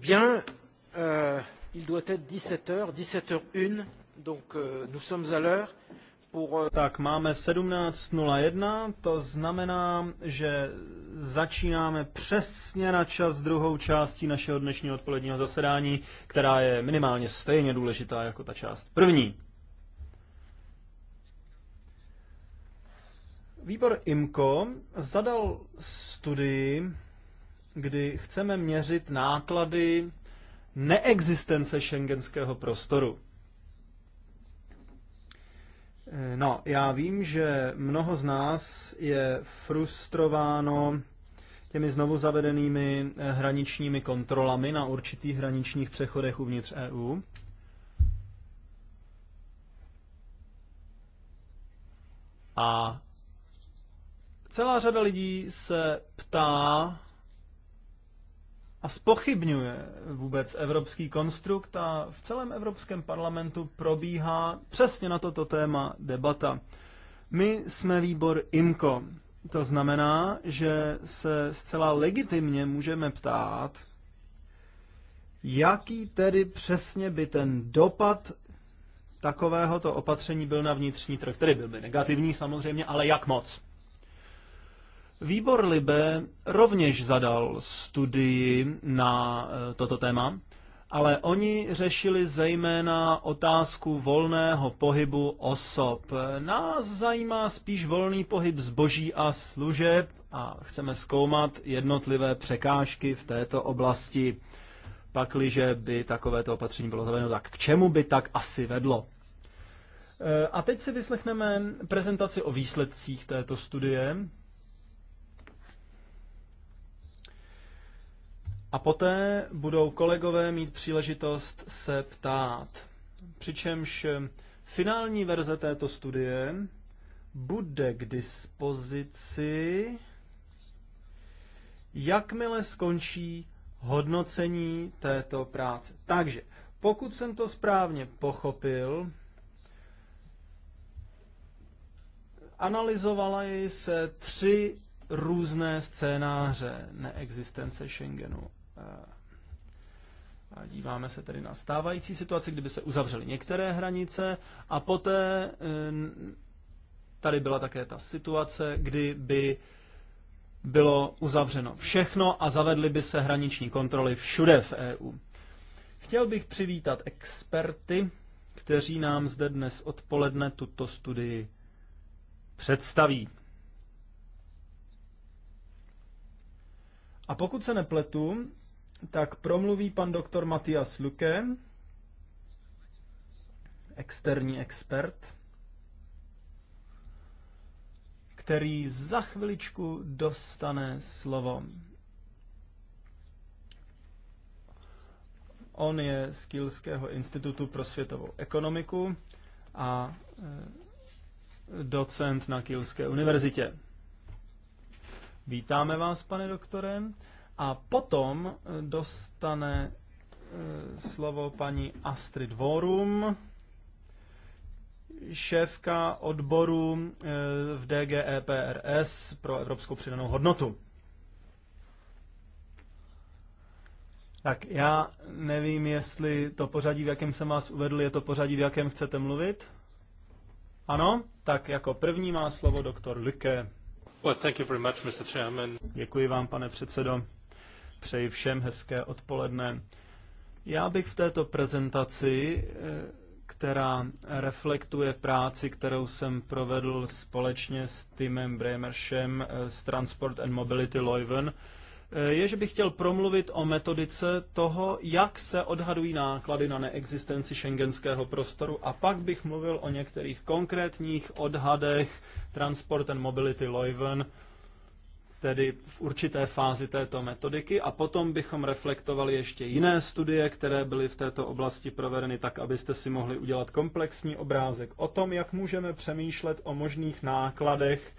Bien, euh, il doit être 17h, 17h01, donc euh, nous sommes à l'heure. Pour... Euh, tak máme 17.01, to znamená, že začínáme přesně na čas druhou částí našeho dnešního odpoledního zasedání, která je minimálně stejně důležitá jako ta část první. Výbor IMCO zadal studii kdy chceme měřit náklady neexistence šengenského prostoru. Eh, no, já vím, že mnoho z nás je frustrováno těmi znovu zavedenými eh, hraničními kontrolami na určitých hraničních přechodech uvnitř EU. A celá řada lidí se ptá, a spochybňuje vůbec evropský konstrukt a v celém Evropském parlamentu probíhá přesně na toto téma debata. My jsme výbor IMCO. To znamená, že se zcela legitimně můžeme ptát, jaký tedy přesně by ten dopad takovéhoto opatření byl na vnitřní trh. Tedy byl by negativní samozřejmě, ale jak moc? Výbor Libe rovněž zadal studii na eh, toto téma, ale oni řešili zejména otázku volného pohybu osob. Nás zajímá spíš volný pohyb zboží a služeb a chceme zkoumat jednotlivé překážky v této oblasti. Pakliže by takovéto opatření bylo zavedeno, tak k čemu by tak asi vedlo? Eh, a teď si vyslechneme prezentaci o výsledcích této studie, A poté budou kolegové mít příležitost se ptát. Přičemž eh, finální verze této studie bude k dispozici, jakmile skončí hodnocení této práce. Takže, pokud jsem to správně pochopil, analyzovala se tři různé scénáře neexistence Schengenu. Eh, a díváme se tedy na stávající situaci, kdyby se uzavřely některé hranice a poté eh, tady byla také ta situace, kdy by bylo uzavřeno všechno a zavedly by se hraniční kontroly všude v EU. Chtěl bych přivítat experty, kteří nám zde dnes odpoledne tuto studii představí. A pokud se nepletu, tak promluví pan doktor Matias Luke, externí expert, který za chviličku dostane slovo. On je z Kielského institutu pro světovou ekonomiku a eh, docent na Kielské univerzitě. Vítáme vás, pane doktore. A potom eh, dostane eh, slovo paní Astrid Vorum, šéfka odboru eh, v DGEPRS pro evropskou přidanou hodnotu. Tak já nevím, jestli to pořadí, v jakém jsem vás uvedl, je to pořadí, v jakém chcete mluvit? Ano, tak jako první má slovo doktor Lyke. Well, thank you very much, Mr. Chairman. Děkuji vám, pane předsedo. Přeji všem hezké odpoledne. Já bych v této prezentaci, eh, která reflektuje práci, kterou jsem provedl společně s Timem Bremeršem z eh, Transport and Mobility Leuven, eh, je, že bych chtěl promluvit o metodice toho, jak se odhadují náklady na neexistenci šengenského prostoru a pak bych mluvil o některých konkrétních odhadech Transport and Mobility Leuven, tedy v určité fázi této metodiky a potom bychom reflektovali ještě jiné studie, které byly v této oblasti provedeny tak, abyste si mohli udělat komplexní obrázek o tom, jak můžeme přemýšlet o možných nákladech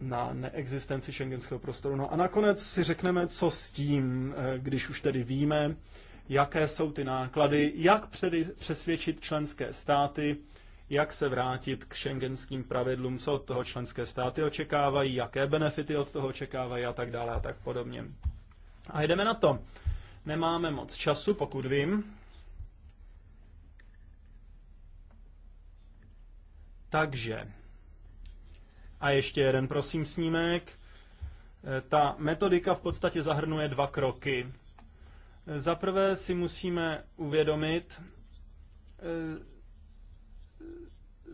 na neexistenci šengenského prostoru. No a nakonec si řekneme, co s tím, eh, když už tedy víme, jaké jsou ty náklady, jak přesvědčit členské státy, jak se vrátit k šengenským pravidlům, co od toho členské státy očekávají, jaké benefity od toho očekávají a tak dále a tak podobně. A jdeme na to. Nemáme moc času, pokud vím. Takže. A ještě jeden, prosím, snímek. E, ta metodika v podstatě zahrnuje dva kroky. E, za prvé si musíme uvědomit, e,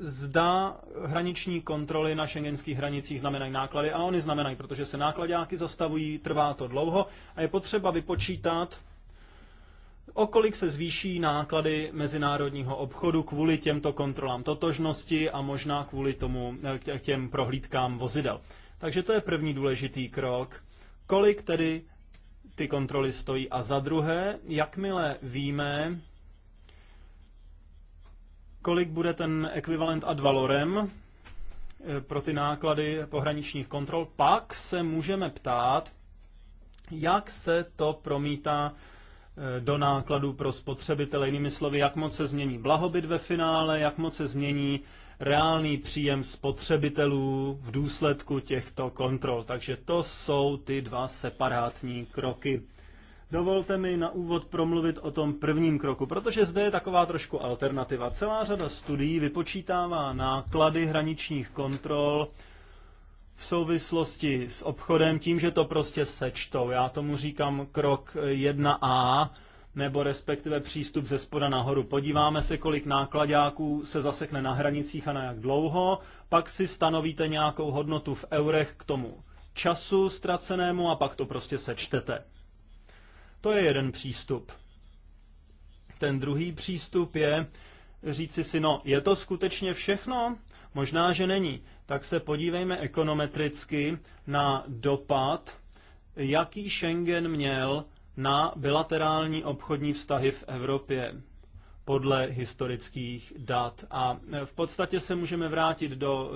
zda hraniční kontroly na šengenských hranicích znamenají náklady a oni znamenají, protože se nákladáky zastavují, trvá to dlouho a je potřeba vypočítat, okolik kolik se zvýší náklady mezinárodního obchodu kvůli těmto kontrolám totožnosti a možná kvůli tomu těm prohlídkám vozidel. Takže to je první důležitý krok. Kolik tedy ty kontroly stojí? A za druhé, jakmile víme, kolik bude ten ekvivalent ad valorem eh, pro ty náklady pohraničních kontrol. Pak se můžeme ptát, jak se to promítá eh, do nákladů pro spotřebitele. Jinými slovy, jak moc se změní blahobyt ve finále, jak moc se změní reálný příjem spotřebitelů v důsledku těchto kontrol. Takže to jsou ty dva separátní kroky. Dovolte mi na úvod promluvit o tom prvním kroku, protože zde je taková trošku alternativa. Celá řada studií vypočítává náklady hraničních kontrol v souvislosti s obchodem tím, že to prostě sečtou. Já tomu říkám krok 1a, nebo respektive přístup ze spoda nahoru. Podíváme se, kolik nákladáků se zasekne na hranicích a na jak dlouho, pak si stanovíte nějakou hodnotu v eurech k tomu času ztracenému a pak to prostě sečtete. To je jeden přístup. Ten druhý přístup je říci si, no, je to skutečně všechno? Možná, že není. Tak se podívejme ekonometricky na dopad, jaký Schengen měl na bilaterální obchodní vztahy v Evropě podle historických dat. A e, v podstatě se můžeme vrátit do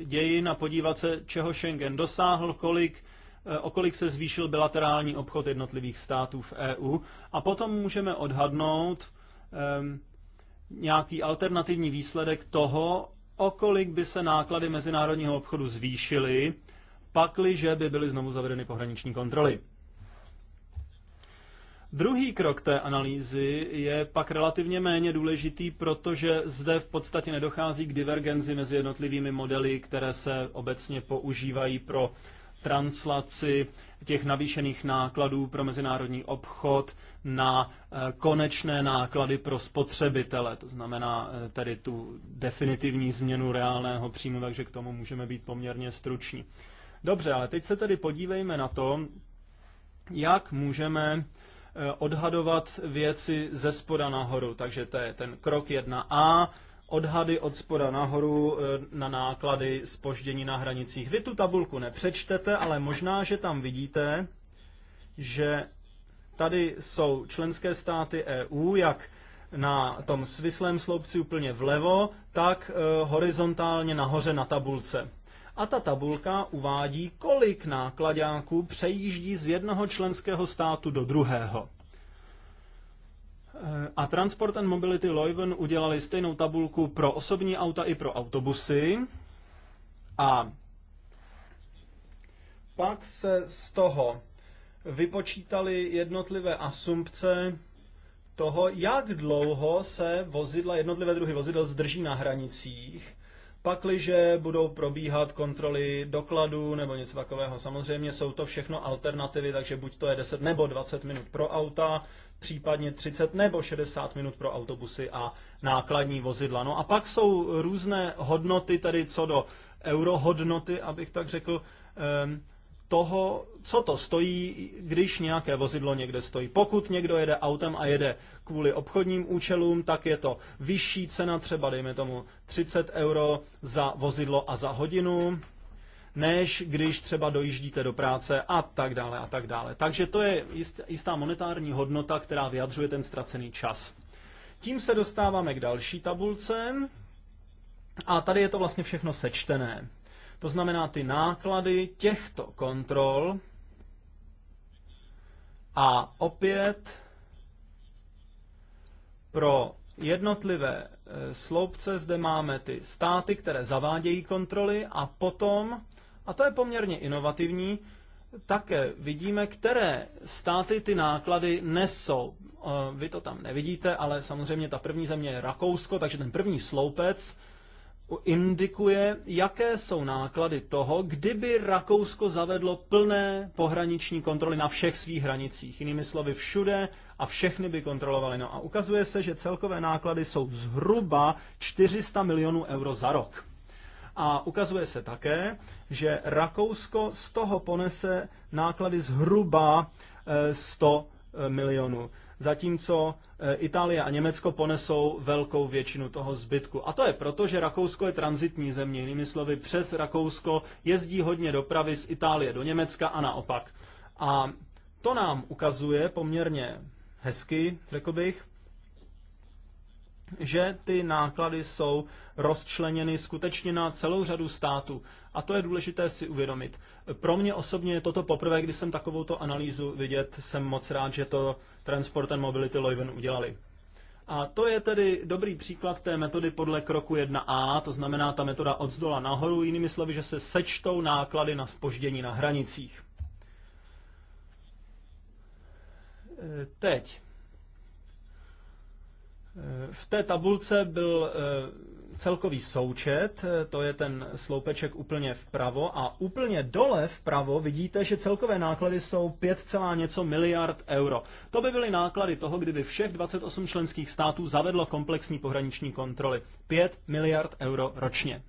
e, dějin a podívat se, čeho Schengen dosáhl, kolik Eh, kolik se zvýšil bilaterální obchod jednotlivých států v EU a potom můžeme odhadnout ehm, nějaký alternativní výsledek toho, o kolik by se náklady mezinárodního obchodu zvýšily, pakliže by byly znovu zavedeny pohraniční kontroly. Druhý krok té analýzy je pak relativně méně důležitý, protože zde v podstatě nedochází k divergenzi mezi jednotlivými modely, které se obecně používají pro translaci těch navýšených nákladů pro mezinárodní obchod na eh, konečné náklady pro spotřebitele. To znamená eh, tedy tu definitivní změnu reálného příjmu, takže k tomu můžeme být poměrně struční. Dobře, ale teď se tedy podívejme na to, jak můžeme eh, odhadovat věci ze spoda nahoru. Takže to je ten krok 1a, odhady od spoda nahoru e, na náklady spoždění na hranicích. Vy tu tabulku nepřečtete, ale možná, že tam vidíte, že tady jsou členské státy EU, jak na tom svislém sloupci úplně vlevo, tak e, horizontálně nahoře na tabulce. A ta tabulka uvádí, kolik nákladáků přejíždí z jednoho členského státu do druhého. Eh, a Transport and Mobility Leuven udělali stejnou tabulku pro osobní auta i pro autobusy. A pak se z toho vypočítali jednotlivé asumpce toho, jak dlouho se vozidla, jednotlivé druhy vozidel zdrží na hranicích, pakliže budou probíhat kontroly dokladů nebo něco takového. Samozřejmě jsou to všechno alternativy, takže buď to je 10 nebo 20 minut pro auta, případně 30 nebo 60 minut pro autobusy a nákladní vozidla. No a pak jsou různé hodnoty, tady co do eurohodnoty, abych tak řekl, ehm, toho, co to stojí, když nějaké vozidlo někde stojí. Pokud někdo jede autem a jede kvůli obchodním účelům, tak je to vyšší cena, třeba dejme tomu 30 euro za vozidlo a za hodinu, než když třeba dojíždíte do práce a tak dále a tak dále. Takže to je jistá monetární hodnota, která vyjadřuje ten ztracený čas. Tím se dostáváme k další tabulce a tady je to vlastně všechno sečtené. To znamená ty náklady těchto kontrol a opět pro jednotlivé eh, sloupce zde máme ty státy, které zavádějí kontroly a potom a to je poměrně inovativní. Také vidíme, které státy ty náklady nesou. Eh, vy to tam nevidíte, ale samozřejmě ta první země je Rakousko, takže ten první sloupec indikuje, jaké jsou náklady toho, kdyby Rakousko zavedlo plné pohraniční kontroly na všech svých hranicích. Jinými slovy, všude a všechny by kontrolovali. No a ukazuje se, že celkové náklady jsou zhruba 400 milionů euro za rok. A ukazuje se také, že Rakousko z toho ponese náklady zhruba 100 eh, eh, milionů, zatímco eh, Itálie a Německo ponesou velkou většinu toho zbytku. A to je proto, že Rakousko je transitní země, jinými slovy přes Rakousko jezdí hodně dopravy z Itálie do Německa a naopak. A to nám ukazuje poměrně hezky, řekl bych, že ty náklady jsou rozčleněny skutečně na celou řadu států. A to je důležité si uvědomit. Pro mě osobně je toto poprvé, kdy jsem takovouto analýzu vidět, jsem moc rád, že to Transport and Mobility Leuven udělali. A to je tedy dobrý příklad té metody podle kroku 1a, to znamená ta metoda od zdola nahoru, jinými slovy, že se sečtou náklady na spoždění na hranicích. E, teď Eh, v té tabulce byl eh, celkový součet, eh, to je ten sloupeček úplně vpravo a úplně dole vpravo vidíte, že celkové náklady jsou 5, něco miliard euro. To by byly náklady toho, kdyby všech 28 členských států zavedlo komplexní pohraniční kontroly. 5 miliard euro ročně.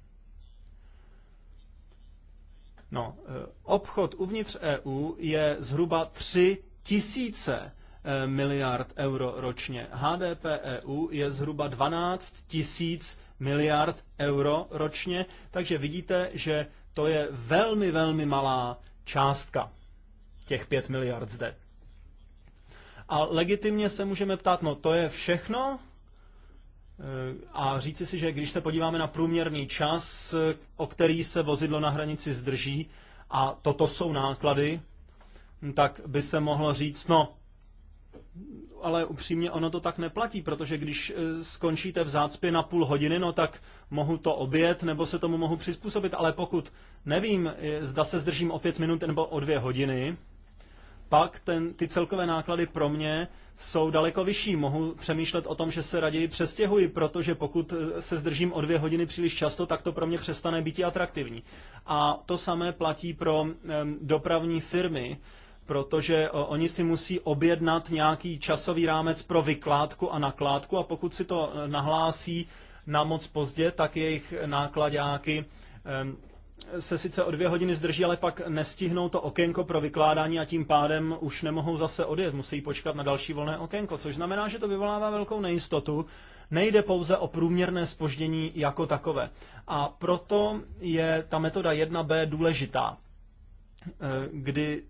No, obchod uvnitř EU je zhruba 3 tisíce Eh, miliard euro ročně. HDP EU je zhruba 12 tisíc miliard euro ročně, takže vidíte, že to je velmi, velmi malá částka, těch 5 miliard zde. A legitimně se můžeme ptát, no to je všechno? Eh, a říci si, že když se podíváme na průměrný čas, o který se vozidlo na hranici zdrží, a toto jsou náklady, tak by se mohlo říct, no ale upřímně ono to tak neplatí, protože když e, skončíte v zácpě na půl hodiny, no tak mohu to obět, nebo se tomu mohu přizpůsobit, ale pokud nevím, e, zda se zdržím o pět minut nebo o dvě hodiny, pak ten, ty celkové náklady pro mě jsou daleko vyšší. Mohu přemýšlet o tom, že se raději přestěhuji, protože pokud e, se zdržím o dvě hodiny příliš často, tak to pro mě přestane být atraktivní. A to samé platí pro dopravní firmy, protože oni si musí objednat nějaký časový rámec pro vykládku a nakládku a pokud si to e, nahlásí na moc pozdě, tak jejich nákladáky se sice o dvě hodiny zdrží, ale pak nestihnou to okénko pro vykládání a tím pádem už nemohou zase odjet, musí počkat na další volné okénko, což znamená, že to vyvolává velkou nejistotu. Nejde pouze o průměrné spoždění jako takové. A proto je ta metoda 1b důležitá, e, kdy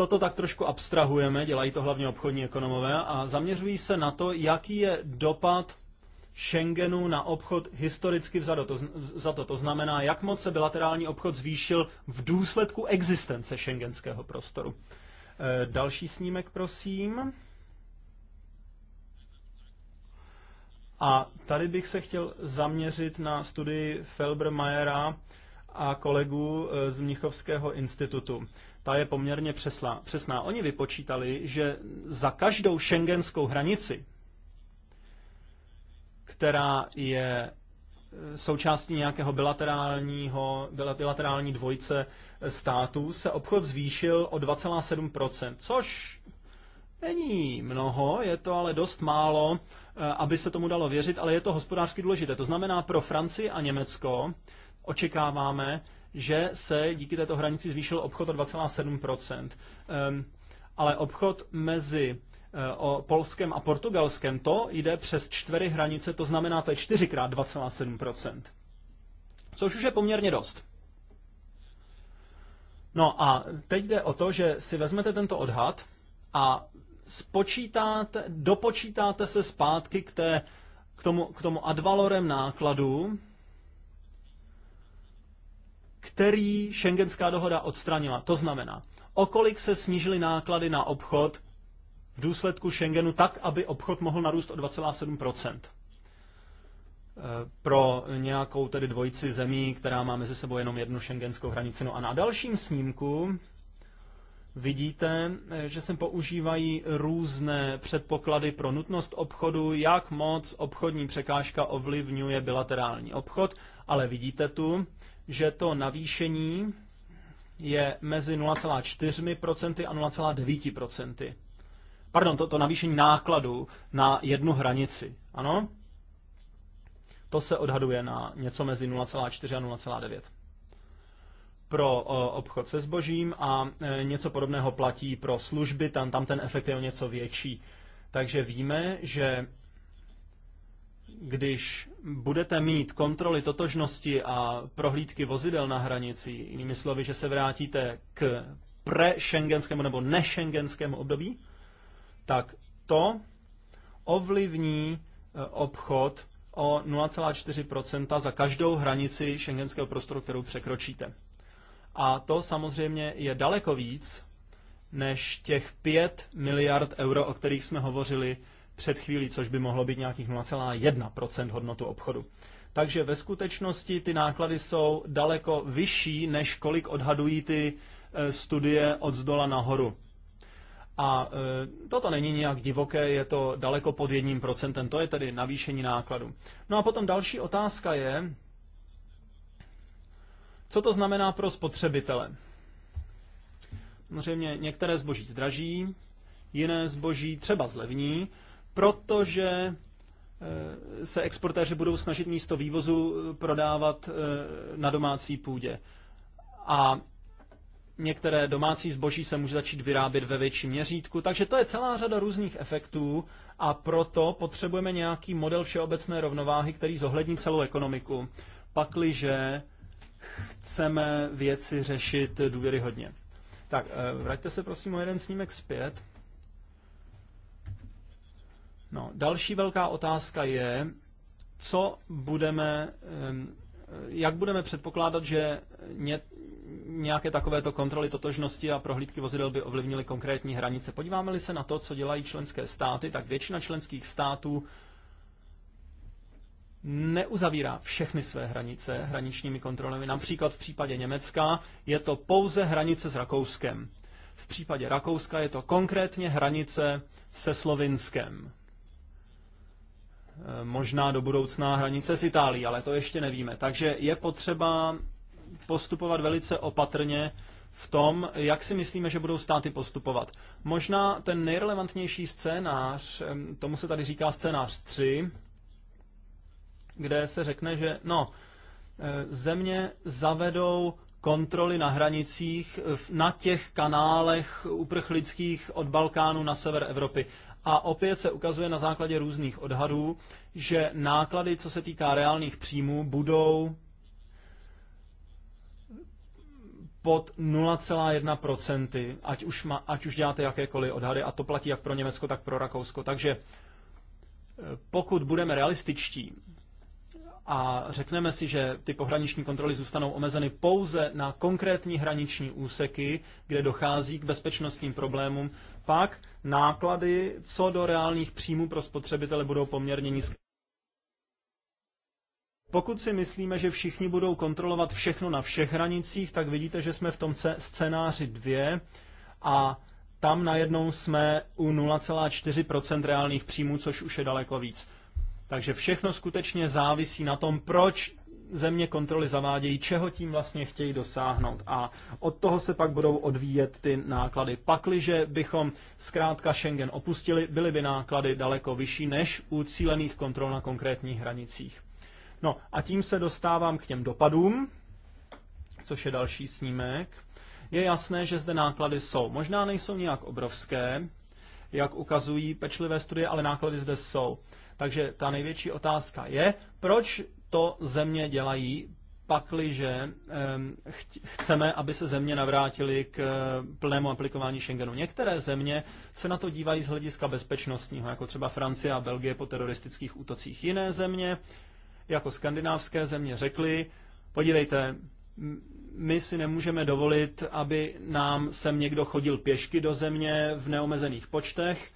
toto tak trošku abstrahujeme, dělají to hlavně obchodní ekonomové a zaměřují se na to, jaký je dopad Schengenu na obchod historicky vzado. To, za to, to znamená, jak moc se bilaterální obchod zvýšil v důsledku existence šengenského prostoru. E, další snímek, prosím. A tady bych se chtěl zaměřit na studii Felbermayera a kolegů e, z Mnichovského institutu ta je poměrně přesná. přesná. Oni vypočítali, že za každou šengenskou hranici, která je e, součástí nějakého bilaterálního, bilaterální dvojce států, se obchod zvýšil o 2,7%, což není mnoho, je to ale dost málo, e, aby se tomu dalo věřit, ale je to hospodářsky důležité. To znamená, pro Francii a Německo očekáváme, že se díky této hranici zvýšil obchod o 2,7 ehm, Ale obchod mezi eh, o Polskem a Portugalskem, to jde přes čtyři hranice, to znamená, to je čtyřikrát 2,7%. Což už je poměrně dost. No a teď jde o to, že si vezmete tento odhad a spočítáte, dopočítáte se zpátky k, té, k, tomu, k tomu advalorem nákladu, který šengenská dohoda odstranila. To znamená, okolik se snížily náklady na obchod v důsledku Schengenu tak, aby obchod mohl narůst o 2,7 e, pro nějakou tedy dvojici zemí, která má mezi sebou jenom jednu šengenskou hranici. No a na dalším snímku vidíte, e, že se používají různé předpoklady pro nutnost obchodu, jak moc obchodní překážka ovlivňuje bilaterální obchod, ale vidíte tu, že to navýšení je mezi 0,4% a 0,9%. Pardon, to, to navýšení nákladu na jednu hranici, ano? To se odhaduje na něco mezi 0,4 a 0,9 pro obchod se zbožím a e, něco podobného platí pro služby, tam, tam ten efekt je o něco větší. Takže víme, že když budete mít kontroly totožnosti a prohlídky vozidel na hranici, jinými slovy, že se vrátíte k pre-šengenskému nebo nešengenskému období, tak to ovlivní e, obchod o 0,4% za každou hranici šengenského prostoru, kterou překročíte. A to samozřejmě je daleko víc než těch 5 miliard euro, o kterých jsme hovořili před chvílí, což by mohlo být nějakých 0,1 hodnotu obchodu. Takže ve skutečnosti ty náklady jsou daleko vyšší, než kolik odhadují ty e, studie od zdola nahoru. A e, toto není nějak divoké, je to daleko pod jedním procentem, to je tedy navýšení nákladu. No a potom další otázka je, co to znamená pro spotřebitele? Samozřejmě některé zboží zdraží, jiné zboží třeba zlevní, protože eh, se exportéři budou snažit místo vývozu eh, prodávat eh, na domácí půdě. A některé domácí zboží se může začít vyrábět ve větším měřítku, takže to je celá řada různých efektů a proto potřebujeme nějaký model všeobecné rovnováhy, který zohlední celou ekonomiku, pakliže chceme věci řešit důvěryhodně. Tak, vraťte se prosím o jeden snímek zpět. No, další velká otázka je, co budeme, jak budeme předpokládat, že ně, nějaké takovéto kontroly totožnosti a prohlídky vozidel by ovlivnily konkrétní hranice. Podíváme-li se na to, co dělají členské státy, tak většina členských států neuzavírá všechny své hranice hraničními kontrolami. Například v případě Německa je to pouze hranice s Rakouskem. V případě Rakouska je to konkrétně hranice se Slovinskem možná do budoucna hranice s Itálií, ale to ještě nevíme. Takže je potřeba postupovat velice opatrně v tom, jak si myslíme, že budou státy postupovat. Možná ten nejrelevantnější scénář, tomu se tady říká scénář 3, kde se řekne, že no, e, země zavedou kontroly na hranicích, na těch kanálech uprchlických od Balkánu na sever Evropy a opět se ukazuje na základě různých odhadů, že náklady, co se týká reálných příjmů, budou pod 0,1%, ať už, ma, ať už děláte jakékoliv odhady, a to platí jak pro Německo, tak pro Rakousko. Takže eh, pokud budeme realističtí, a řekneme si, že ty pohraniční kontroly zůstanou omezeny pouze na konkrétní hraniční úseky, kde dochází k bezpečnostním problémům, pak náklady co do reálných příjmů pro spotřebitele budou poměrně nízké. Pokud si myslíme, že všichni budou kontrolovat všechno na všech hranicích, tak vidíte, že jsme v tom scénáři 2 a tam najednou jsme u 0,4 reálných příjmů, což už je daleko víc. Takže všechno skutečně závisí na tom, proč země kontroly zavádějí, čeho tím vlastně chtějí dosáhnout. A od toho se pak budou odvíjet ty náklady. Pakliže bychom zkrátka Schengen opustili, byly by náklady daleko vyšší než u cílených kontrol na konkrétních hranicích. No a tím se dostávám k těm dopadům, což je další snímek. Je jasné, že zde náklady jsou. Možná nejsou nějak obrovské, jak ukazují pečlivé studie, ale náklady zde jsou. Takže ta největší otázka je, proč to země dělají, pakliže chceme, aby se země navrátily k eh, plnému aplikování Schengenu. Některé země se na to dívají z hlediska bezpečnostního, jako třeba Francie a Belgie po teroristických útocích. Jiné země, jako skandinávské země, řekly, podívejte, my si nemůžeme dovolit, aby nám sem někdo chodil pěšky do země v neomezených počtech,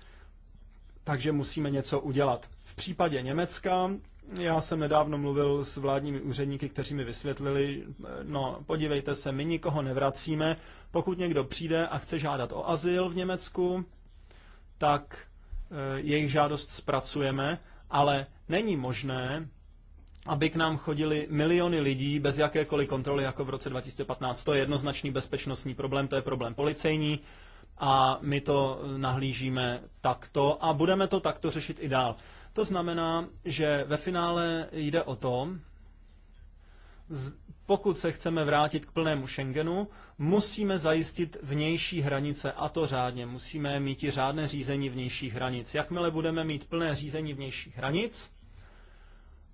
takže musíme něco udělat. V případě Německa, já jsem nedávno mluvil s vládními úředníky, kteří mi vysvětlili, no podívejte se, my nikoho nevracíme. Pokud někdo přijde a chce žádat o azyl v Německu, tak eh, jejich žádost zpracujeme, ale není možné, aby k nám chodili miliony lidí bez jakékoliv kontroly, jako v roce 2015. To je jednoznačný bezpečnostní problém, to je problém policejní a my to nahlížíme takto a budeme to takto řešit i dál. To znamená, že ve finále jde o to, pokud se chceme vrátit k plnému Schengenu, musíme zajistit vnější hranice a to řádně. Musíme mít i řádné řízení vnějších hranic. Jakmile budeme mít plné řízení vnějších hranic,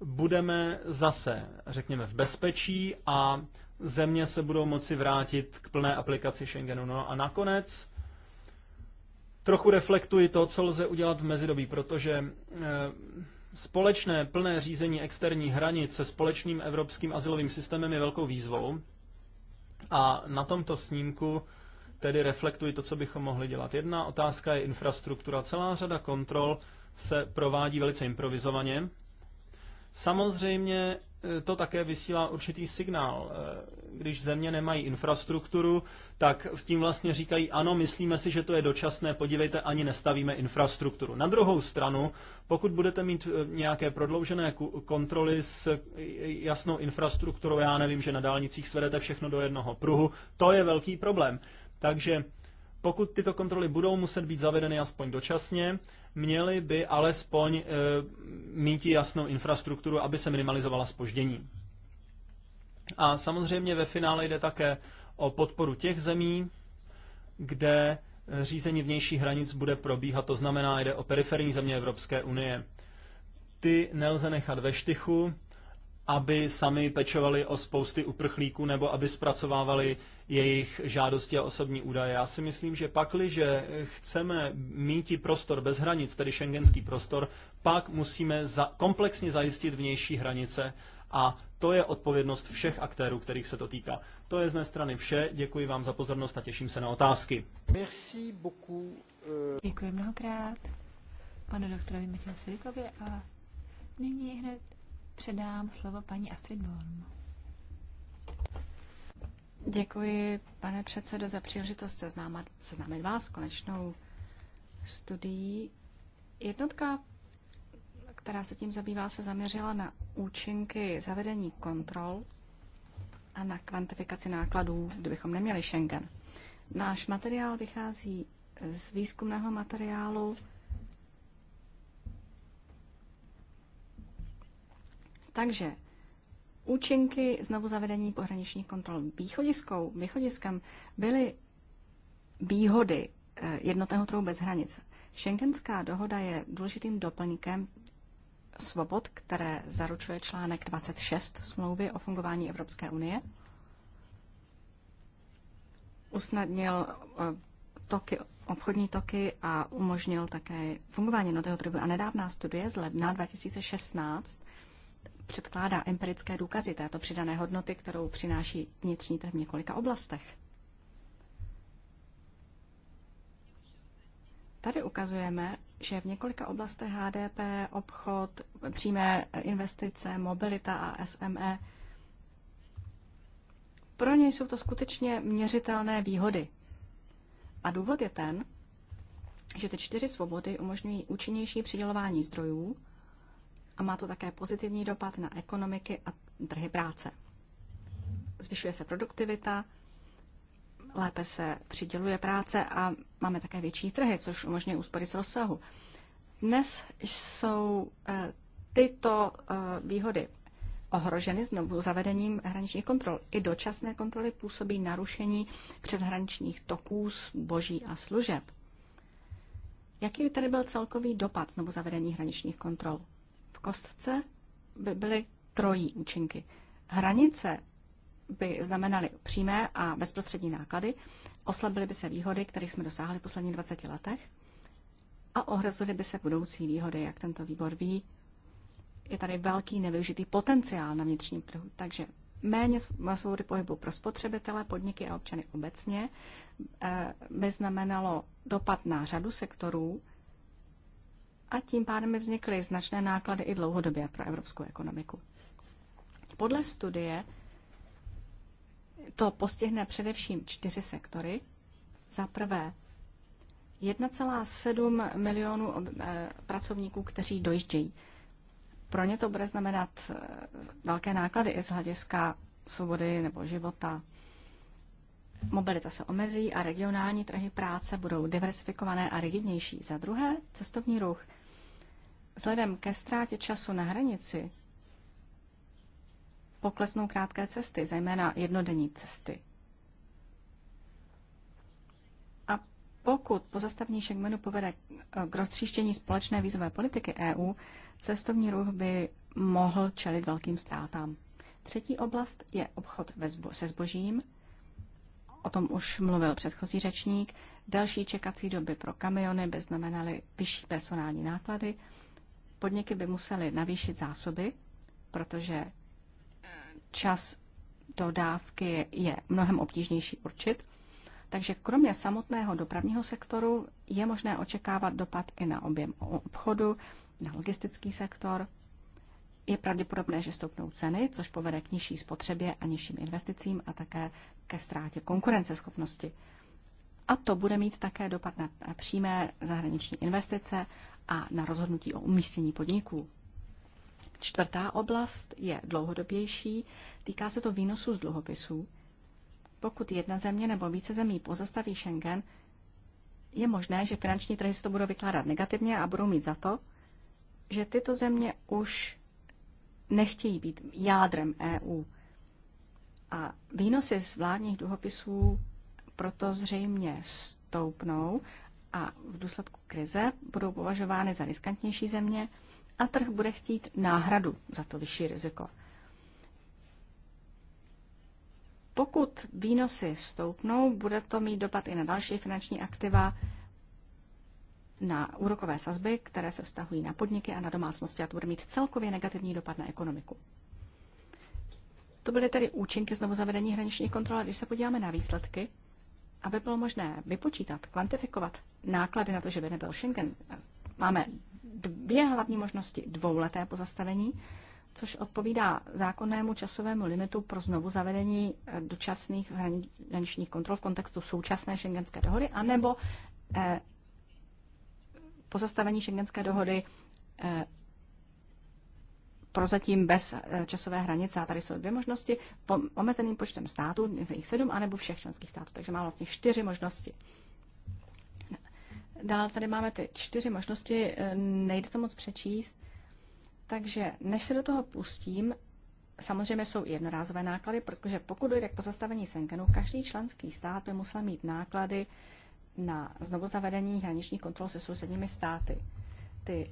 budeme zase, řekněme, v bezpečí a země se budou moci vrátit k plné aplikaci Schengenu. No a nakonec trochu reflektuji to, co lze udělat v mezidobí, protože eh, společné plné řízení externí hranic se společným evropským asilovým systémem je velkou výzvou. A na tomto snímku tedy reflektuji to, co bychom mohli dělat. Jedna otázka je infrastruktura. Celá řada kontrol se provádí velice improvizovaně. Samozřejmě Eh, to také vysílá určitý signál. Eh, když země nemají infrastrukturu, tak v tím vlastně říkají, ano, myslíme si, že to je dočasné, podívejte, ani nestavíme infrastrukturu. Na druhou stranu, pokud budete mít eh, nějaké prodloužené kontroly s jasnou infrastrukturou, já nevím, že na dálnicích svedete všechno do jednoho pruhu, to je velký problém. Takže pokud tyto kontroly budou muset být zavedeny aspoň dočasně, měly by alespoň e, mít jasnou infrastrukturu, aby se minimalizovala spoždění. A samozřejmě ve finále jde také o podporu těch zemí, kde eh, řízení vnějších hranic bude probíhat, to znamená, jde o periferní země Evropské unie. Ty nelze nechat ve štychu, aby sami pečovali o spousty uprchlíků nebo aby zpracovávali jejich žádosti a osobní údaje. Já si myslím, že pakli, že chceme mít prostor bez hranic, tedy šengenský prostor, pak musíme za, komplexně zajistit vnější hranice a to je odpovědnost všech aktérů, kterých se to týká. To je z mé strany vše. Děkuji vám za pozornost a těším se na otázky. Merci beaucoup. Euh, Děkuji mnohokrát panu doktorovi Matěji Silikovi a nyní hned předám slovo paní Astrid Born. Děkuji, pane předsedo, za příležitost seznámat, seznámit vás s konečnou studií. Jednotka, která se tím zabývá, se zaměřila na účinky zavedení kontrol a na kvantifikaci nákladů, kdybychom neměli Schengen. Náš materiál vychází z výzkumného materiálu Takže účinky znovu zavedení pohraničních kontrol východiskou, východiskem byly výhody eh, jednotného trhu bez hranic. Schengenská dohoda je důležitým doplňkem svobod, které zaručuje článek 26 smlouvy o fungování Evropské unie. Usnadnil eh, toky, obchodní toky a umožnil také fungování jednotného trhu. A nedávná studie z ledna 2016 předkládá empirické důkazy této přidané hodnoty, kterou přináší vnitřní trh v několika oblastech. Tady ukazujeme, že v několika oblastech HDP, obchod, přímé investice, mobilita a SME, pro ně jsou to skutečně měřitelné výhody. A důvod je ten, že ty čtyři svobody umožňují účinnější přidělování zdrojů, a má to také pozitivní dopad na ekonomiky a trhy práce. Zvyšuje se produktivita, lépe se přiděluje práce a máme také větší trhy, což umožňuje úspory z rozsahu. Dnes jsou eh, tyto eh, výhody ohroženy znovu zavedením hraničních kontrol. I dočasné kontroly působí narušení přeshraničních toků zboží a služeb. Jaký by tady byl celkový dopad znovu zavedení hraničních kontrol? kostce by byly trojí účinky. Hranice by znamenaly přímé a bezprostřední náklady, oslabily by se výhody, kterých jsme dosáhli v posledních 20 letech a ohrozily by se budoucí výhody, jak tento výbor ví. Je tady velký nevyužitý potenciál na vnitřním trhu, takže méně svobody pohybu pro spotřebitele, podniky a občany obecně eh, by znamenalo dopad na řadu sektorů, a tím pádem by vznikly značné náklady i dlouhodobě pro evropskou ekonomiku. Podle studie to postihne především čtyři sektory. Za prvé 1,7 milionů eh, pracovníků, kteří dojíždějí. Pro ně to bude znamenat eh, velké náklady i z hlediska svobody nebo života. Mobilita se omezí a regionální trhy práce budou diversifikované a rigidnější. Za druhé, cestovní ruch – Vzhledem ke ztrátě času na hranici poklesnou krátké cesty, zejména jednodenní cesty. A pokud pozastavení Schengenu povede k roztříštění společné vízové politiky EU, cestovní ruch by mohl čelit velkým ztrátám. Třetí oblast je obchod se zbožím. O tom už mluvil předchozí řečník. Další čekací doby pro kamiony by znamenaly vyšší personální náklady Podniky by musely navýšit zásoby, protože eh, čas dodávky je mnohem obtížnější určit. Takže kromě samotného dopravního sektoru je možné očekávat dopad i na objem obchodu, na logistický sektor. Je pravděpodobné, že stoupnou ceny, což povede k nižší spotřebě a nižším investicím a také ke ztrátě konkurenceschopnosti. A to bude mít také dopad na přímé zahraniční investice a na rozhodnutí o umístění podniků. Čtvrtá oblast je dlouhodobější, týká se to výnosu z dluhopisů. Pokud jedna země nebo více zemí pozastaví Schengen, je možné, že finanční trhy si to budou vykládat negativně a budou mít za to, že tyto země už nechtějí být jádrem EU. A výnosy z vládních dluhopisů proto zřejmě stoupnou a v důsledku krize budou považovány za riskantnější země a trh bude chtít náhradu za to vyšší riziko. Pokud výnosy stoupnou, bude to mít dopad i na další finanční aktiva, na úrokové sazby, které se vztahují na podniky a na domácnosti a to bude mít celkově negativní dopad na ekonomiku. To byly tedy účinky znovu zavedení hraničních kontrol. Když se podíváme na výsledky, aby bylo možné vypočítat, kvantifikovat náklady na to, že by nebyl Schengen, máme dvě hlavní možnosti dvouleté pozastavení, což odpovídá zákonnému časovému limitu pro znovu zavedení eh, dočasných hraničních kontrol v kontextu současné šengenské dohody, anebo eh, pozastavení šengenské dohody eh, prozatím bez eh, časové hranice. A tady jsou dvě možnosti, omezeným počtem států, z nich sedm, anebo všech členských států. Takže máme vlastně čtyři možnosti. Dál tady máme ty čtyři možnosti, eh, nejde to moc přečíst. Takže než se do toho pustím, samozřejmě jsou i jednorázové náklady, protože pokud dojde k pozastavení senkenu každý členský stát by musel mít náklady na znovu zavedení hraničních kontrol se sousedními státy. Ty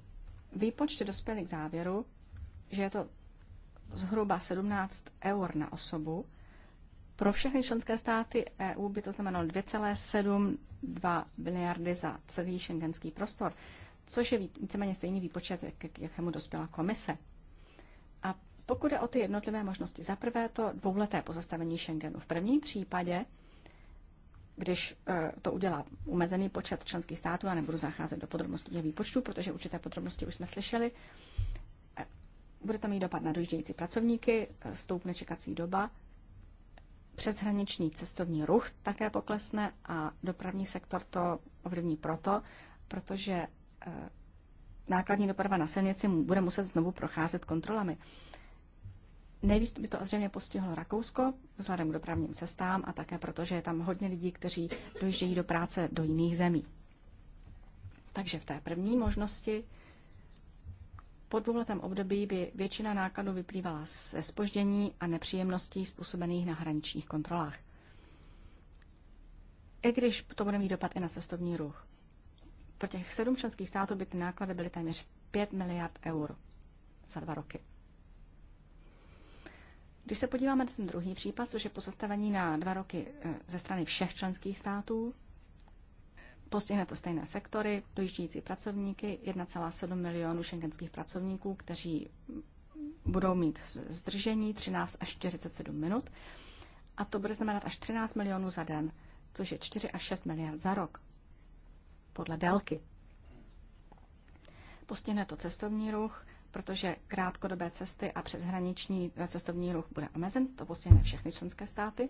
výpočty dospěly k závěru, že je to zhruba 17 eur na osobu. Pro všechny členské státy EU by to znamenalo 2,72 miliardy za celý šengenský prostor, což je víceméně stejný výpočet, jak, jakému dospěla komise. A pokud je o ty jednotlivé možnosti, za prvé to dvouleté pozastavení Schengenu. V prvním případě, když e, to udělá omezený počet členských států, a nebudu zacházet do podrobností těch výpočtů, protože určité podrobnosti už jsme slyšeli, bude to mít dopad na dojíždějící pracovníky, stoupne čekací doba, přeshraniční cestovní ruch také poklesne a dopravní sektor to ovlivní proto, protože eh, nákladní doprava na silnici bude muset znovu procházet kontrolami. Nejvíc by to zřejmě postihlo Rakousko, vzhledem k dopravním cestám a také proto, že je tam hodně lidí, kteří dojíždějí do práce do jiných zemí. Takže v té první možnosti po dvouletém období by většina nákladů vyplývala ze spoždění a nepříjemností způsobených na hraničních kontrolách. I když to bude mít dopad i na cestovní ruch. Pro těch sedm členských států by ty náklady byly téměř 5 miliard eur za dva roky. Když se podíváme na ten druhý případ, což je pozastavení na dva roky eh, ze strany všech členských států, Postihne to stejné sektory, dojíždějící pracovníky, 1,7 milionů šengenských pracovníků, kteří budou mít zdržení 13 až 47 minut. A to bude znamenat až 13 milionů za den, což je 4 až 6 miliard za rok, podle délky. Postihne to cestovní ruch, protože krátkodobé cesty a přeshraniční cestovní ruch bude omezen, to postihne všechny členské státy.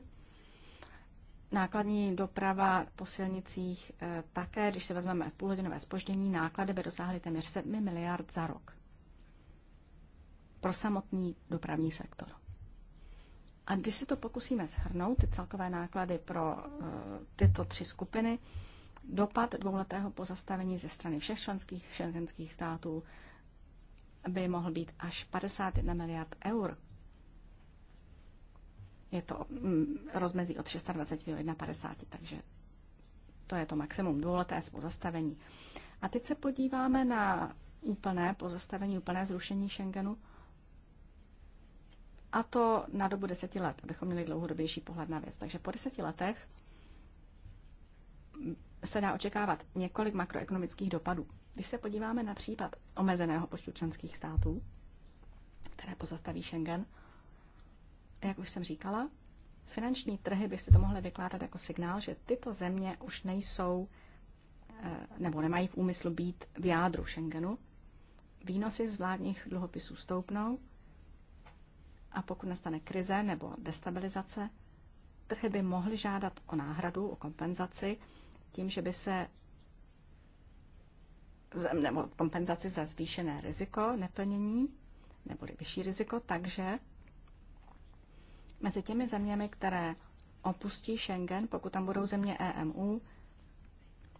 Nákladní doprava po silnicích eh, také, když se vezmeme půlhodinové spoždění, náklady by dosáhly téměř 7 miliard za rok pro samotný dopravní sektor. A když si to pokusíme shrnout, ty celkové náklady pro eh, tyto tři skupiny, dopad dvouletého pozastavení ze strany všech členských šengenských států by mohl být až 51 miliard eur je to mm, rozmezí od 26 do 51, takže to je to maximum dvouleté pozastavení. A teď se podíváme na úplné pozastavení, úplné zrušení Schengenu. A to na dobu deseti let, abychom měli dlouhodobější pohled na věc. Takže po deseti letech se dá očekávat několik makroekonomických dopadů. Když se podíváme na případ omezeného počtu členských států, které pozastaví Schengen, jak už jsem říkala, finanční trhy by si to mohly vykládat jako signál, že tyto země už nejsou eh, nebo nemají v úmyslu být v jádru Schengenu. Výnosy z vládních dluhopisů stoupnou a pokud nastane krize nebo destabilizace, trhy by mohly žádat o náhradu, o kompenzaci, tím, že by se nebo kompenzaci za zvýšené riziko neplnění neboli vyšší riziko, takže Mezi těmi zeměmi, které opustí Schengen, pokud tam budou země EMU,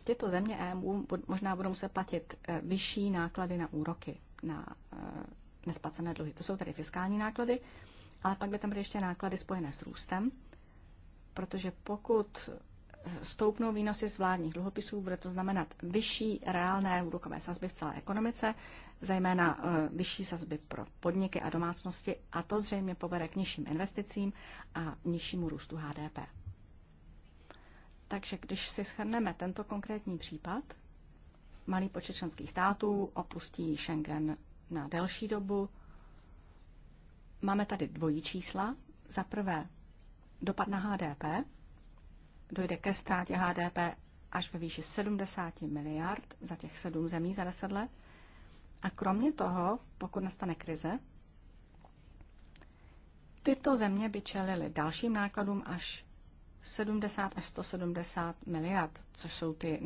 tyto země EMU možná budou muset platit eh, vyšší náklady na úroky, na eh, nesplacené dluhy. To jsou tedy fiskální náklady, ale pak by tam byly ještě náklady spojené s růstem, protože pokud stoupnou výnosy z vládních dluhopisů, bude to znamenat vyšší reálné úrokové sazby v celé ekonomice, zejména e, vyšší sazby pro podniky a domácnosti a to zřejmě povede k nižším investicím a nižšímu růstu HDP. Takže když si shrneme tento konkrétní případ, malý počet členských států opustí Schengen na delší dobu. Máme tady dvojí čísla. Za prvé dopad na HDP, dojde ke ztrátě HDP až ve výši 70 miliard za těch sedm zemí za deset let. A kromě toho, pokud nastane krize, tyto země by čelily dalším nákladům až 70 až 170 miliard, což jsou ty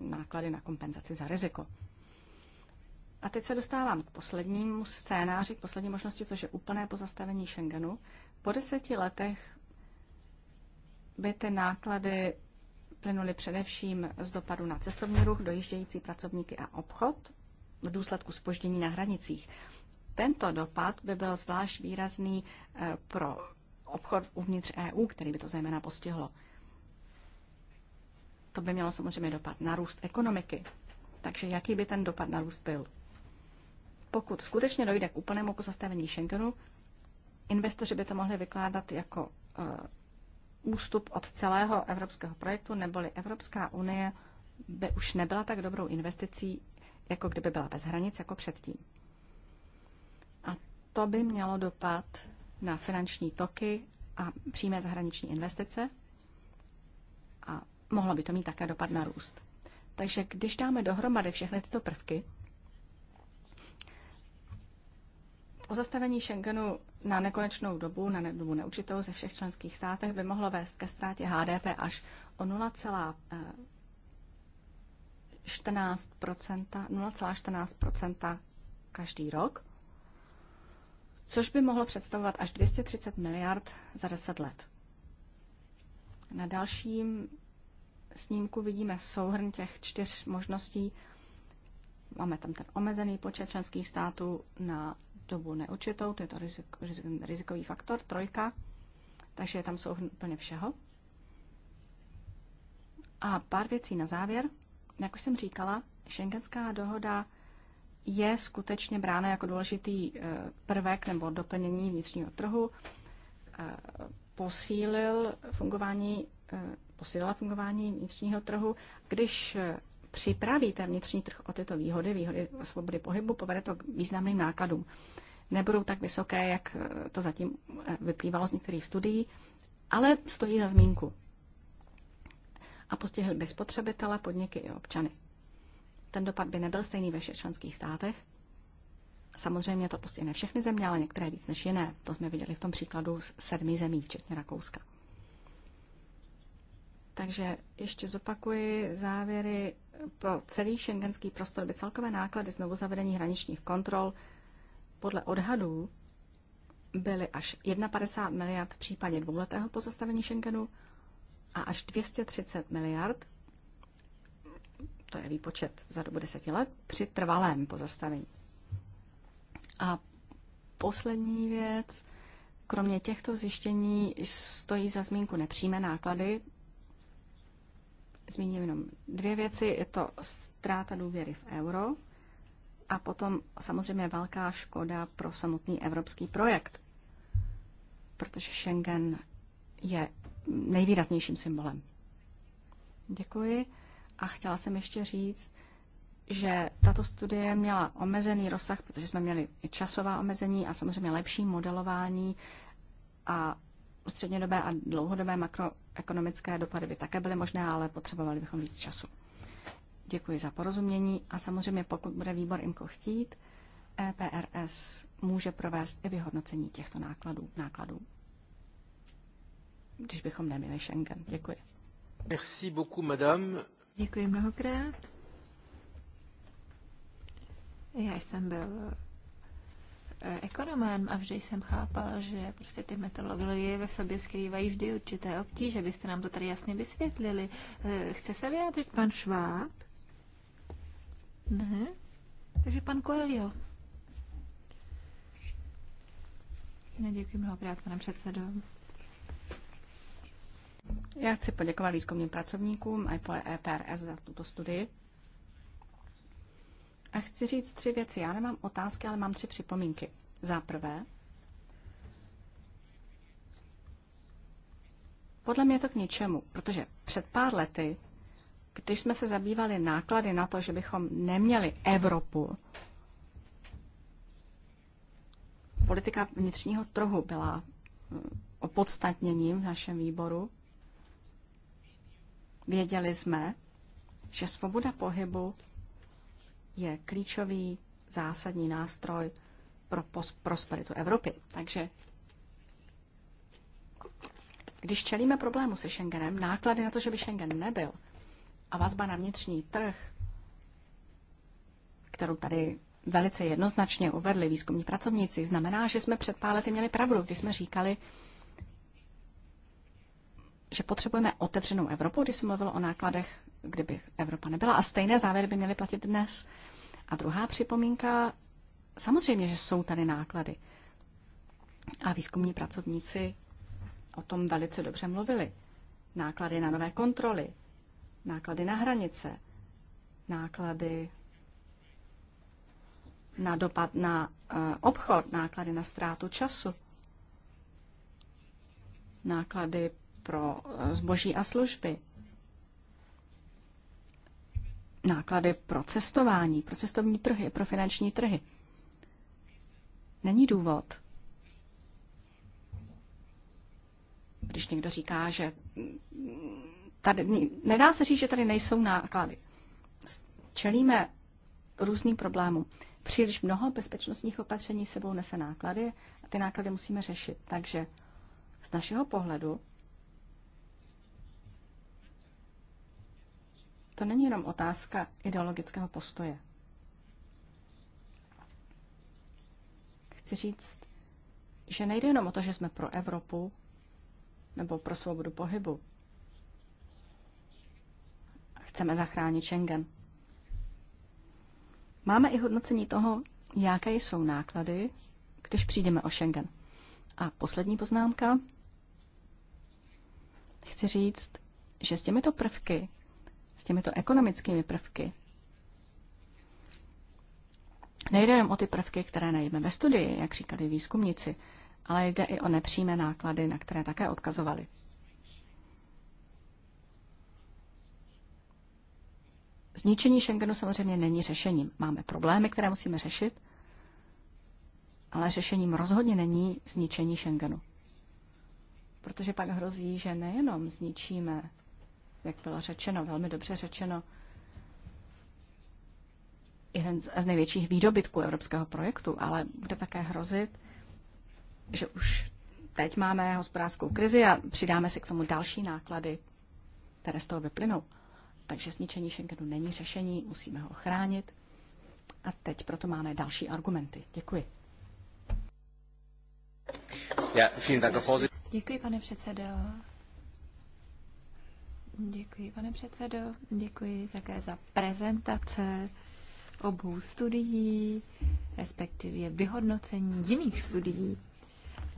náklady na kompenzaci za riziko. A teď se dostávám k poslednímu scénáři, k poslední možnosti, což je úplné pozastavení Schengenu. Po deseti letech by ty náklady plynuly především z dopadu na cestovní ruch, dojíždějící pracovníky a obchod v důsledku spoždění na hranicích. Tento dopad by byl zvlášť výrazný eh, pro obchod uvnitř EU, který by to zejména postihlo. To by mělo samozřejmě dopad na růst ekonomiky. Takže jaký by ten dopad na růst byl? Pokud skutečně dojde k úplnému pozastavení Schengenu, investoři by to mohli vykládat jako eh, ústup od celého evropského projektu, neboli Evropská unie by už nebyla tak dobrou investicí, jako kdyby byla bez hranic, jako předtím. A to by mělo dopad na finanční toky a přímé zahraniční investice a mohlo by to mít také dopad na růst. Takže když dáme dohromady všechny tyto prvky, pozastavení Schengenu na nekonečnou dobu, na dobu neurčitou ze všech členských státech by mohlo vést ke ztrátě HDP až o 0,14 eh, každý rok, což by mohlo představovat až 230 miliard za 10 let. Na dalším snímku vidíme souhrn těch čtyř možností. Máme tam ten omezený počet členských států na dobu neurčitou, to je to rizik, rizikový faktor, trojka, takže tam jsou úplně všeho. A pár věcí na závěr. Jak už jsem říkala, šengenská dohoda je skutečně brána jako důležitý eh, prvek nebo doplnění vnitřního trhu. Eh, posílil fungování, eh, posílila fungování vnitřního trhu. Když připravíte vnitřní trh o tyto výhody, výhody svobody pohybu, povede to k významným nákladům. Nebudou tak vysoké, jak eh, to zatím eh, vyplývalo z některých studií, ale stojí za zmínku. A postihl by spotřebitele, podniky i občany. Ten dopad by nebyl stejný ve všech členských státech. Samozřejmě to postihne všechny země, ale některé víc než jiné. To jsme viděli v tom příkladu z sedmi zemí, včetně Rakouska. Takže ještě zopakuji závěry pro celý šengenský prostor by celkové náklady znovu zavedení hraničních kontrol podle odhadů byly až 51 miliard v případě dvouletého pozastavení Schengenu a až 230 miliard, to je výpočet za dobu deseti let, při trvalém pozastavení. A poslední věc, kromě těchto zjištění stojí za zmínku nepřímé náklady, zmíním jenom dvě věci. Je to ztráta důvěry v euro a potom samozřejmě velká škoda pro samotný evropský projekt, protože Schengen je nejvýraznějším symbolem. Děkuji. A chtěla jsem ještě říct, že tato studie měla omezený rozsah, protože jsme měli i časová omezení a samozřejmě lepší modelování a střednědobé a dlouhodobé makroekonomické dopady by také byly možné, ale potřebovali bychom víc času. Děkuji za porozumění a samozřejmě pokud bude výbor IMCO chtít, EPRS může provést i vyhodnocení těchto nákladů, nákladů když bychom neměli Schengen. Děkuji. Merci beaucoup, madame. Děkuji mnohokrát. Já jsem byl ekonomem a vždy jsem chápal, že prostě ty metodologie ve sobě skrývají vždy určité obtíže. Byste nám to tady jasně vysvětlili. Eh, chce se vyjádřit pan Šváb? Ne? Takže pan Coelho. Ne, děkuji mnohokrát, pane předsedo. Já chci poděkovat výzkumným pracovníkům EPRS za tuto studii. A chci říct tři věci. Já nemám otázky, ale mám tři připomínky. Za prvé, podle mě je to k ničemu, protože před pár lety, když jsme se zabývali náklady na to, že bychom neměli Evropu, politika vnitřního trhu byla mm, opodstatněním v našem výboru. Věděli jsme, že svoboda pohybu je klíčový zásadní nástroj pro prosperitu Evropy. Takže když čelíme problému se Schengenem, náklady na to, že by Schengen nebyl a vazba na vnitřní trh, kterou tady velice jednoznačně uvedli výzkumní pracovníci, znamená, že jsme před pár lety měli pravdu, když jsme říkali, že potřebujeme otevřenou Evropu, když se mluvilo o nákladech, kdyby Evropa nebyla. A stejné závěry by měly platit dnes. A druhá připomínka, samozřejmě, že jsou tady náklady. A výzkumní pracovníci o tom velice dobře mluvili. Náklady na nové kontroly, náklady na hranice, náklady na dopad na eh, obchod, náklady na ztrátu času, náklady pro eh, zboží a služby, náklady pro cestování, pro cestovní trhy, pro finanční trhy. Není důvod, když někdo říká, že tady, nedá se říct, že tady nejsou náklady. Čelíme různým problémům. Příliš mnoho bezpečnostních opatření sebou nese náklady a ty náklady musíme řešit. Takže z našeho pohledu To není jenom otázka ideologického postoje. Chci říct, že nejde jenom o to, že jsme pro Evropu nebo pro svobodu pohybu. Chceme zachránit Schengen. Máme i hodnocení toho, jaké jsou náklady, když přijdeme o Schengen. A poslední poznámka. Chci říct, že s těmito prvky s těmito ekonomickými prvky. Nejde jen o ty prvky, které najdeme ve studii, jak říkali výzkumníci, ale jde i o nepřímé náklady, na které také odkazovali. Zničení Schengenu samozřejmě není řešením. Máme problémy, které musíme řešit, ale řešením rozhodně není zničení Schengenu. Protože pak hrozí, že nejenom zničíme jak bylo řečeno, velmi dobře řečeno, jeden z největších výdobytků evropského projektu, ale bude také hrozit, že už teď máme hospodářskou krizi a přidáme si k tomu další náklady, které z toho vyplynou. Takže zničení Schengenu není řešení, musíme ho chránit. A teď proto máme další argumenty. Děkuji. Děkuji, pane předsedo. Děkuji, pane předsedo. Děkuji také za prezentace obou studií, respektive vyhodnocení jiných studií.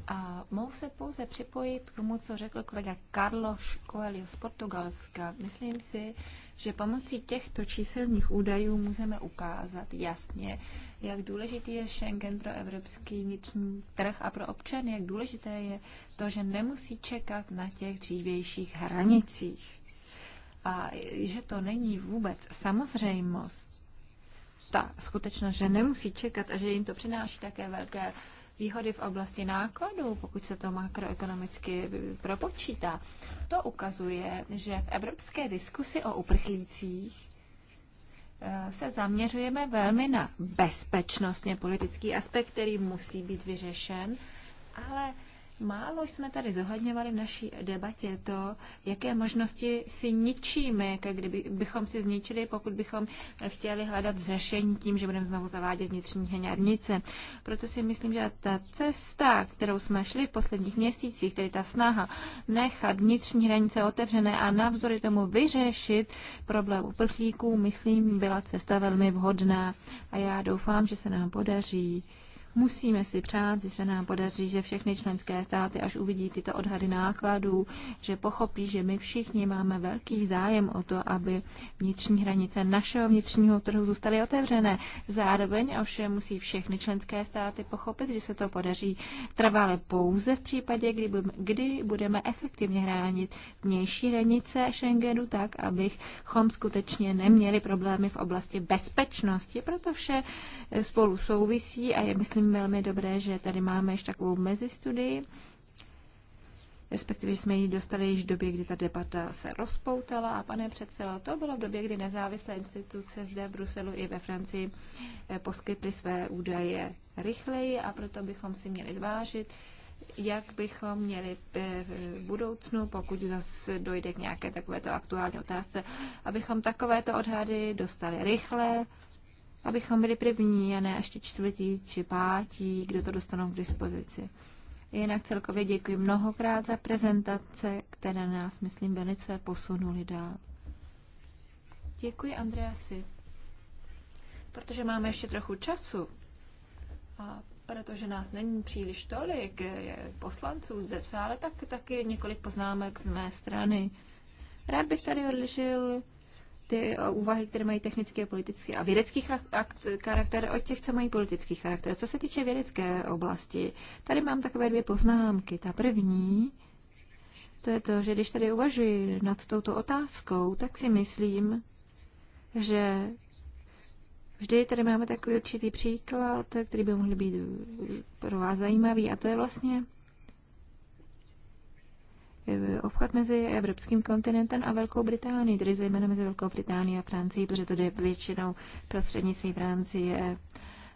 A mohu se pouze připojit k tomu, co řekl kolega Carlos Coelho z Portugalska. Myslím si, že pomocí těchto číselných údajů můžeme ukázat jasně, jak důležitý je Schengen pro evropský vnitřní trh a pro občany, jak důležité je to, že nemusí čekat na těch dřívějších hranicích a že to není vůbec samozřejmost, ta skutečnost, že nemusí čekat a že jim to přináší také velké výhody v oblasti nákladů, pokud se to makroekonomicky propočítá, to ukazuje, že v evropské diskusi o uprchlících eh, se zaměřujeme velmi na bezpečnostně politický aspekt, který musí být vyřešen, ale Málo jsme tady zohledňovali v naší debatě to, jaké možnosti si ničíme, kdybychom si zničili, pokud bychom chtěli hledat řešení tím, že budeme znovu zavádět vnitřní hněrnice. Proto si myslím, že ta cesta, kterou jsme šli v posledních měsících, tedy ta snaha nechat vnitřní hranice otevřené a navzory tomu vyřešit problém uprchlíků, myslím, byla cesta velmi vhodná a já doufám, že se nám podaří Musíme si přát, že se nám podaří, že všechny členské státy, až uvidí tyto odhady nákladů, že pochopí, že my všichni máme velký zájem o to, aby vnitřní hranice našeho vnitřního trhu zůstaly otevřené. Zároveň ovšem musí všechny členské státy pochopit, že se to podaří trvale pouze v případě, kdy, kdy budeme efektivně hránit vnější hranice Schengenu tak, abychom skutečně neměli problémy v oblasti bezpečnosti. Proto vše spolu souvisí a je, myslím, myslím velmi dobré, že tady máme ještě takovou mezistudii, respektive jsme ji dostali již v době, kdy ta debata se rozpoutala a pane předseda, to bylo v době, kdy nezávislé instituce zde v Bruselu i ve Francii eh, poskytly své údaje rychleji a proto bychom si měli zvážit, jak bychom měli eh, v budoucnu, pokud zase dojde k nějaké takovéto aktuální otázce, abychom takovéto odhady dostali rychle, abychom byli první a ne ještě čtvrtí či pátí, kdo to dostanou k dispozici. Jinak celkově děkuji mnohokrát za prezentace, které nás, myslím, velice posunuli dál. Děkuji, Andreasi. Protože máme ještě trochu času a protože nás není příliš tolik je poslanců zde v sále, tak taky několik poznámek z mé strany. Rád bych tady odlišil ty úvahy, které mají technický politický a vědecký charakter, od těch, co mají politický charakter. Co se týče vědecké oblasti, tady mám takové dvě poznámky. Ta první, to je to, že když tady uvažuji nad touto otázkou, tak si myslím, že vždy tady máme takový určitý příklad, který by mohl být pro vás zajímavý, a to je vlastně Eh, obchod mezi evropským kontinentem a Velkou Británií, tedy zejména mezi Velkou Británií a Francií, protože to je většinou prostřednictví Francie,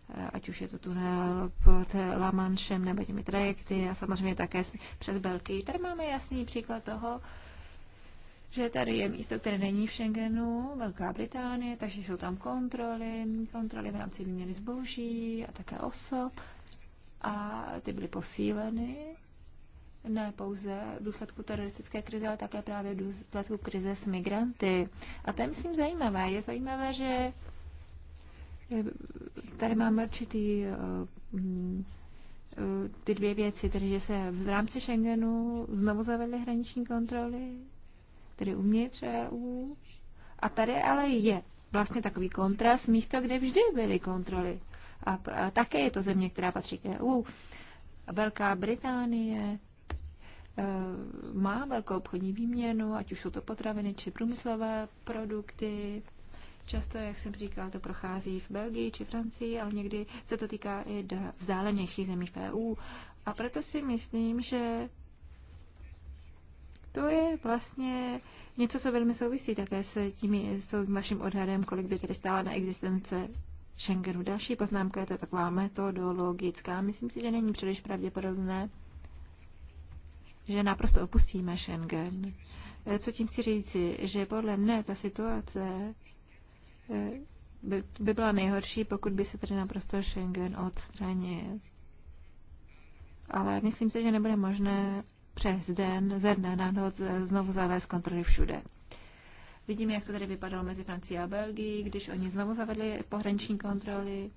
eh, ať už je to tunel pod La Manchem nebo těmi trajekty a samozřejmě také přes Belgii. Tady máme jasný příklad toho, že tady je místo, které není v Schengenu, Velká Británie, takže jsou tam kontroly, kontroly v rámci výměny zboží a také osob. A ty byly posíleny ne pouze v důsledku teroristické krize, ale také právě v důsledku krize s migranty. A to je, myslím, zajímavé. Je zajímavé, že tady máme určitý eh, mm, ty dvě věci, tedy že se v rámci Schengenu znovu zavedly hraniční kontroly, tedy uvnitř EU. A tady ale je vlastně takový kontrast místo, kde vždy byly kontroly. A, a také je to země, která patří k EU. Velká Británie, Eh, má velkou obchodní výměnu, ať už jsou to potraviny či průmyslové produkty. Často, jak jsem říkala, to prochází v Belgii či Francii, ale někdy se to týká i do vzdálenějších zemí v EU. A proto si myslím, že to je vlastně něco, co velmi souvisí také s tím s vaším odhadem, kolik by tedy stála na existence Schengenu. Další poznámka je to taková metodologická. Myslím si, že není příliš pravděpodobné, že naprosto opustíme Schengen. Eh, co tím chci říci, že podle mne ta situace eh, by, by byla nejhorší, pokud by se tady naprosto Schengen odstranil. Ale myslím si, že nebude možné přes den, ze dne na noc eh, znovu zavést kontroly všude. Vidíme, jak to tady vypadalo mezi Francií a Belgií, když oni znovu zavedli pohraniční kontroly.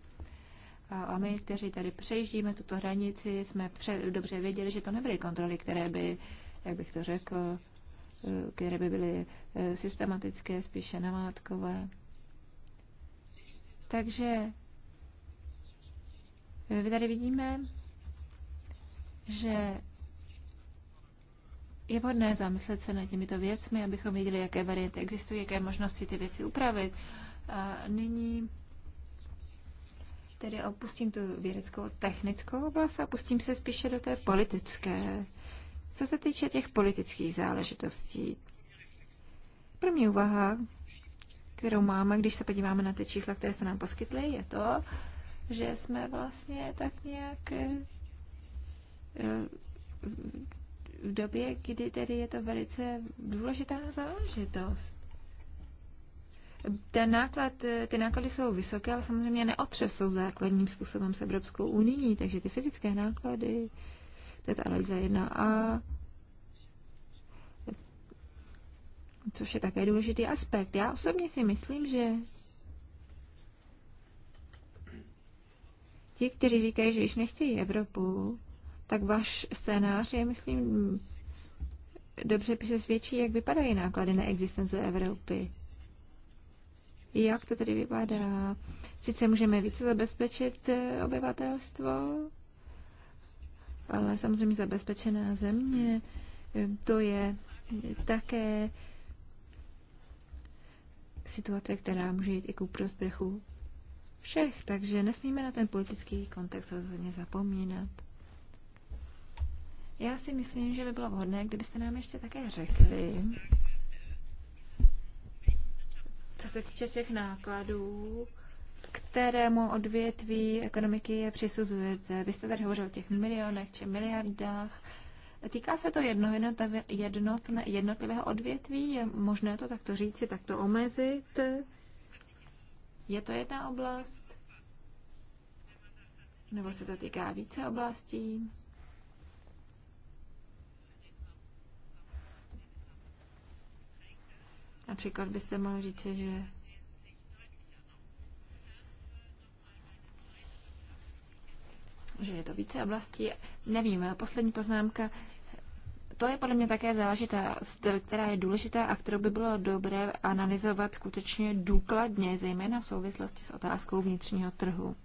A my, kteří tady přejíždíme tuto hranici, jsme pře- dobře věděli, že to nebyly kontroly, které by, jak bych to řekl, eh, které by byly eh, systematické, spíše namátkové. Takže eh, my tady vidíme, že je vhodné zamyslet se nad těmito věcmi, abychom viděli, jaké varianty existují, jaké možnosti ty věci upravit. A nyní tedy opustím tu vědeckou technickou oblast a pustím se spíše do té politické. Co se týče těch politických záležitostí, první úvaha, kterou máme, když se podíváme na ty čísla, které jste nám poskytli, je to, že jsme vlastně tak nějak eh, v době, kdy tedy je to velice důležitá záležitost. Ten náklad, ty náklady jsou vysoké, ale samozřejmě neotřesou základním způsobem s Evropskou unii, takže ty fyzické náklady, to je ta analýza 1a, což je také důležitý aspekt. Já osobně si myslím, že ti, kteří říkají, že již nechtějí Evropu, tak váš scénář je, myslím, dobře přesvědčí, jak vypadají náklady na existence Evropy. Jak to tedy vypadá? Sice můžeme více zabezpečit eh, obyvatelstvo, ale samozřejmě zabezpečená země, eh, to je také situace, která může jít i ku prospěchu všech, takže nesmíme na ten politický kontext rozhodně zapomínat. Já si myslím, že by bylo vhodné, kdybyste nám ještě také řekli, co se týče těch nákladů, kterému odvětví ekonomiky je přisuzujete. Vy jste tady hovořil o těch milionech či miliardách. Týká se to jedno, jednotlivého odvětví? Je možné to takto říci, takto omezit? Je to jedna oblast? Nebo se to týká více oblastí? Například byste mohli říci, že že je to více oblastí. Nevím, poslední poznámka. To je podle mě také záležitá, která je důležitá a kterou by bylo dobré analyzovat skutečně důkladně, zejména v souvislosti s otázkou vnitřního trhu.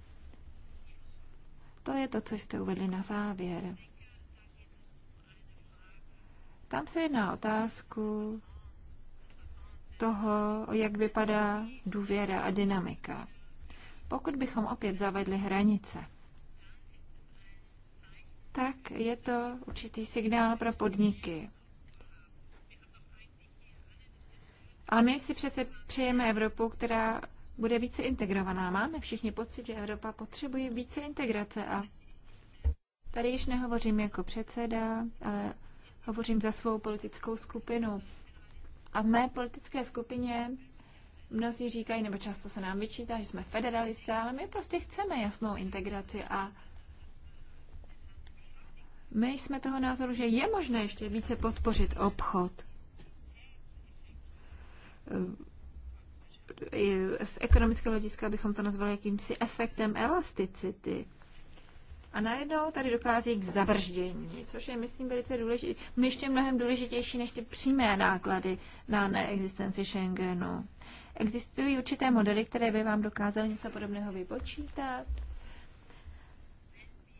To je to, co jste uvedli na závěr. Tam se jedná otázku, toho, jak vypadá důvěra a dynamika. Pokud bychom opět zavedli hranice, tak je to určitý signál pro podniky. A my si přece přejeme Evropu, která bude více integrovaná. Máme všichni pocit, že Evropa potřebuje více integrace a tady již nehovořím jako předseda, ale hovořím za svou politickou skupinu. A v mé politické skupině mnozí říkají, nebo často se nám vyčítá, že jsme federalisté, ale my prostě chceme jasnou integraci a my jsme toho názoru, že je možné ještě více podpořit obchod z ekonomického hlediska bychom to nazvali jakýmsi efektem elasticity. A najednou tady dochází k zabrždění, což je, myslím, velice důležité, ještě mnohem důležitější než ty přímé náklady na neexistenci Schengenu. Existují určité modely, které by vám dokázaly něco podobného vypočítat?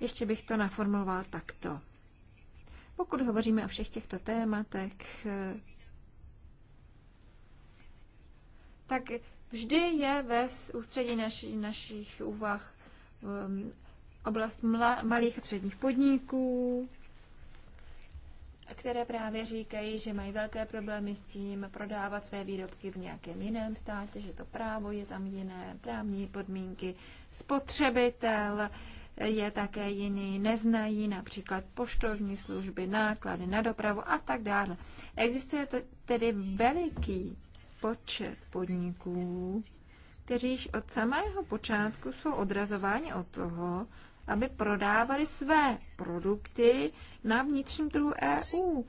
Ještě bych to naformuloval takto. Pokud hovoříme o všech těchto tématech, tak vždy je ve ústředí naši, našich úvah um, oblast malých a středních podniků, které právě říkají, že mají velké problémy s tím prodávat své výrobky v nějakém jiném státě, že to právo je tam jiné, právní podmínky, spotřebitel je také jiný, neznají například poštovní služby, náklady na dopravu a tak dále. Existuje to tedy veliký počet podniků, kteří od samého počátku jsou odrazováni od toho, aby prodávali své produkty na vnitřním trhu EU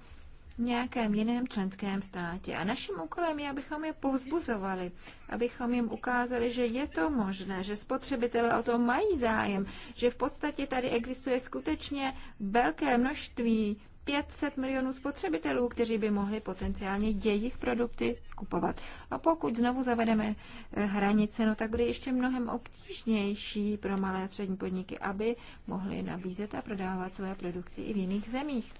v nějakém jiném členském státě. A naším úkolem je, abychom je povzbuzovali, abychom jim ukázali, že je to možné, že spotřebitelé o to mají zájem, že v podstatě tady existuje skutečně velké množství 500 milionů spotřebitelů, kteří by mohli potenciálně jejich produkty kupovat. A pokud znovu zavedeme eh, hranice, no tak bude ještě mnohem obtížnější pro malé a střední podniky, aby mohli nabízet a prodávat své produkty i v jiných zemích.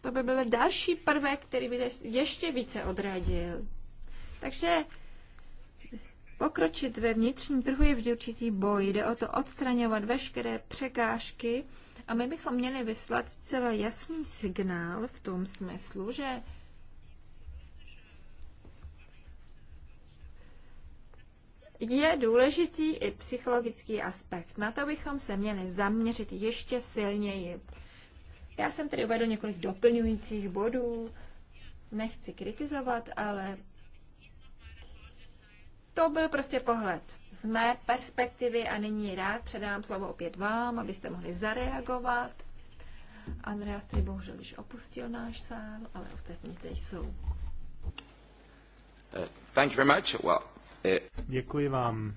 To by byl další prvek, který by ještě více odradil. Takže Pokročit ve vnitřním trhu je vždy určitý boj. Jde o to odstraňovat veškeré překážky a my bychom měli vyslat zcela jasný signál v tom smyslu, že je důležitý i psychologický aspekt. Na to bychom se měli zaměřit ještě silněji. Já jsem tady uvedl několik doplňujících bodů, nechci kritizovat, ale to byl prostě pohled z mé perspektivy a nyní rád předám slovo opět vám, abyste mohli zareagovat. Andreas Tri bohužel již opustil náš sál, ale ostatní zde jsou. Uh, thank you very much. Well, uh... Děkuji vám.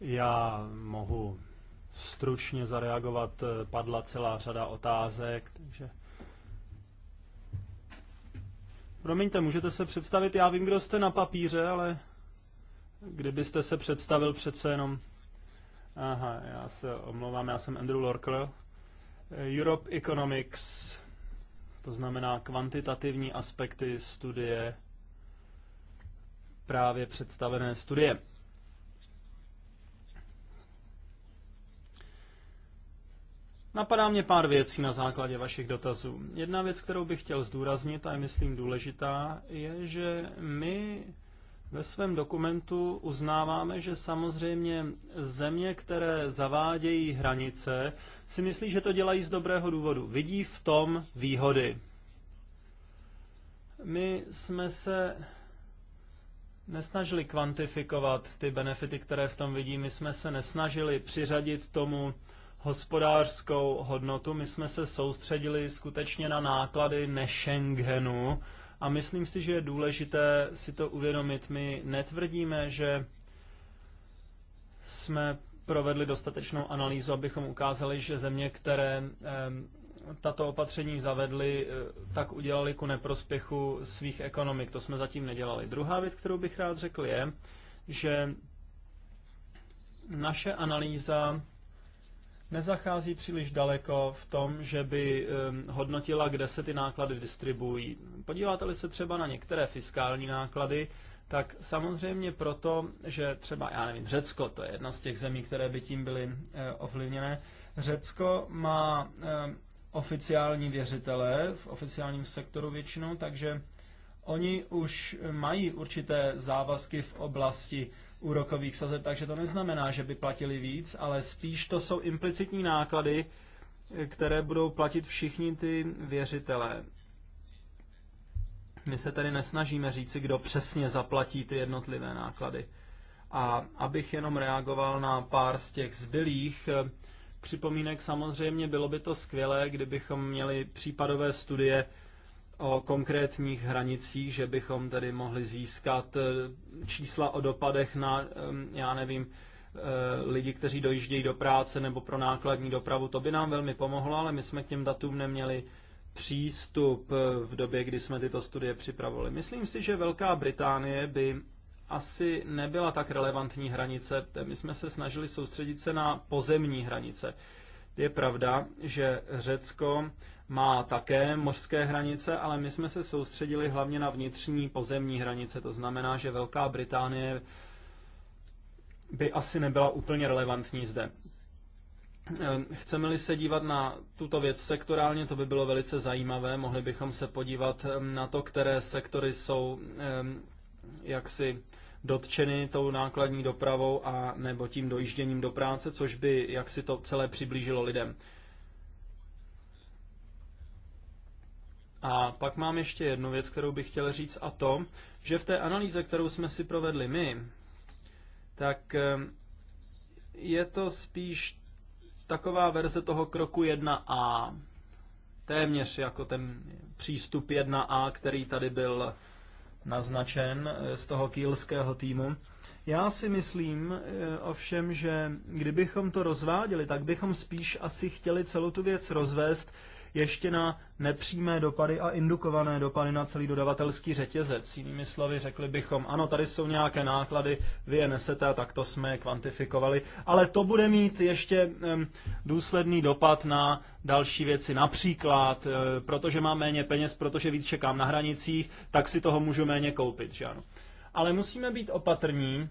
Já mohu stručně zareagovat. Eh, padla celá řada otázek, takže... Promiňte, můžete se představit, já vím, kdo jste na papíře, ale Kdybyste se představil přece jenom... Aha, já se omlouvám, já jsem Andrew Lorkl. Europe Economics, to znamená kvantitativní aspekty studie, právě představené studie. Napadá mě pár věcí na základě vašich dotazů. Jedna věc, kterou bych chtěl zdůraznit a je myslím důležitá, je, že my ve svém dokumentu uznáváme, že samozřejmě země, které zavádějí hranice, si myslí, že to dělají z dobrého důvodu. Vidí v tom výhody. My jsme se nesnažili kvantifikovat ty benefity, které v tom vidí. My jsme se nesnažili přiřadit tomu hospodářskou hodnotu. My jsme se soustředili skutečně na náklady nešengenu a myslím si, že je důležité si to uvědomit. My netvrdíme, že jsme provedli dostatečnou analýzu, abychom ukázali, že země, které tato opatření zavedly, e, tak udělali ku neprospěchu svých ekonomik. To jsme zatím nedělali. Druhá věc, kterou bych rád řekl, je, že naše analýza nezachází příliš daleko v tom, že by hodnotila, kde se ty náklady distribuují. Podíváte-li se třeba na některé fiskální náklady, tak samozřejmě proto, že třeba, já nevím, Řecko, to je jedna z těch zemí, které by tím byly eh, ovlivněné, Řecko má oficiální věřitele v oficiálním sektoru většinou, takže Oni už mají určité závazky v oblasti úrokových sazeb, takže to neznamená, že by platili víc, ale spíš to jsou implicitní náklady, které budou platit všichni ty věřitelé. My se tedy nesnažíme říci, kdo přesně zaplatí ty jednotlivé náklady. A abych jenom reagoval na pár z těch zbylých eh, připomínek, samozřejmě bylo by to skvělé, kdybychom měli případové studie o konkrétních hranicích, že bychom tedy mohli získat eh, čísla o dopadech na, já nevím, eh, lidi, kteří dojíždějí do práce nebo pro nákladní dopravu. To by nám velmi pomohlo, ale my jsme k těm datům neměli přístup eh, v době, kdy jsme tyto studie připravovali. Myslím si, že Velká Británie by asi nebyla tak relevantní hranice. My jsme se snažili soustředit se na pozemní hranice. Je pravda, že Řecko má také mořské hranice, ale my jsme se soustředili hlavně na vnitřní pozemní hranice. To znamená, že Velká Británie by asi nebyla úplně relevantní zde. Ehm, chceme-li se dívat na tuto věc sektorálně, to by bylo velice zajímavé. Mohli bychom se podívat ehm, na to, které sektory jsou ehm, jaksi dotčeny tou nákladní dopravou a nebo tím dojížděním do práce, což by jaksi to celé přiblížilo lidem. A pak mám ještě jednu věc, kterou bych chtěl říct, a to, že v té analýze, kterou jsme si provedli my, tak ehm, je to spíš taková verze toho kroku 1a, téměř jako ten přístup 1a, který tady byl naznačen eh, z toho kýlského týmu. Já si myslím eh, ovšem, že kdybychom to rozváděli, tak bychom spíš asi chtěli celou tu věc rozvést ještě na nepřímé dopady a indukované dopady na celý dodavatelský řetězec. Jinými slovy, řekli bychom, ano, tady jsou nějaké náklady, vy je nesete a tak to jsme je kvantifikovali, ale to bude mít ještě důsledný dopad na další věci. Například, eh, protože mám méně peněz, protože víc čekám na hranicích, tak si toho můžu méně koupit, že ano. Ale musíme být opatrní,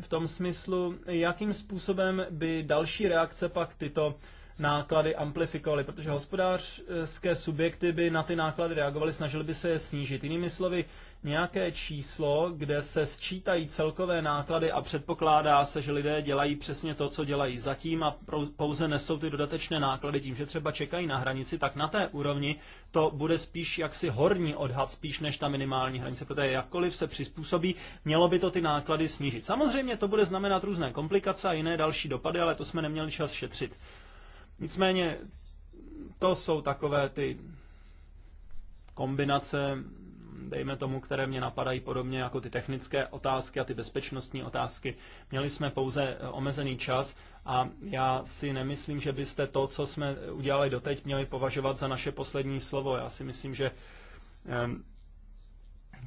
v tom smyslu, jakým způsobem by další reakce pak tyto náklady amplifikovali, protože hospodářské subjekty by na ty náklady reagovaly, snažili by se je snížit. Jinými slovy, nějaké číslo, kde se sčítají celkové náklady a předpokládá se, že lidé dělají přesně to, co dělají zatím a pouze nesou ty dodatečné náklady tím, že třeba čekají na hranici, tak na té úrovni to bude spíš jaksi horní odhad, spíš než ta minimální hranice, protože jakkoliv se přizpůsobí, mělo by to ty náklady snížit. Samozřejmě to bude znamenat různé komplikace a jiné další dopady, ale to jsme neměli čas šetřit. Nicméně to jsou takové ty kombinace, dejme tomu, které mě napadají podobně jako ty technické otázky a ty bezpečnostní otázky. Měli jsme pouze eh, omezený čas a já si nemyslím, že byste to, co jsme udělali doteď, měli považovat za naše poslední slovo. Já si myslím, že eh,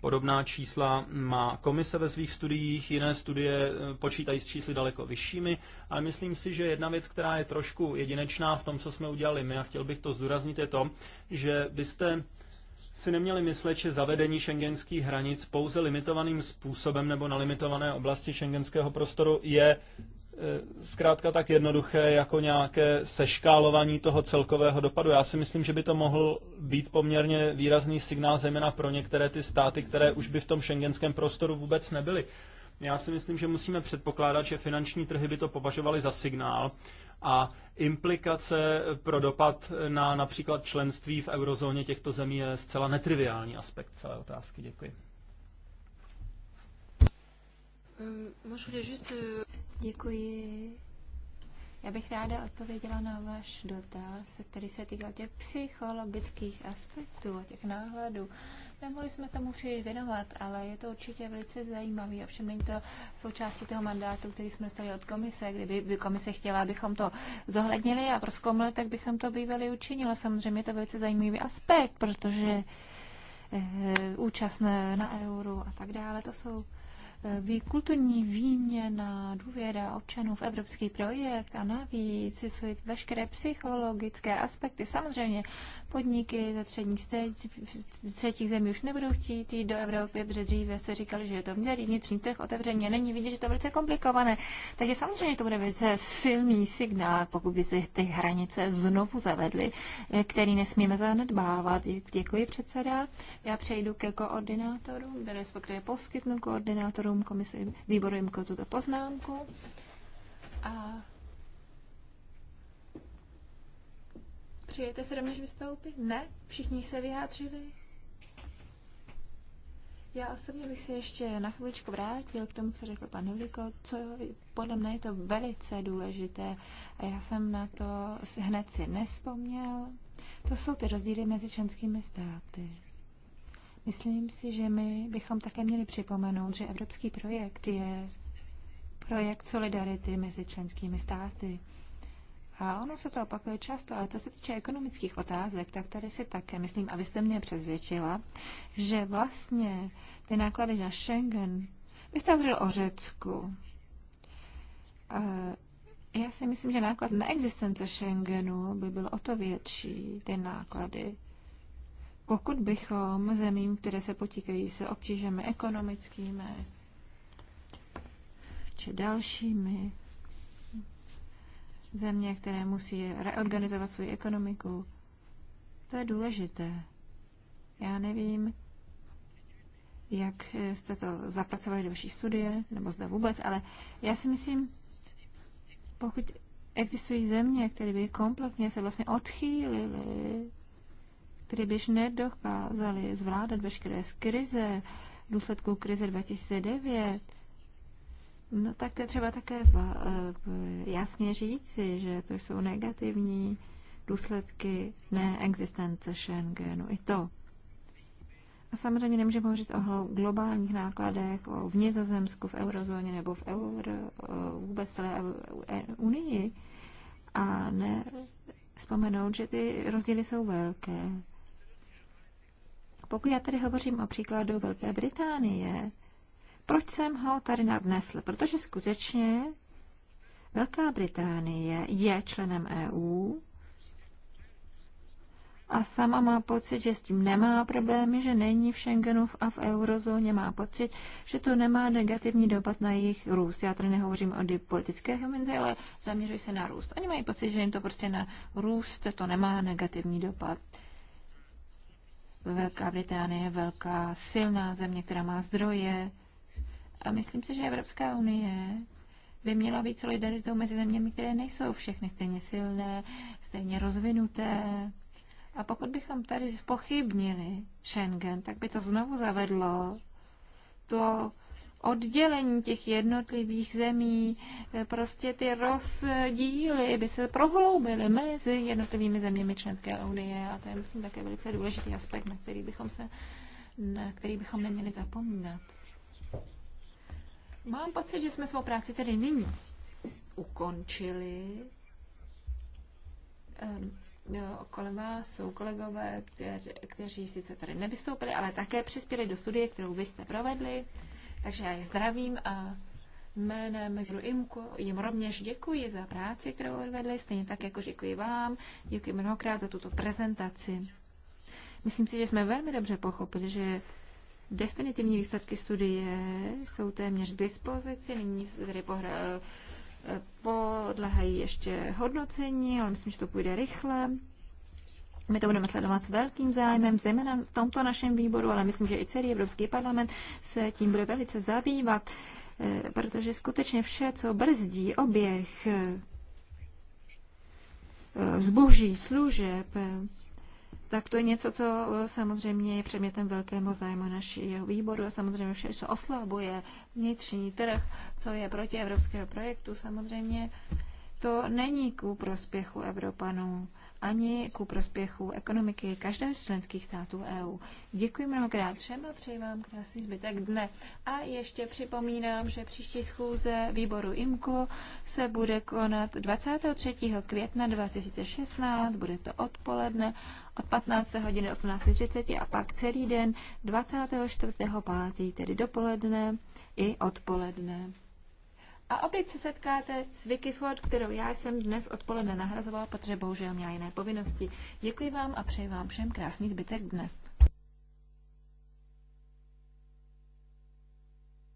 Podobná čísla má komise ve svých studiích, jiné studie eh, počítají s čísly daleko vyššími, ale myslím si, že jedna věc, která je trošku jedinečná v tom, co jsme udělali my, a chtěl bych to zdůraznit, je to, že byste si neměli myslet, že zavedení šengenských hranic pouze limitovaným způsobem nebo na limitované oblasti šengenského prostoru je Eh, zkrátka tak jednoduché jako nějaké seškálování toho celkového dopadu. Já si myslím, že by to mohl být poměrně výrazný signál, zejména pro některé ty státy, které už by v tom šengenském prostoru vůbec nebyly. Já si myslím, že musíme předpokládat, že finanční trhy by to považovaly za signál a implikace pro dopad na například členství v eurozóně těchto zemí je zcela netriviální aspekt celé otázky. Děkuji. Ehm, euh, Děkuji. Já bych ráda odpověděla na váš dotaz, který se týkal těch psychologických aspektů a těch náhledů. Nemohli jsme tomu příliš věnovat, ale je to určitě velice zajímavý. Ovšem není to součástí toho mandátu, který jsme dostali od komise. Kdyby by komise chtěla, abychom to zohlednili a proskoumali, tak bychom to bývali učinili. Samozřejmě je to velice zajímavý aspekt, protože e, účast na euru a tak dále, to jsou Eh, kulturní výměna, důvěra občanů v evropský projekt a navíc jsou veškeré psychologické aspekty. Samozřejmě podniky ze třetích, třetích zemí už nebudou chtít jít do Evropy, protože dříve se říkali, že je to mělý vnitřní trh otevřeně. Není vidět, že to je velice komplikované. Takže samozřejmě to bude velice silný signál, pokud by se ty hranice znovu zavedly, eh, který nesmíme zanedbávat. Děkuji předseda. Já přejdu ke koordinátorům, které poskytnu koordinátorům výborům, komisi, výboru jim tuto poznámku. A Přijete se rovněž vystoupit? Ne? Všichni se vyjádřili? Já osobně bych se ještě na chviličku vrátil k tomu, co řekl pan Huliko, co podle mě je to velice důležité a já jsem na to hned si nespomněl. To jsou ty rozdíly mezi členskými státy. Myslím si, že my bychom také měli připomenout, že evropský projekt je projekt solidarity mezi členskými státy. A ono se to opakuje často, ale co se týče ekonomických otázek, tak tady si také myslím, a vy jste mě přezvědčila, že vlastně ty náklady na Schengen, vy jste hovořil o Řecku. A já si myslím, že náklad na existence Schengenu by byl o to větší, ty náklady pokud bychom zemím, které se potýkají se obtížemi ekonomickými či dalšími, země, které musí reorganizovat svoji ekonomiku, to je důležité. Já nevím, jak jste to zapracovali do vaší studie, nebo zda vůbec, ale já si myslím, pokud existují země, které by kompletně se vlastně odchýlily které nedokázali zvládat veškeré z krize, v důsledku krize 2009, no tak to je třeba také zvlá, eh, jasně říci, že to jsou negativní důsledky neexistence Schengenu. I to. A samozřejmě nemůžeme hovořit o globálních nákladech, o v v eurozóně nebo v euro, eh, vůbec celé e- unii. A ne vzpomenout, že ty rozdíly jsou velké. Pokud já tady hovořím o příkladu Velké Británie, proč jsem ho tady nadnesl? Protože skutečně Velká Británie je členem EU a sama má pocit, že s tím nemá problémy, že není v Schengenu a v eurozóně, má pocit, že to nemá negativní dopad na jejich růst. Já tady nehovořím o politické dimenzi, ale zaměřuji se na růst. Oni mají pocit, že jim to prostě na růst to nemá negativní dopad. Velká Británie je velká, silná země, která má zdroje. A myslím si, že Evropská unie by měla být solidaritou mezi zeměmi, které nejsou všechny stejně silné, stejně rozvinuté. A pokud bychom tady pochybnili Schengen, tak by to znovu zavedlo to oddělení těch jednotlivých zemí, e, prostě ty rozdíly by se prohloubily mezi jednotlivými zeměmi členské unie a to je, myslím, také velice důležitý aspekt, na který bychom, se, na který bychom neměli zapomínat. Mám pocit, že jsme svou práci tedy nyní ukončili. Um, jo, kolem vás jsou kolegové, kteř, kteří sice tady nevystoupili, ale také přispěli do studie, kterou vy jste provedli. Takže já je zdravím a jménem Gru Imku jim rovněž děkuji za práci, kterou odvedli, stejně tak jako děkuji vám, děkuji mnohokrát za tuto prezentaci. Myslím si, že jsme velmi dobře pochopili, že definitivní výsledky studie jsou téměř k dispozici, nyní se tedy eh, podlehají ještě hodnocení, ale myslím, že to půjde rychle. My to budeme sledovat s velkým zájmem, zejména v tomto našem výboru, ale myslím, že i celý Evropský parlament se tím bude velice zabývat, eh, protože skutečně vše, co brzdí oběh eh, zboží, služeb, eh, tak to je něco, co samozřejmě je předmětem velkého zájmu našeho výboru a samozřejmě vše, co oslabuje vnitřní trh, co je proti evropského projektu, samozřejmě to není ku prospěchu Evropanů. No ani ku prospěchu ekonomiky každého z členských států EU. Děkuji mnohokrát všem a přeji vám krásný zbytek dne. A ještě připomínám, že příští schůze výboru IMKO se bude konat 23. května 2016, bude to odpoledne od 15. hodiny 18.30 a pak celý den 24. 5. tedy dopoledne i odpoledne. A opět se setkáte s Vicky Ford, kterou já jsem dnes odpoledne nahrazovala, protože bohužel měla jiné povinnosti. Děkuji vám a přeji vám všem krásný zbytek dne.